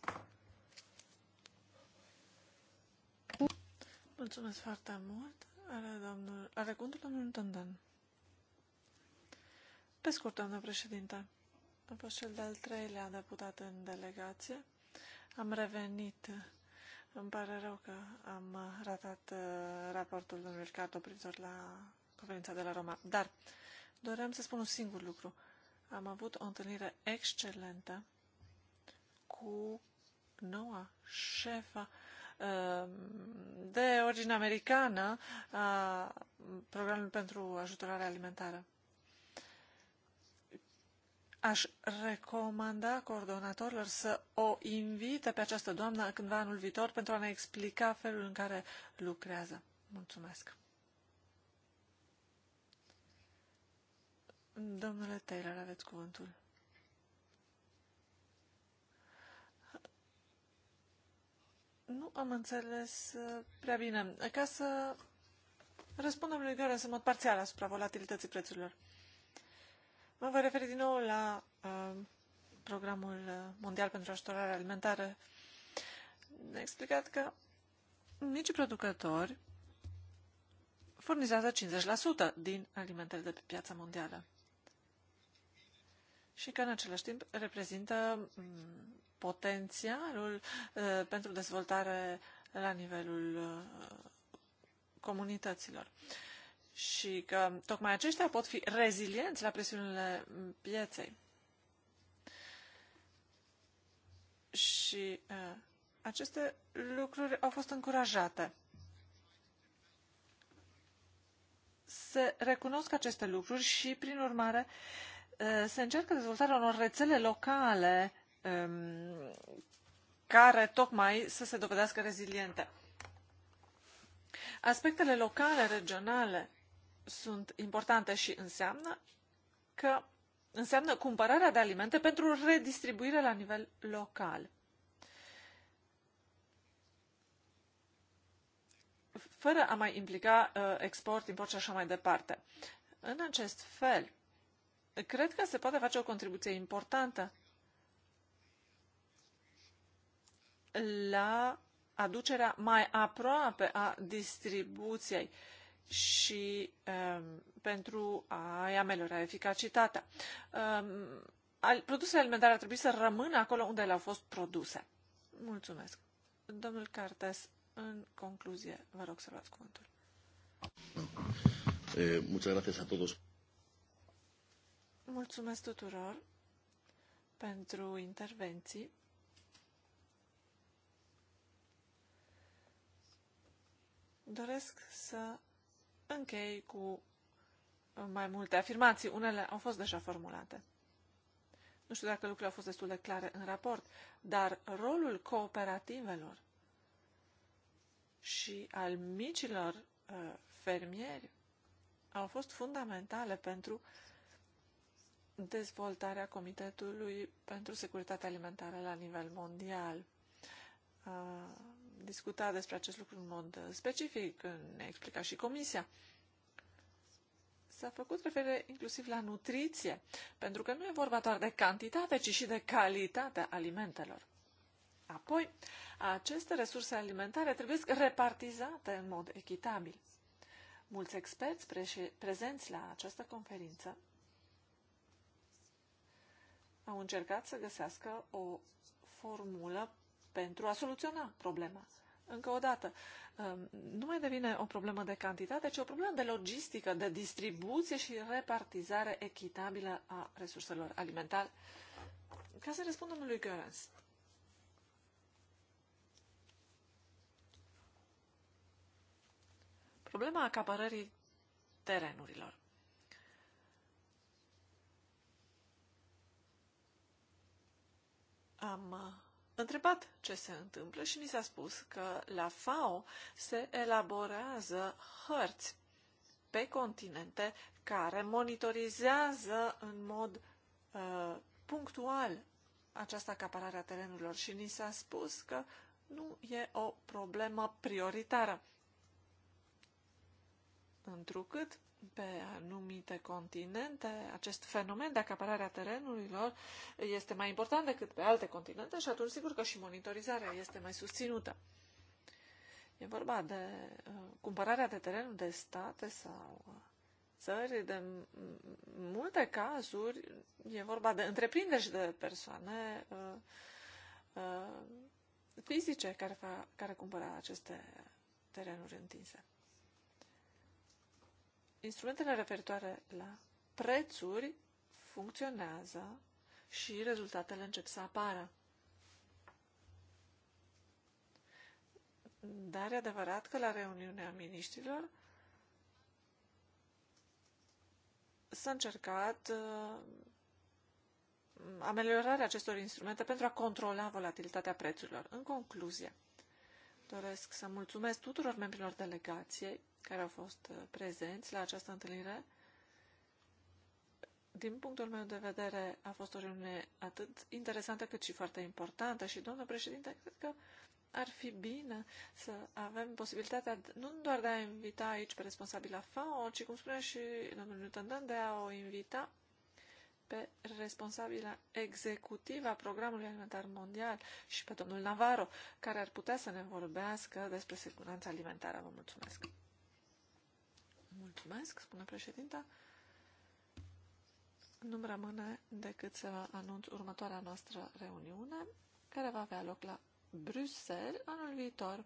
Mulțumesc foarte mult. Are, domnul, are cuvântul domnul Tândan. Pe scurt, doamnă președinte, am fost cel de-al treilea deputat în delegație. Am revenit. Îmi pare rău că am ratat uh, raportul domnului Ricardo privitor la conferința de la Roma. Dar doream să spun un singur lucru. Am avut o întâlnire excelentă cu noua șefa uh, de origine americană a programului pentru ajutorare alimentară. Aș recomanda coordonatorilor să o invite pe această doamnă cândva anul viitor pentru a ne explica felul în care lucrează. Mulțumesc. Domnule Taylor, aveți cuvântul. Nu am înțeles uh, prea bine. Ca să răspundem lui Gheorghe, să mă parțial asupra volatilității prețurilor. Mă voi referi din nou la uh, Programul Mondial pentru Ajutorare Alimentară. Ne-a explicat că mici producători furnizează 50% din alimentele de pe piața mondială și că în același timp reprezintă mm, potențialul uh, pentru dezvoltare la nivelul uh, comunităților. Uh, și că tocmai aceștia pot fi rezilienți la presiunile pieței. Și uh, aceste lucruri au fost încurajate. Se recunosc aceste lucruri și, prin urmare, uh, se încearcă dezvoltarea unor rețele locale um, care tocmai să se dovedească reziliente. Aspectele locale, regionale, sunt importante și înseamnă că înseamnă cumpărarea de alimente pentru redistribuire la nivel local. fără a mai implica uh, export, import și așa mai departe. În acest fel, cred că se poate face o contribuție importantă la aducerea mai aproape a distribuției uh, și um, pentru a-i ameliora eficacitatea. Um, al, produsele alimentare ar trebui să rămână acolo unde le-au fost produse. Mulțumesc. Domnul Cartes, în concluzie, vă rog să luați cuvântul. Eh, a todos. Mulțumesc tuturor pentru intervenții. Doresc să închei cu uh, mai multe afirmații. Unele au fost deja formulate. Nu știu dacă lucrurile au fost destul de clare în raport, dar rolul cooperativelor și al micilor uh, fermieri au fost fundamentale pentru dezvoltarea Comitetului pentru Securitatea Alimentară la nivel mondial. Uh, discuta despre acest lucru în mod uh, specific, ne-a explicat și comisia. S-a făcut referire inclusiv la nutriție, pentru că nu e vorba doar de cantitate, ci și de calitatea alimentelor. Apoi, aceste resurse alimentare trebuie repartizate în mod echitabil. Mulți experți pre- prezenți la această conferință au încercat să găsească o formulă pentru a soluționa problema. Încă o dată, um, nu mai devine o problemă de cantitate, ci o problemă de logistică, de distribuție și repartizare echitabilă a resurselor alimentare. Ca să răspund domnului Görans. Problema acapărării terenurilor. Am uh, întrebat ce se întâmplă și mi s-a spus că la FAO se elaborează hărți pe continente care monitorizează în mod uh, punctual această acaparare a terenurilor și ni s-a spus că nu e o problemă prioritară, întrucât pe anumite continente, acest fenomen de acaparare a terenurilor este mai important decât pe alte continente și atunci sigur că și monitorizarea este mai susținută. E vorba de uh, cumpărarea de teren de state sau uh, țări, de multe cazuri e vorba de întreprinderi și de persoane uh, uh, fizice care, fa- care cumpără aceste terenuri întinse instrumentele referitoare la prețuri funcționează și rezultatele încep să apară. Dar e adevărat că la reuniunea miniștrilor s-a încercat uh, ameliorarea acestor instrumente pentru a controla volatilitatea prețurilor. În concluzie, doresc să mulțumesc tuturor membrilor delegației care au fost uh, prezenți la această întâlnire. Din punctul meu de vedere, a fost o reuniune atât interesantă cât și foarte importantă și, domnul președinte, cred că ar fi bine să avem posibilitatea nu doar de a invita aici pe la FAO, ci, cum spune și domnul Newton de a o invita pe responsabila executivă a Programului Alimentar Mondial și pe domnul Navarro, care ar putea să ne vorbească despre siguranța alimentară. Vă mulțumesc! Mulțumesc, spune președinta. Nu-mi rămâne decât să vă anunț următoarea noastră reuniune, care va avea loc la Bruxelles anul viitor,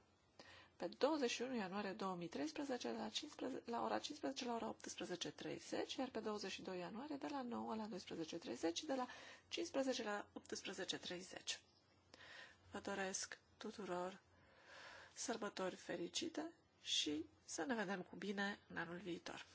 pe 21 ianuarie 2013 la, 15, la ora 15 la ora 18.30, iar pe 22 ianuarie de la 9 la 12.30 și de la 15 la 18.30. Vă doresc tuturor sărbători fericite și să ne vedem cu bine în anul viitor.